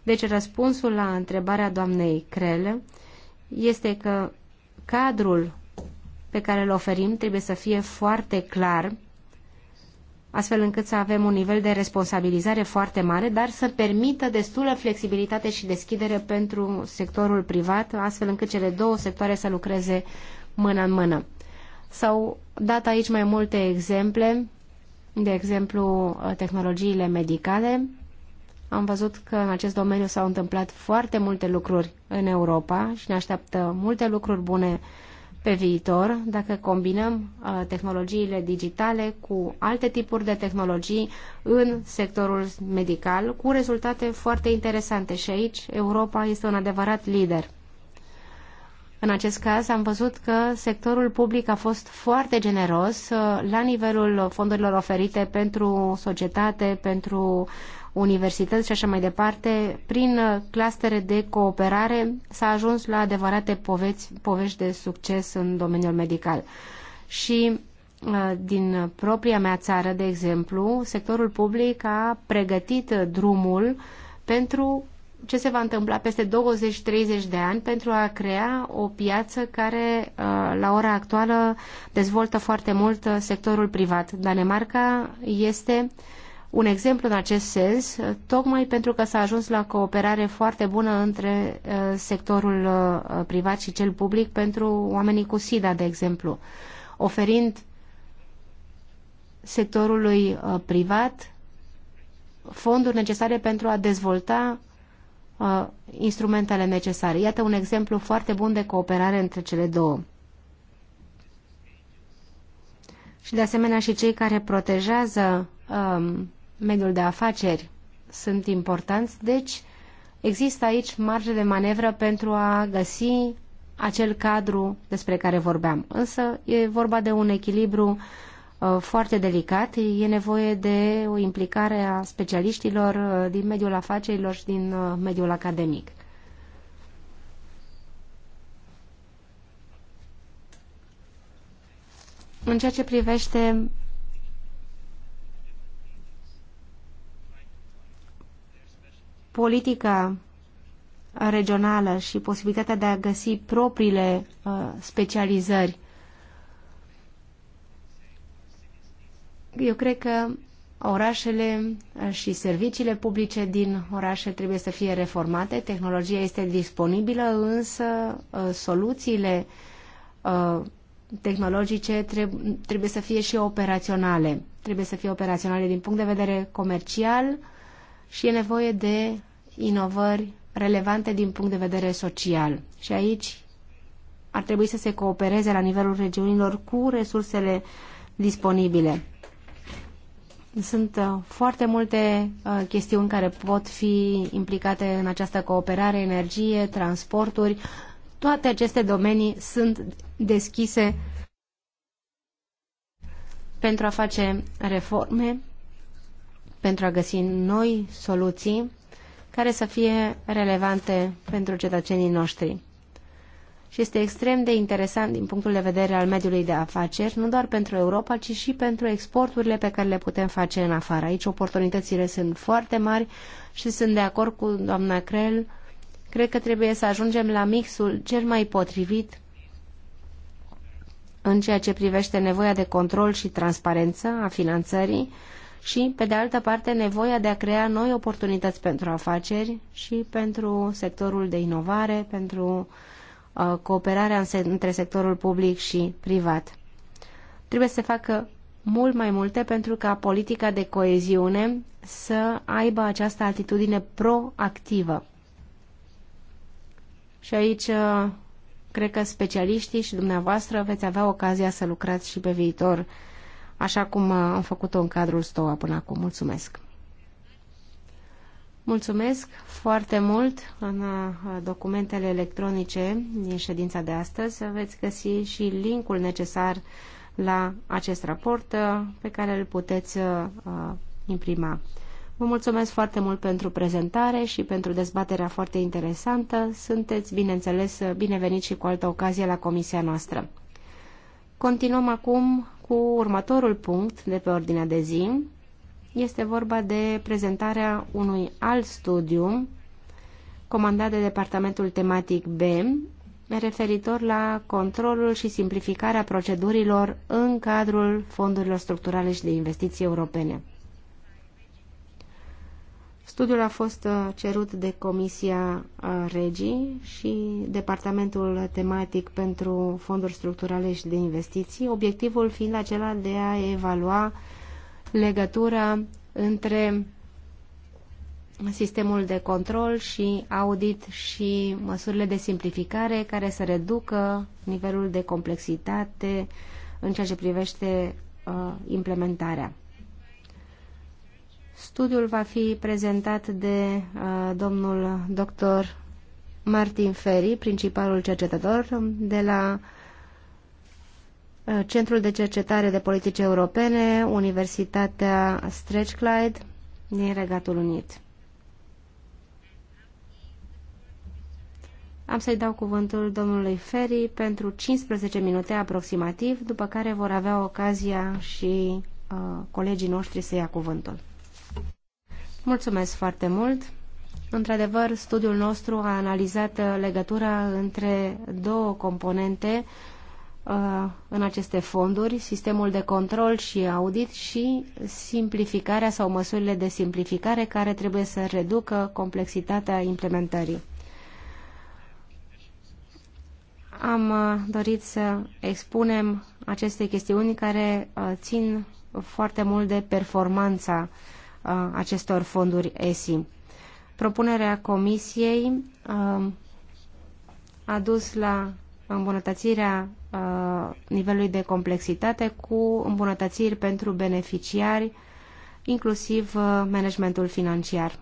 Deci răspunsul la întrebarea doamnei Crele este că cadrul pe care îl oferim trebuie să fie foarte clar astfel încât să avem un nivel de responsabilizare foarte mare, dar să permită destulă flexibilitate și deschidere pentru sectorul privat, astfel încât cele două sectoare să lucreze mână în mână. S-au dat aici mai multe exemple, de exemplu tehnologiile medicale. Am văzut că în acest domeniu s-au întâmplat foarte multe lucruri în Europa și ne așteaptă multe lucruri bune pe viitor, dacă combinăm uh, tehnologiile digitale cu alte tipuri de tehnologii în sectorul medical, cu rezultate foarte interesante și aici Europa este un adevărat lider. În acest caz am văzut că sectorul public a fost foarte generos uh, la nivelul fondurilor oferite pentru societate, pentru universități și așa mai departe, prin uh, clastere de cooperare s-a ajuns la adevărate poveți, povești de succes în domeniul medical. Și uh, din propria mea țară, de exemplu, sectorul public a pregătit uh, drumul pentru ce se va întâmpla peste 20-30 de ani pentru a crea o piață care la ora actuală dezvoltă foarte mult sectorul privat. Danemarca este uh, un exemplu în acest sens, tocmai pentru că s-a ajuns la cooperare foarte bună între uh, sectorul uh, privat și cel public pentru oamenii cu SIDA, de exemplu, oferind sectorului uh, privat fonduri necesare pentru a dezvolta instrumentele necesare. Iată un exemplu foarte bun de cooperare între cele două. Și de asemenea și cei care protejează um, mediul de afaceri sunt importanți, deci există aici marge de manevră pentru a găsi acel cadru despre care vorbeam. Însă e vorba de un echilibru uh, foarte delicat, e nevoie de o implicare a specialiștilor uh, din mediul afacerilor și din uh, mediul academic. În ceea ce privește politică regională și posibilitatea de a găsi propriile uh, specializări. Eu cred că orașele uh, și serviciile publice din orașe trebuie să fie reformate. Tehnologia este disponibilă, însă uh, soluțiile tehnologice trebuie să fie și operaționale. Trebuie să fie operaționale din punct de vedere comercial, și e nevoie de inovări relevante din punct de vedere social. Și aici ar trebui să se coopereze la nivelul regiunilor cu resursele disponibile. Sunt uh, foarte multe uh, chestiuni care pot fi implicate în această cooperare, energie, transporturi. Toate aceste domenii sunt deschise pentru a face reforme pentru a găsi noi soluții care să fie relevante pentru cetățenii noștri. Și este extrem de interesant din punctul de vedere al mediului de afaceri, nu doar pentru Europa, ci și pentru exporturile pe care le putem face în afară. Aici oportunitățile sunt foarte mari și sunt de acord cu doamna Crel. Cred că trebuie să ajungem la mixul cel mai potrivit în ceea ce privește nevoia de control și transparență a finanțării, și, pe de altă parte, nevoia de a crea noi oportunități pentru afaceri și pentru sectorul de inovare, pentru uh, cooperarea între sectorul public și privat. Trebuie să facă mult mai multe pentru ca politica de coeziune să aibă această atitudine proactivă. Și aici uh, cred că specialiștii și dumneavoastră veți avea ocazia să lucrați și pe viitor așa cum uh, am făcut-o în cadrul STOA până acum. Mulțumesc! Mulțumesc foarte mult în uh, documentele electronice din ședința de astăzi. Veți găsi și linkul necesar la acest raport uh, pe care îl puteți imprima. Vă mulțumesc foarte mult pentru prezentare și pentru dezbaterea foarte interesantă. Sunteți, bineînțeles, bineveniți și cu altă ocazie la comisia noastră. Continuăm acum cu următorul punct de pe ordinea de zi. Este vorba de prezentarea unui alt studiu comandat de departamentul tematic B referitor la controlul și simplificarea procedurilor în cadrul fondurilor structurale și de investiții europene. Studiul a fost uh, cerut de Comisia uh, Regii și Departamentul Tematic pentru Fonduri Structurale și de Investiții, obiectivul fiind acela de a evalua legătura între sistemul de control și audit și măsurile de simplificare care să reducă nivelul de complexitate în ceea ce privește uh, implementarea. Studiul va fi prezentat de uh, domnul dr. Martin Ferry, principalul cercetător de la uh, Centrul de Cercetare de Politici Europene, Universitatea Strathclyde din Regatul Unit. Am să-i dau cuvântul domnului Ferry pentru 15 minute aproximativ, după care vor avea ocazia și uh, colegii noștri să ia cuvântul. Mulțumesc foarte mult! Într-adevăr, studiul nostru a analizat uh, legătura între două componente uh, în aceste fonduri, sistemul de control și audit și simplificarea sau măsurile de simplificare care trebuie să reducă complexitatea implementării. Am uh, dorit să expunem aceste chestiuni care țin foarte mult de performanța acestor fonduri ESI. Propunerea Comisiei a dus la îmbunătățirea nivelului de complexitate cu îmbunătățiri pentru beneficiari, inclusiv managementul financiar.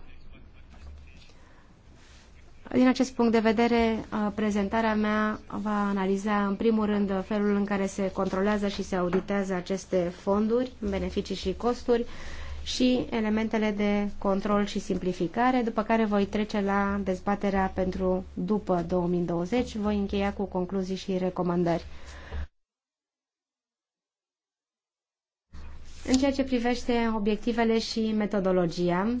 Din acest punct de vedere, prezentarea mea va analiza în primul rând felul în care se controlează și se auditează aceste fonduri, beneficii și costuri și elementele de control și simplificare, după care voi trece la dezbaterea pentru după 2020. Voi încheia cu concluzii și recomandări. În ceea ce privește obiectivele și metodologia,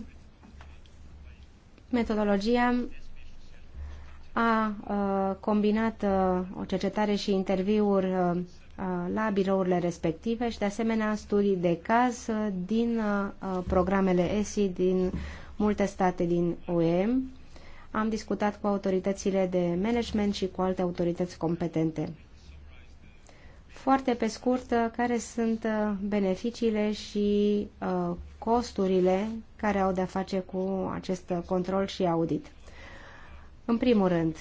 metodologia a, a uh, combinat a, uh, o cercetare și interviuri a, uh, Uh, la birourile respective și de asemenea studii de caz uh, din uh, programele ESI din multe state din UE. Am discutat cu autoritățile de management și cu alte autorități competente. Foarte pe scurt, care sunt beneficiile și costurile care au de-a face cu acest control și audit? În primul rând,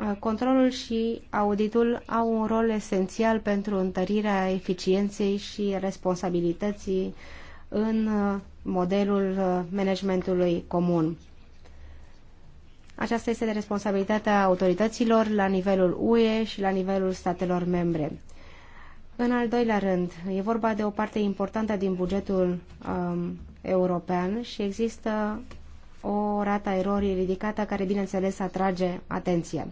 Uh, controlul și auditul au un rol esențial pentru întărirea eficienței și responsabilității în uh, modelul uh, managementului comun. Aceasta este de responsabilitatea autorităților la nivelul UE și la nivelul statelor membre. În al doilea rând, e vorba de o parte importantă din bugetul um, european și există o rată a erorii ridicată care, bineînțeles, atrage atenție.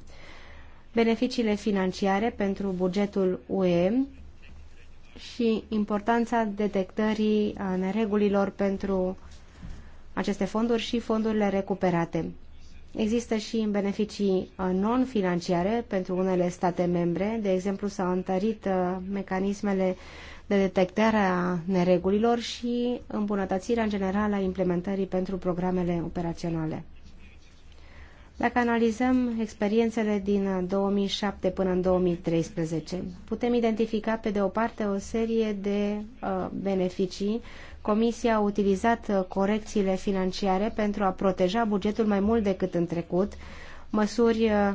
Beneficiile financiare pentru bugetul UE și importanța detectării neregulilor pentru aceste fonduri și fondurile recuperate. Există și beneficii uh, non-financiare pentru unele state membre, de exemplu s-au întărit uh, mecanismele de detectare a neregulilor și îmbunătățirea în general a implementării pentru programele operaționale. Dacă analizăm experiențele din 2007 până în 2013, putem identifica pe de o parte o serie de uh, beneficii. Comisia a utilizat uh, corecțiile financiare pentru a proteja bugetul mai mult decât în trecut, uh, măsuri uh,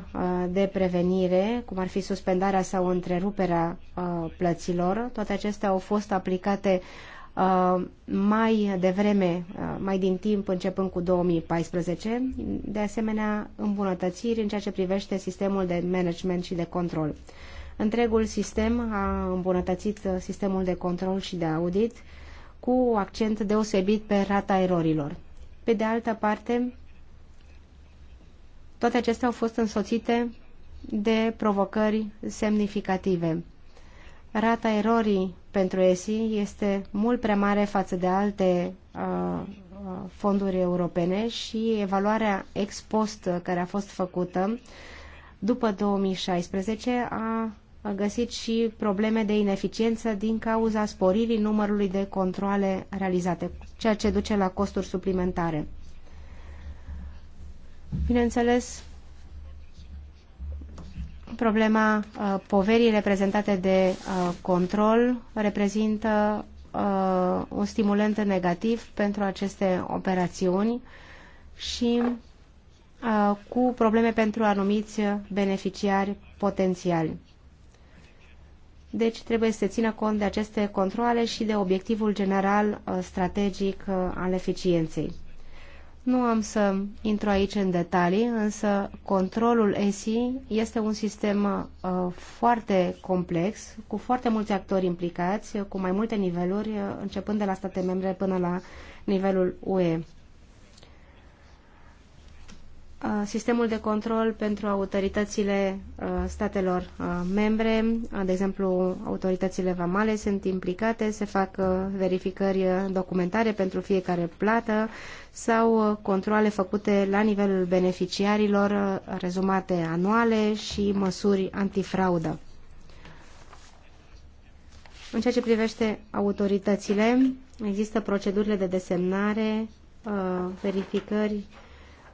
de prevenire, cum ar fi suspendarea sau întreruperea uh, plăților. Toate acestea au fost aplicate uh, mai devreme, mai din timp, începând cu 2014. De asemenea, îmbunătățiri în ceea ce privește sistemul de management și de control. Întregul sistem a îmbunătățit sistemul de control și de audit cu accent deosebit pe rata erorilor. Pe de altă parte, toate acestea au fost însoțite de provocări semnificative. Rata erorii pentru ESI este mult prea mare față de alte uh, uh fonduri europene și evaluarea ex post care a fost făcută după 2016 a găsit și probleme de ineficiență din cauza sporirii numărului de controle realizate, ceea ce duce la costuri suplimentare. Bineînțeles, problema uh, poverii reprezentate de uh, control reprezintă uh, un stimulent negativ pentru aceste operațiuni și uh, cu probleme pentru anumiți beneficiari potențiali. Deci trebuie să se țină cont de aceste controle și de obiectivul general uh, strategic uh, al eficienței. Nu am să intru aici în detalii, însă controlul ESI este un sistem uh, foarte complex, cu foarte mulți actori implicați, cu mai multe niveluri, uh, începând de la state membre până la nivelul UE sistemul de control pentru autoritățile statelor membre, de exemplu, autoritățile vamale sunt implicate, se fac verificări documentare pentru fiecare plată sau controle făcute la nivelul beneficiarilor, rezumate anuale și măsuri antifraudă. În ceea ce privește autoritățile, există procedurile de desemnare, verificări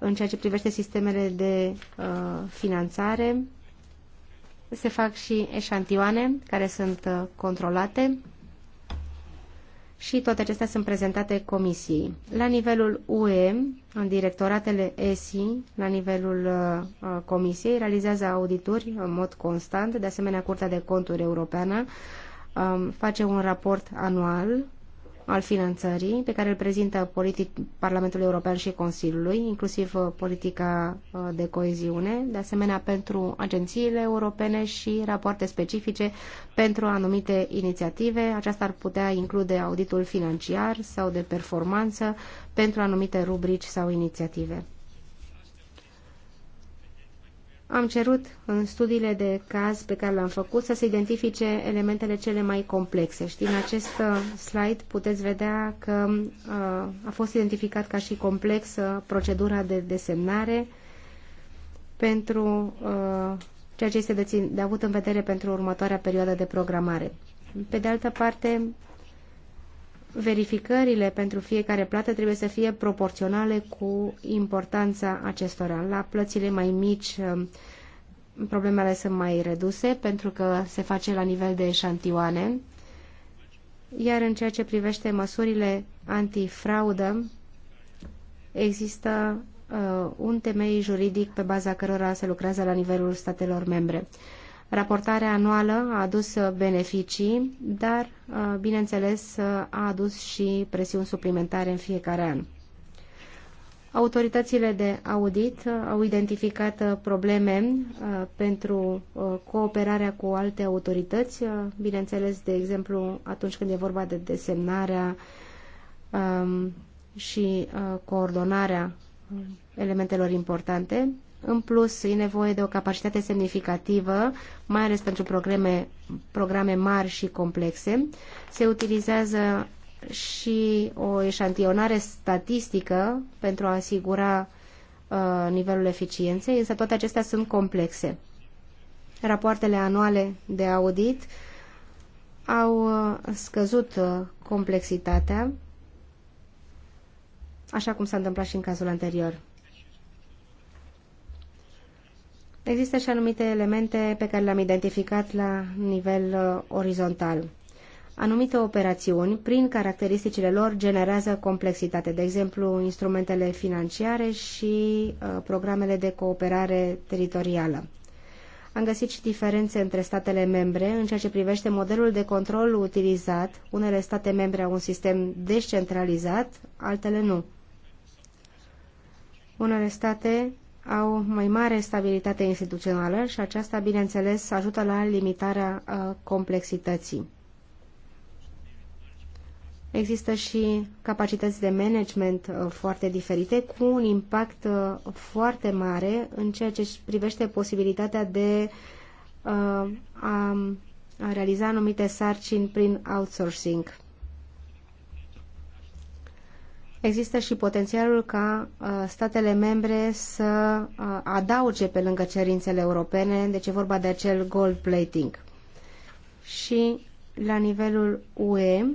în ceea ce privește sistemele de uh, finanțare. Se fac și eșantioane care sunt uh, controlate și toate acestea sunt prezentate comisiei. La nivelul UE, în directoratele ESI, la nivelul uh, uh, comisiei, realizează audituri în mod constant, de asemenea Curtea de Conturi Europeană um, face un raport anual al finanțării pe care îl prezintă politic Parlamentul European și Consiliului, inclusiv uh, politica uh, de coeziune, de asemenea pentru agențiile europene și rapoarte specifice pentru anumite inițiative. Aceasta ar putea include auditul financiar sau de performanță pentru anumite rubrici sau inițiative. Am cerut în studiile de caz pe care le-am făcut să se identifice elementele cele mai complexe și din acest uh, slide puteți vedea că uh, a fost identificat ca și complexă procedura de desemnare pentru uh, ceea ce este de, țin, de avut în vedere pentru următoarea perioadă de programare. Pe de altă parte, verificările pentru fiecare plată trebuie să fie proporționale cu importanța acestora. La plățile mai mici um, problemele sunt mai reduse pentru că se face la nivel de eșantioane, iar în ceea ce privește măsurile antifraudă, există uh, un temei juridic pe baza cărora se lucrează la nivelul statelor membre. Raportarea anuală a adus uh, beneficii, dar, uh, bineînțeles, uh, a adus și presiuni suplimentare în fiecare an. Autoritățile de audit au identificat probleme pentru cooperarea cu alte autorități, bineînțeles, de exemplu, atunci când e vorba de desemnarea um, și coordonarea elementelor importante în plus, e nevoie de o capacitate semnificativă, mai ales pentru programe, programe mari și complexe. Se utilizează și o eșantionare statistică pentru a asigura uh, nivelul eficienței, însă toate acestea sunt complexe. Rapoartele anuale de audit au uh, scăzut uh, complexitatea, așa cum s-a întâmplat și în cazul anterior. Există și anumite elemente pe care le-am identificat la nivel uh, orizontal. Anumite operațiuni, prin caracteristicile lor, generează complexitate, de exemplu, instrumentele financiare și uh, programele de cooperare teritorială. Am găsit și diferențe între statele membre în ceea ce privește modelul de control utilizat. Unele state membre au un sistem descentralizat, altele nu. Unele state au mai mare stabilitate instituțională și aceasta, bineînțeles, ajută la limitarea uh, complexității. Există și capacități de management uh, foarte diferite, cu un impact uh, foarte mare în ceea ce privește posibilitatea de a realiza anumite sarcini prin outsourcing există și potențialul ca uh, statele membre să uh, adauge pe lângă cerințele europene, deci e vorba de acel gold plating. Și la nivelul UE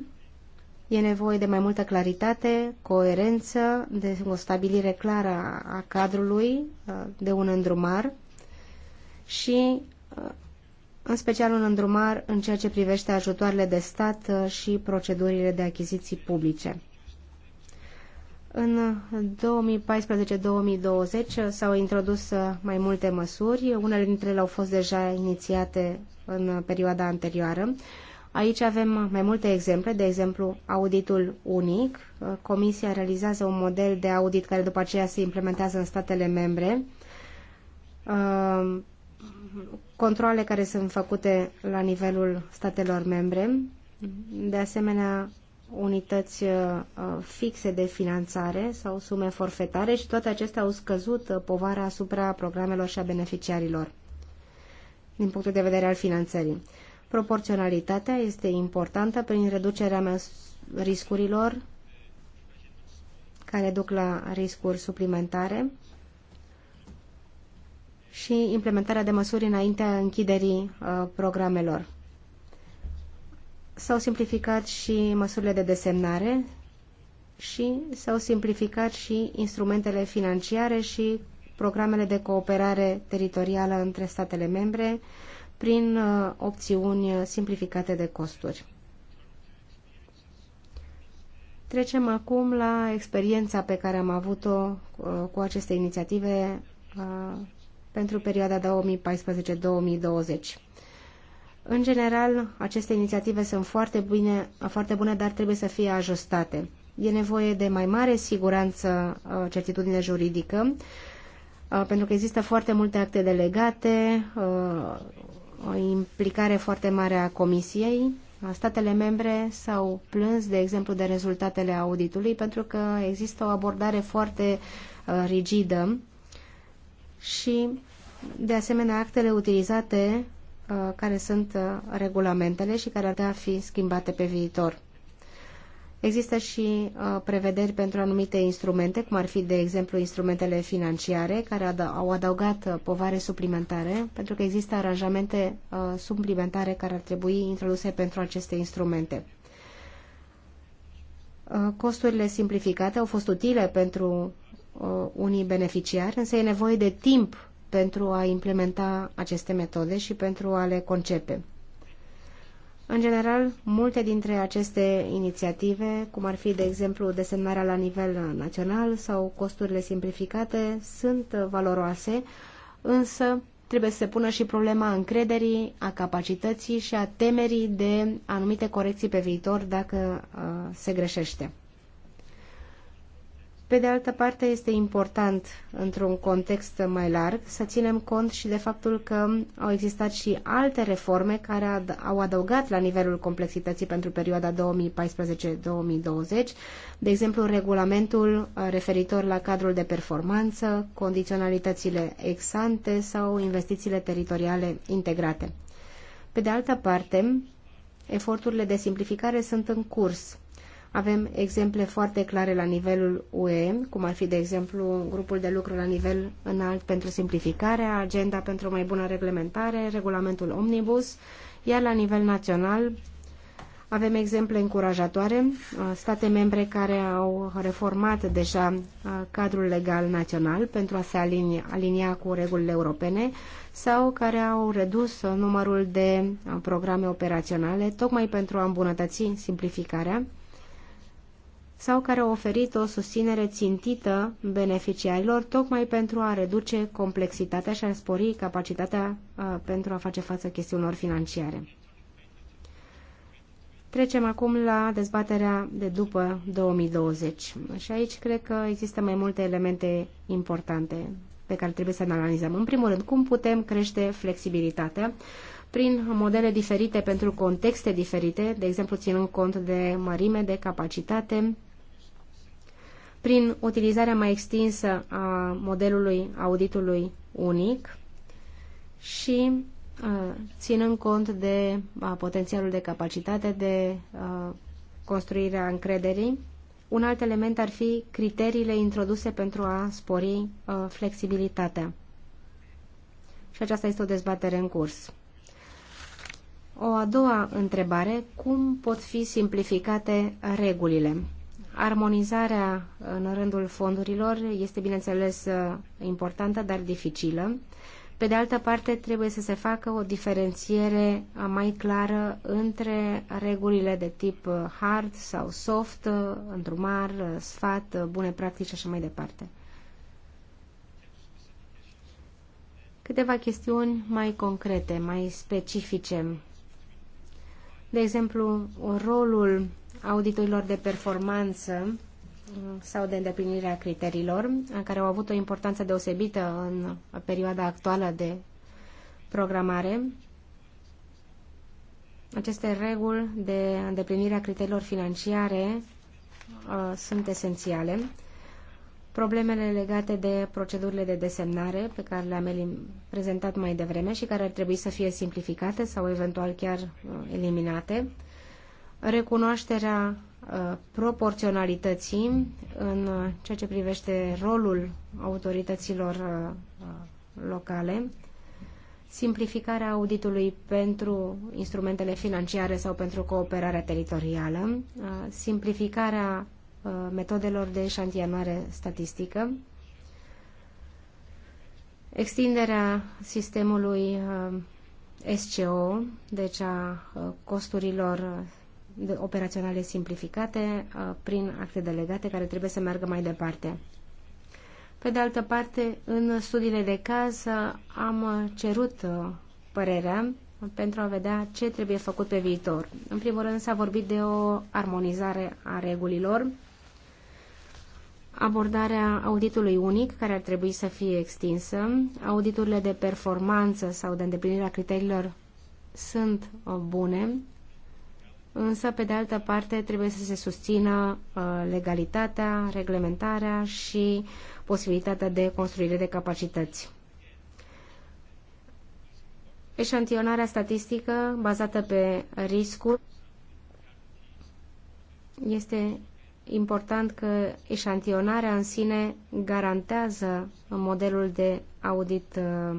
e nevoie de mai multă claritate, coerență, de o stabilire clară a cadrului, uh, de un îndrumar și în special un îndrumar în ceea ce privește ajutoarele de stat și procedurile de achiziții publice. În 2014-2020 s-au introdus uh, mai multe măsuri, unele dintre ele au fost deja inițiate în perioada anterioară. Aici avem mai multe exemple, de exemplu auditul unic. Uh, Comisia realizează un model de audit care după aceea se implementează în statele membre. Uh, controle care sunt făcute la nivelul statelor membre. De asemenea, unități uh, uh, fixe de finanțare sau sume forfetare și toate acestea au scăzut uh, povara asupra programelor și a beneficiarilor din punctul de vedere al finanțării. Proporționalitatea este importantă prin reducerea riscurilor care duc la riscuri suplimentare și implementarea de măsuri înaintea închiderii programelor. S-au simplificat și măsurile de desemnare și s-au simplificat și instrumentele financiare și programele de cooperare teritorială între statele membre prin uh, opțiuni simplificate de costuri. Trecem acum la experiența pe care am avut-o uh, cu aceste inițiative uh, pentru perioada 2014-2020. În general, aceste inițiative sunt foarte bune, foarte bune, dar trebuie să fie ajustate. E nevoie de mai mare siguranță, uh, certitudine juridică, uh, pentru că există foarte multe acte delegate, uh, o implicare foarte mare a Comisiei. Statele membre s-au plâns, de exemplu, de rezultatele auditului, pentru că există o abordare foarte rigidă și, de asemenea, actele utilizate Uh, care sunt uh, regulamentele și care ar putea fi schimbate pe viitor. Există și uh, prevederi pentru anumite instrumente, cum ar fi, de exemplu, instrumentele financiare, care au adăugat povare suplimentare, pentru că există aranjamente suplimentare care ar trebui introduse pentru aceste instrumente. Costurile simplificate au fost utile pentru unii beneficiari, însă e nevoie de timp pentru a implementa aceste metode și pentru a le concepe. În general, multe dintre aceste inițiative, cum ar fi, de exemplu, desemnarea la nivel național sau costurile simplificate, sunt valoroase, însă trebuie să se pună și problema încrederii, a capacității și a temerii de anumite corecții pe viitor dacă uh, se greșește. Pe de altă parte, este important, într-un context mai larg, să ținem cont și de faptul că au existat și alte reforme care ad au adăugat la nivelul complexității pentru perioada 2014-2020, de exemplu, regulamentul uh, referitor la cadrul de performanță, condiționalitățile exante sau investițiile teritoriale integrate. Pe de altă parte, eforturile de simplificare sunt în curs avem exemple foarte clare la nivelul UE, cum ar fi, de exemplu, grupul de lucru la nivel înalt pentru simplificare, agenda pentru o mai bună reglementare, regulamentul omnibus, iar la nivel național avem exemple încurajatoare, uh, state membre care au reformat deja uh, cadrul legal național pentru a se alinia, alinia cu regulile europene sau care au redus uh, numărul de programe operaționale tocmai pentru a îmbunătăți simplificarea sau care au oferit o susținere țintită beneficiarilor tocmai pentru a reduce complexitatea și a spori capacitatea uh, pentru a face față chestiunilor financiare. Trecem acum la dezbaterea de după 2020 și aici cred că există mai multe elemente importante pe care trebuie să ne analizăm. În primul rând, cum putem crește flexibilitatea prin modele diferite pentru contexte diferite, de exemplu ținând cont de mărime, de capacitate, prin utilizarea mai extinsă a modelului auditului unic și uh, ținând cont de uh, potențialul de capacitate de uh, construirea încrederii. Un alt element ar fi criteriile introduse pentru a spori flexibilitatea. Și aceasta este o dezbatere în curs. O a doua întrebare, cum pot fi simplificate regulile? Armonizarea în rândul fondurilor este, bineînțeles, importantă, dar dificilă. Pe de altă parte, trebuie să se facă o diferențiere mai clară între regulile de tip hard sau soft, îndrumar, sfat, bune practici și așa mai departe. Câteva chestiuni mai concrete, mai specifice. De exemplu, rolul auditorilor de performanță mm, sau de îndeplinirea criteriilor, care au avut o importanță deosebită în perioada actuală de programare. Aceste reguli de îndeplinire a criteriilor financiare uh, sunt esențiale. Problemele legate de procedurile de desemnare pe care le-am prezentat mai devreme și care ar trebui să fie simplificate sau eventual chiar uh, eliminate. Uh, recunoașterea uh, proporționalității în uh, ceea ce privește rolul autorităților uh, locale, simplificarea auditului pentru instrumentele financiare sau pentru cooperarea teritorială, simplificarea metodelor de șantianare statistică, extinderea sistemului SCO, deci a costurilor operaționale simplificate uh, prin acte delegate care trebuie să meargă mai departe. Pe de altă parte, în studiile de caz uh, am cerut uh, părerea pentru a vedea ce trebuie făcut pe viitor. În primul rând s-a vorbit de o armonizare a regulilor, abordarea auditului unic, care ar trebui să fie extinsă, auditurile de performanță sau de îndeplinirea criteriilor sunt bune, însă, pe de altă parte, trebuie să se susțină uh, legalitatea, reglementarea și posibilitatea de construire de capacități. Eșantionarea statistică bazată pe riscuri este important că eșantionarea în sine garantează modelul de audit uh,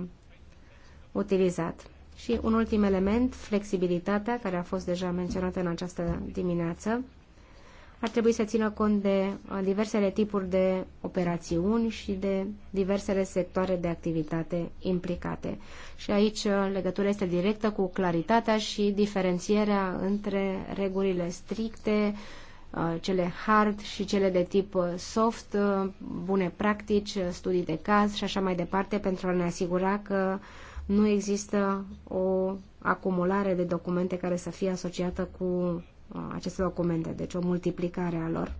utilizat. Și un ultim element, flexibilitatea, care a fost deja menționată în această dimineață, ar trebui să țină cont de uh, diversele tipuri de operațiuni și de diversele sectoare de activitate implicate. Și aici uh, legătura este directă cu claritatea și diferențierea între regulile stricte, uh, cele hard și cele de tip soft, bune practici, studii de caz și așa mai departe, pentru a ne asigura că uh, nu există o acumulare de documente care să fie asociată cu uh, aceste documente, deci o multiplicare a lor.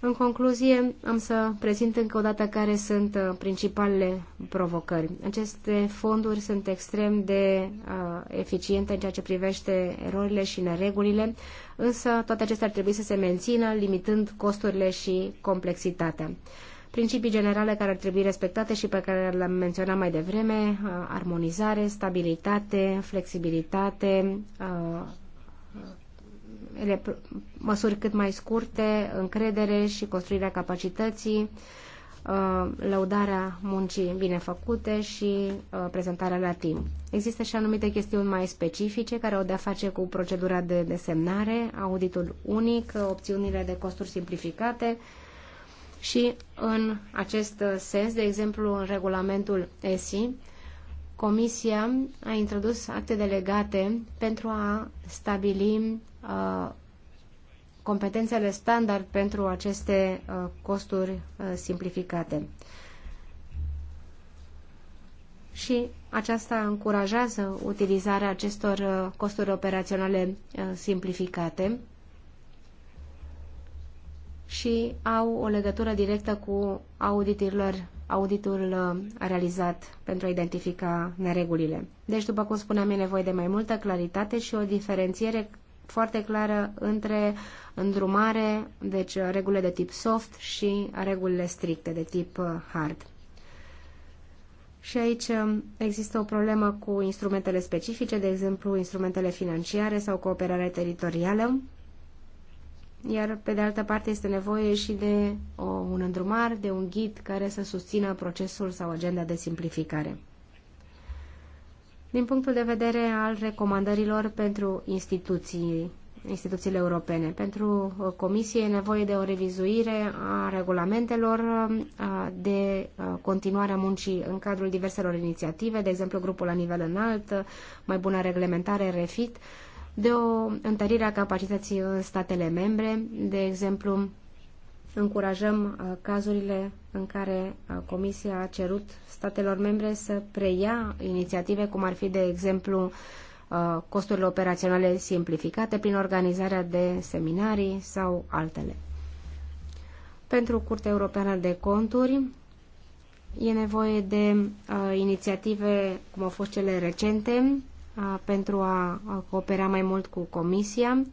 În concluzie, am să prezint încă o dată care sunt uh, principalele provocări. Aceste fonduri sunt extrem de uh, eficiente în ceea ce privește erorile și neregulile, însă toate acestea ar trebui să se mențină, limitând costurile și complexitatea principii generale care ar trebui respectate și pe care le-am menționat mai devreme, uh, armonizare, stabilitate, flexibilitate, uh, ele, măsuri cât mai scurte, încredere și construirea capacității, uh, lăudarea muncii bine făcute și prezentarea la timp. Există și anumite chestiuni mai specifice care au de-a face cu procedura de desemnare, auditul unic, opțiunile de costuri simplificate, și în acest sens, de exemplu, în regulamentul ESI, Comisia a introdus acte delegate pentru a stabili uh, competențele standard pentru aceste uh, costuri uh, simplificate. Și aceasta încurajează utilizarea acestor uh, costuri operaționale uh, simplificate și au o legătură directă cu auditurilor, auditul uh, realizat pentru a identifica neregulile. Deci, după cum spuneam, e nevoie de mai multă claritate și o diferențiere foarte clară între îndrumare, deci uh, regulile de tip soft și regulile stricte de tip uh, hard. Și aici um, există o problemă cu instrumentele specifice, de exemplu instrumentele financiare sau cooperarea teritorială, iar pe de altă parte este nevoie și de o, un îndrumar, de un ghid care să susțină procesul sau agenda de simplificare. Din punctul de vedere al recomandărilor pentru instituții, instituțiile europene, pentru uh, Comisie e nevoie de o revizuire a regulamentelor, uh, de uh, continuarea muncii în cadrul diverselor inițiative, de exemplu grupul la nivel înalt, mai bună reglementare, refit, de o întărire a capacității în statele membre. De exemplu, încurajăm uh, cazurile în care uh, Comisia a cerut statelor membre să preia inițiative, cum ar fi, de exemplu, uh, costurile operaționale simplificate prin organizarea de seminarii sau altele. Pentru Curtea Europeană de Conturi e nevoie de uh, inițiative cum au fost cele recente pentru a coopera mai mult cu Comisia.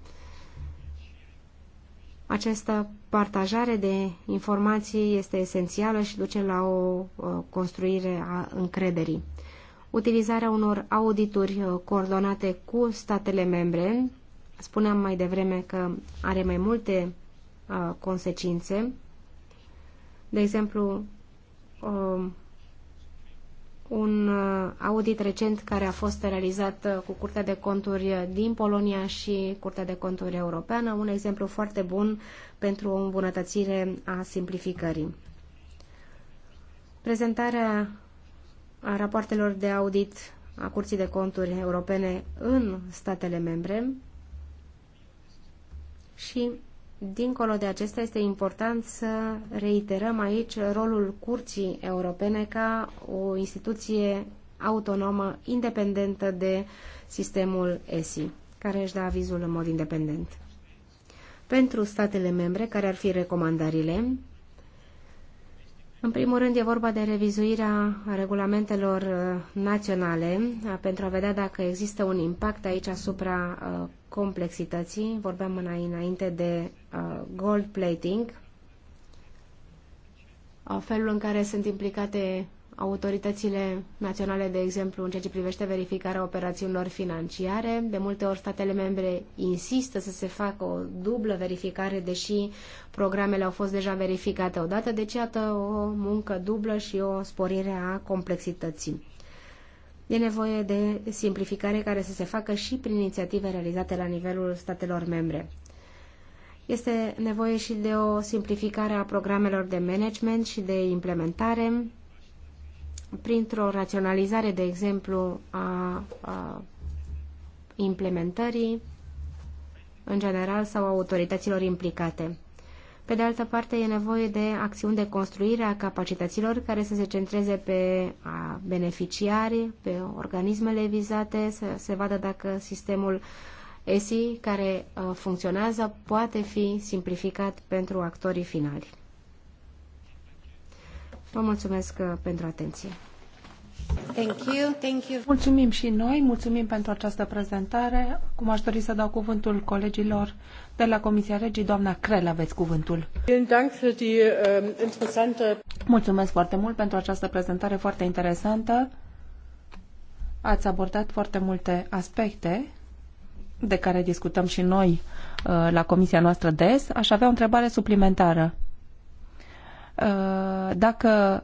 Această partajare de informații este esențială și duce la o construire a încrederii. Utilizarea unor audituri coordonate cu statele membre, spuneam mai devreme că are mai multe consecințe. De exemplu, un uh, audit recent care a fost realizat uh, cu Curtea de Conturi uh, din Polonia și Curtea de Conturi Europeană, un exemplu foarte bun pentru o îmbunătățire a simplificării. Prezentarea a rapoartelor de audit a Curții de Conturi Europene în statele membre și Dincolo de acesta, este important să reiterăm aici rolul Curții Europene ca o instituție autonomă, independentă de sistemul ESI, care își dă avizul în mod independent. Pentru statele membre, care ar fi recomandările, în primul rând e vorba de revizuirea regulamentelor uh, naționale pentru a vedea dacă există un impact aici asupra uh, complexității. Vorbeam înainte de uh, gold plating, felul în care sunt implicate autoritățile naționale, de exemplu, în ceea ce privește verificarea operațiunilor financiare. De multe ori statele membre insistă să se facă o dublă verificare, deși programele au fost deja verificate odată, deci iată o muncă dublă și o sporire a complexității. E nevoie de simplificare care să se facă și prin inițiative realizate la nivelul statelor membre. Este nevoie și de o simplificare a programelor de management și de implementare, printr-o raționalizare, de exemplu, a, a implementării în general sau a autorităților implicate. Pe de altă parte, e nevoie de acțiuni de construire a capacităților care să se centreze pe beneficiari, pe organismele vizate, să se vadă dacă sistemul ESI care funcționează poate fi simplificat pentru actorii finali. Vă mulțumesc uh, pentru atenție. Thank you, thank you. Mulțumim și noi, mulțumim pentru această prezentare. Cum aș dori să dau cuvântul colegilor de la Comisia Regii, doamna Crel, aveți cuvântul. Ähm, mulțumesc foarte mult pentru această prezentare foarte interesantă. Ați abordat foarte multe aspecte de care discutăm și noi uh, la comisia noastră des. Aș avea o întrebare suplimentară. Uh, dacă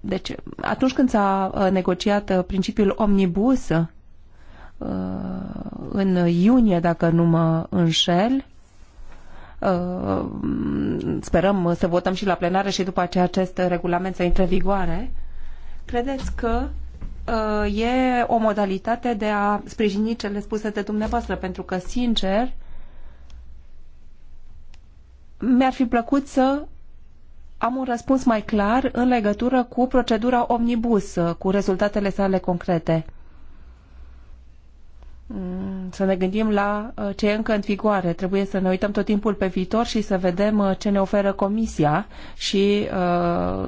deci, atunci când s-a uh, negociat uh, principiul omnibus, în iunie, dacă nu mă înșel, sperăm să votăm și la plenară și după aceea acest regulament să intre în vigoare, credeți că e o modalitate de a sprijini cele spuse de dumneavoastră, pentru că, sincer, mi-ar fi plăcut să am un răspuns mai clar în legătură cu procedura omnibus, uh, cu rezultatele sale concrete. Mm, să ne gândim la uh, ce e încă în vigoare. Trebuie să ne uităm tot timpul pe viitor și să vedem uh, ce ne oferă Comisia și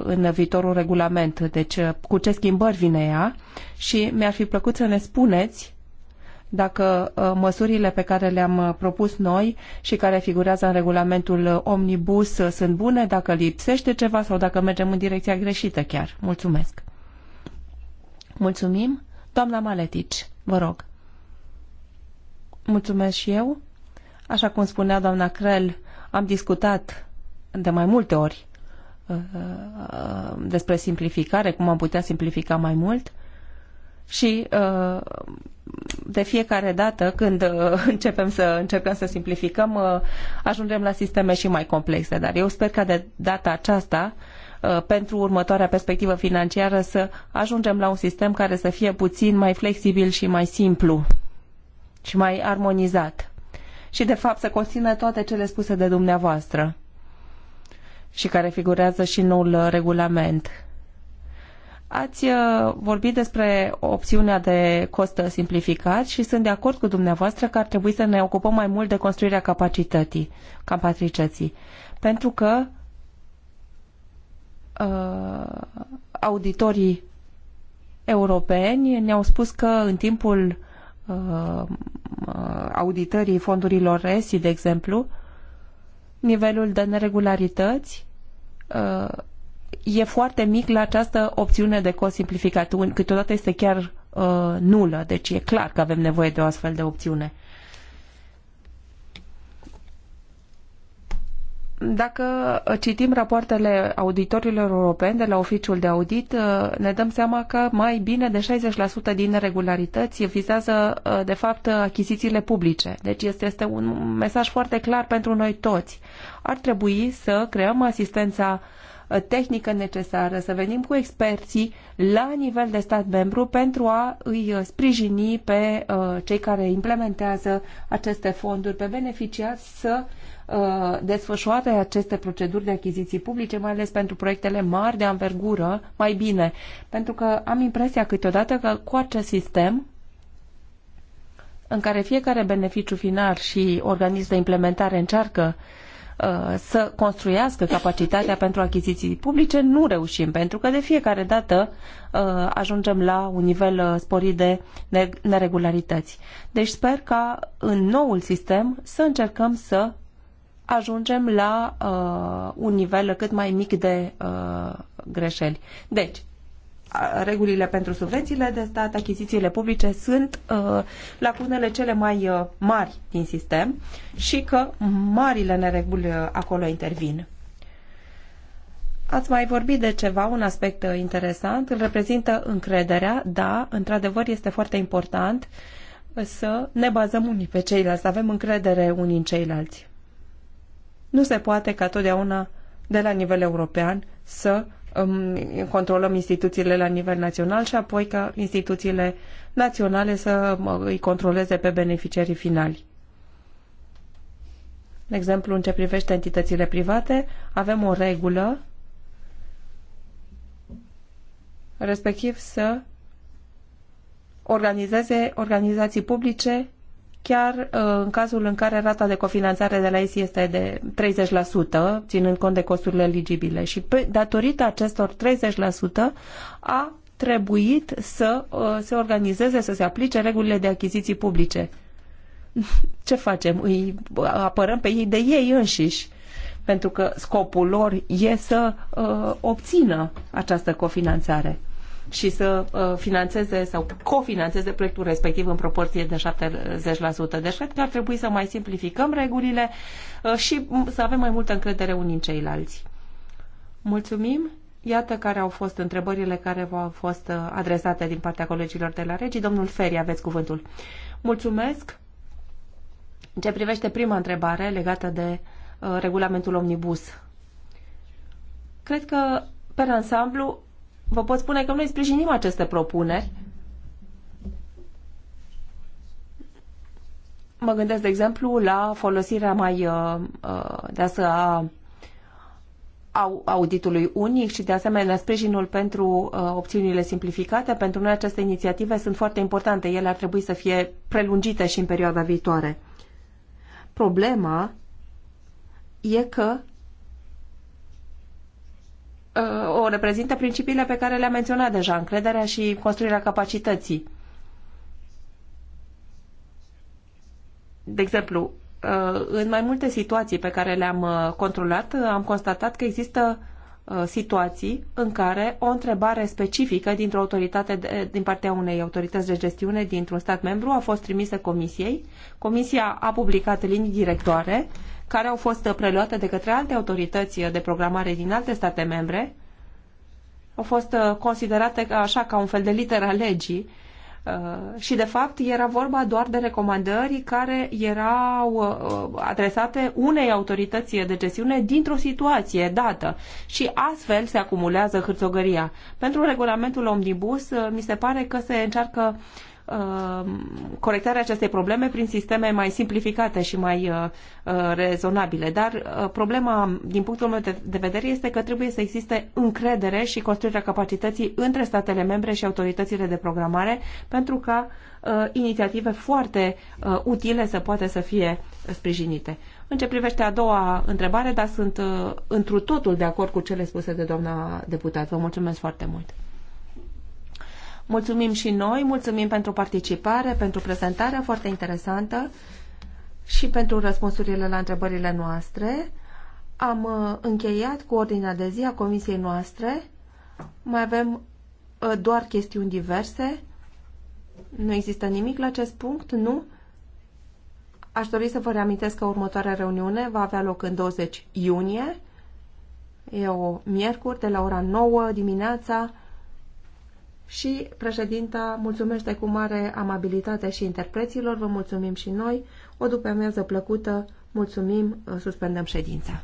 în viitorul regulament. Deci cu ce schimbări vine ea și mi-ar fi plăcut să ne spuneți dacă uh, măsurile pe care le-am uh, propus noi și care figurează în regulamentul uh, Omnibus sunt bune, dacă lipsește ceva sau dacă mergem în direcția greșită chiar. Mulțumesc. Mulțumim. Doamna Maletici, vă rog. Mulțumesc și eu. Așa cum spunea doamna Crel, am discutat de mai multe ori despre simplificare, cum am putea simplifica mai mult și uh, de fiecare dată când uh, începem să încercăm să simplificăm, uh, ajungem la sisteme și mai complexe. Dar eu sper că de data aceasta, pentru următoarea perspectivă financiară, să ajungem la un sistem care să fie puțin mai flexibil și mai simplu și mai armonizat. Și, de fapt, să conțină toate cele spuse de dumneavoastră și care figurează și în noul regulament Ați uh, vorbit despre opțiunea de cost simplificat și sunt de acord cu dumneavoastră că ar trebui să ne ocupăm mai mult de construirea capacității, capacității. Pentru că uh, auditorii europeni ne-au spus că în timpul uh, auditării fondurilor ESI, de exemplu, nivelul de neregularități uh, e foarte mic la această opțiune de cost simplificat. Câteodată este chiar uh, nulă, deci e clar că avem nevoie de o astfel de opțiune. Dacă uh, citim rapoartele auditorilor europeni de la oficiul de audit, uh, ne dăm seama că mai bine de 60% din regularități vizează, uh, de fapt, achizițiile publice. Deci este, este un mesaj foarte clar pentru noi toți. Ar trebui să creăm asistența uh, Uh, tehnică necesară, să venim cu experții la nivel de stat membru pentru a îi uh, sprijini pe uh, cei care implementează aceste fonduri, pe beneficiați să desfășoare aceste proceduri de achiziții publice, mai ales pentru proiectele mari de anvergură, mai bine. Pentru că am impresia câteodată că cu acest sistem în care fiecare beneficiu final și organism de implementare încearcă uh, Uh, să construiască capacitatea pentru achiziții publice, nu reușim, pentru că de fiecare dată uh, ajungem la un nivel uh, sporit de neregularități. Deci sper ca în noul sistem să încercăm să ajungem la uh, un nivel cât mai mic de uh, greșeli. Deci, regulile pentru subvențiile de stat, achizițiile publice sunt uh, lacunele cele mai uh, mari din sistem și că marile nereguli uh, acolo intervin. Ați mai vorbit de ceva, un aspect uh, interesant, îl reprezintă încrederea, da, într-adevăr este foarte important să ne bazăm unii pe ceilalți, să avem încredere unii în ceilalți. Nu se poate ca totdeauna de la nivel european să Um, controlăm instituțiile la nivel național și apoi ca instituțiile naționale să um, îi controleze pe beneficiarii finali. De exemplu, în ce privește entitățile private, avem o regulă respectiv să organizeze organizații publice chiar uh, în cazul în care rata de cofinanțare de la ei este de 30%, ținând cont de costurile eligibile. Și pe, datorită acestor 30% a trebuit să uh, se organizeze, să se aplice regulile de achiziții publice. Ce facem? Îi apărăm pe ei de ei înșiși pentru că scopul lor e să uh, obțină această cofinanțare și să uh, finanțeze sau cofinanțeze proiectul respectiv în proporție de 70%. Deci cred că ar trebui să mai simplificăm regulile uh, și să avem mai multă încredere unii în ceilalți. Mulțumim! Iată care au fost întrebările care v-au fost uh, adresate din partea colegilor de la regi. Domnul Feri, aveți cuvântul. Mulțumesc! În ce privește prima întrebare legată de uh, regulamentul omnibus, cred că, pe ansamblu, vă pot spune că noi sprijinim aceste propuneri. Mă gândesc, de exemplu, la folosirea mai uh, uh, de a auditului unic și, de asemenea, sprijinul pentru uh, opțiunile simplificate. Pentru noi aceste inițiative sunt foarte importante. Ele ar trebui să fie prelungite și în perioada viitoare. Problema e că Uh, o reprezintă principiile pe care le-am menționat deja, încrederea și construirea capacității. De exemplu, uh, în mai multe situații pe care le-am uh, controlat, am constatat că există Uh, situații în care o întrebare specifică dintr-o autoritate de, din partea unei autorități de gestiune dintr-un stat membru a fost trimisă comisiei. Comisia a publicat linii directoare care au fost preluate de către alte autorități de programare din alte state membre. Au fost uh, considerate așa ca un fel de literă a legii Uh, și, de fapt, era vorba doar de recomandări care erau uh, uh, adresate unei autorități de gestiune dintr-o situație dată și astfel se acumulează hârțogăria. Pentru regulamentul omnibus, mi se pare că se încearcă uh, Uh, corectarea acestei probleme prin sisteme mai simplificate și mai uh, uh, rezonabile. Dar problema, din punctul meu de vedere, este că trebuie să existe încredere și construirea capacității între statele membre și autoritățile de programare pentru ca inițiative foarte utile să poată să fie sprijinite. În ce privește a doua întrebare, dar sunt întru totul de acord cu cele spuse de doamna deputat. Vă mulțumesc foarte mult! Mulțumim și noi, mulțumim pentru participare, pentru prezentarea foarte interesantă și pentru răspunsurile la întrebările noastre. Am uh, încheiat cu ordinea de zi a comisiei noastre. Mai avem uh, doar chestiuni diverse. Nu există nimic la acest punct, nu? Aș dori să vă reamintesc că următoarea reuniune va avea loc în 20 iunie. E o miercuri de la ora 9 dimineața și președinta mulțumește cu mare amabilitate și interpreților. Vă mulțumim și noi. O după amiază plăcută. Mulțumim. Suspendăm ședința.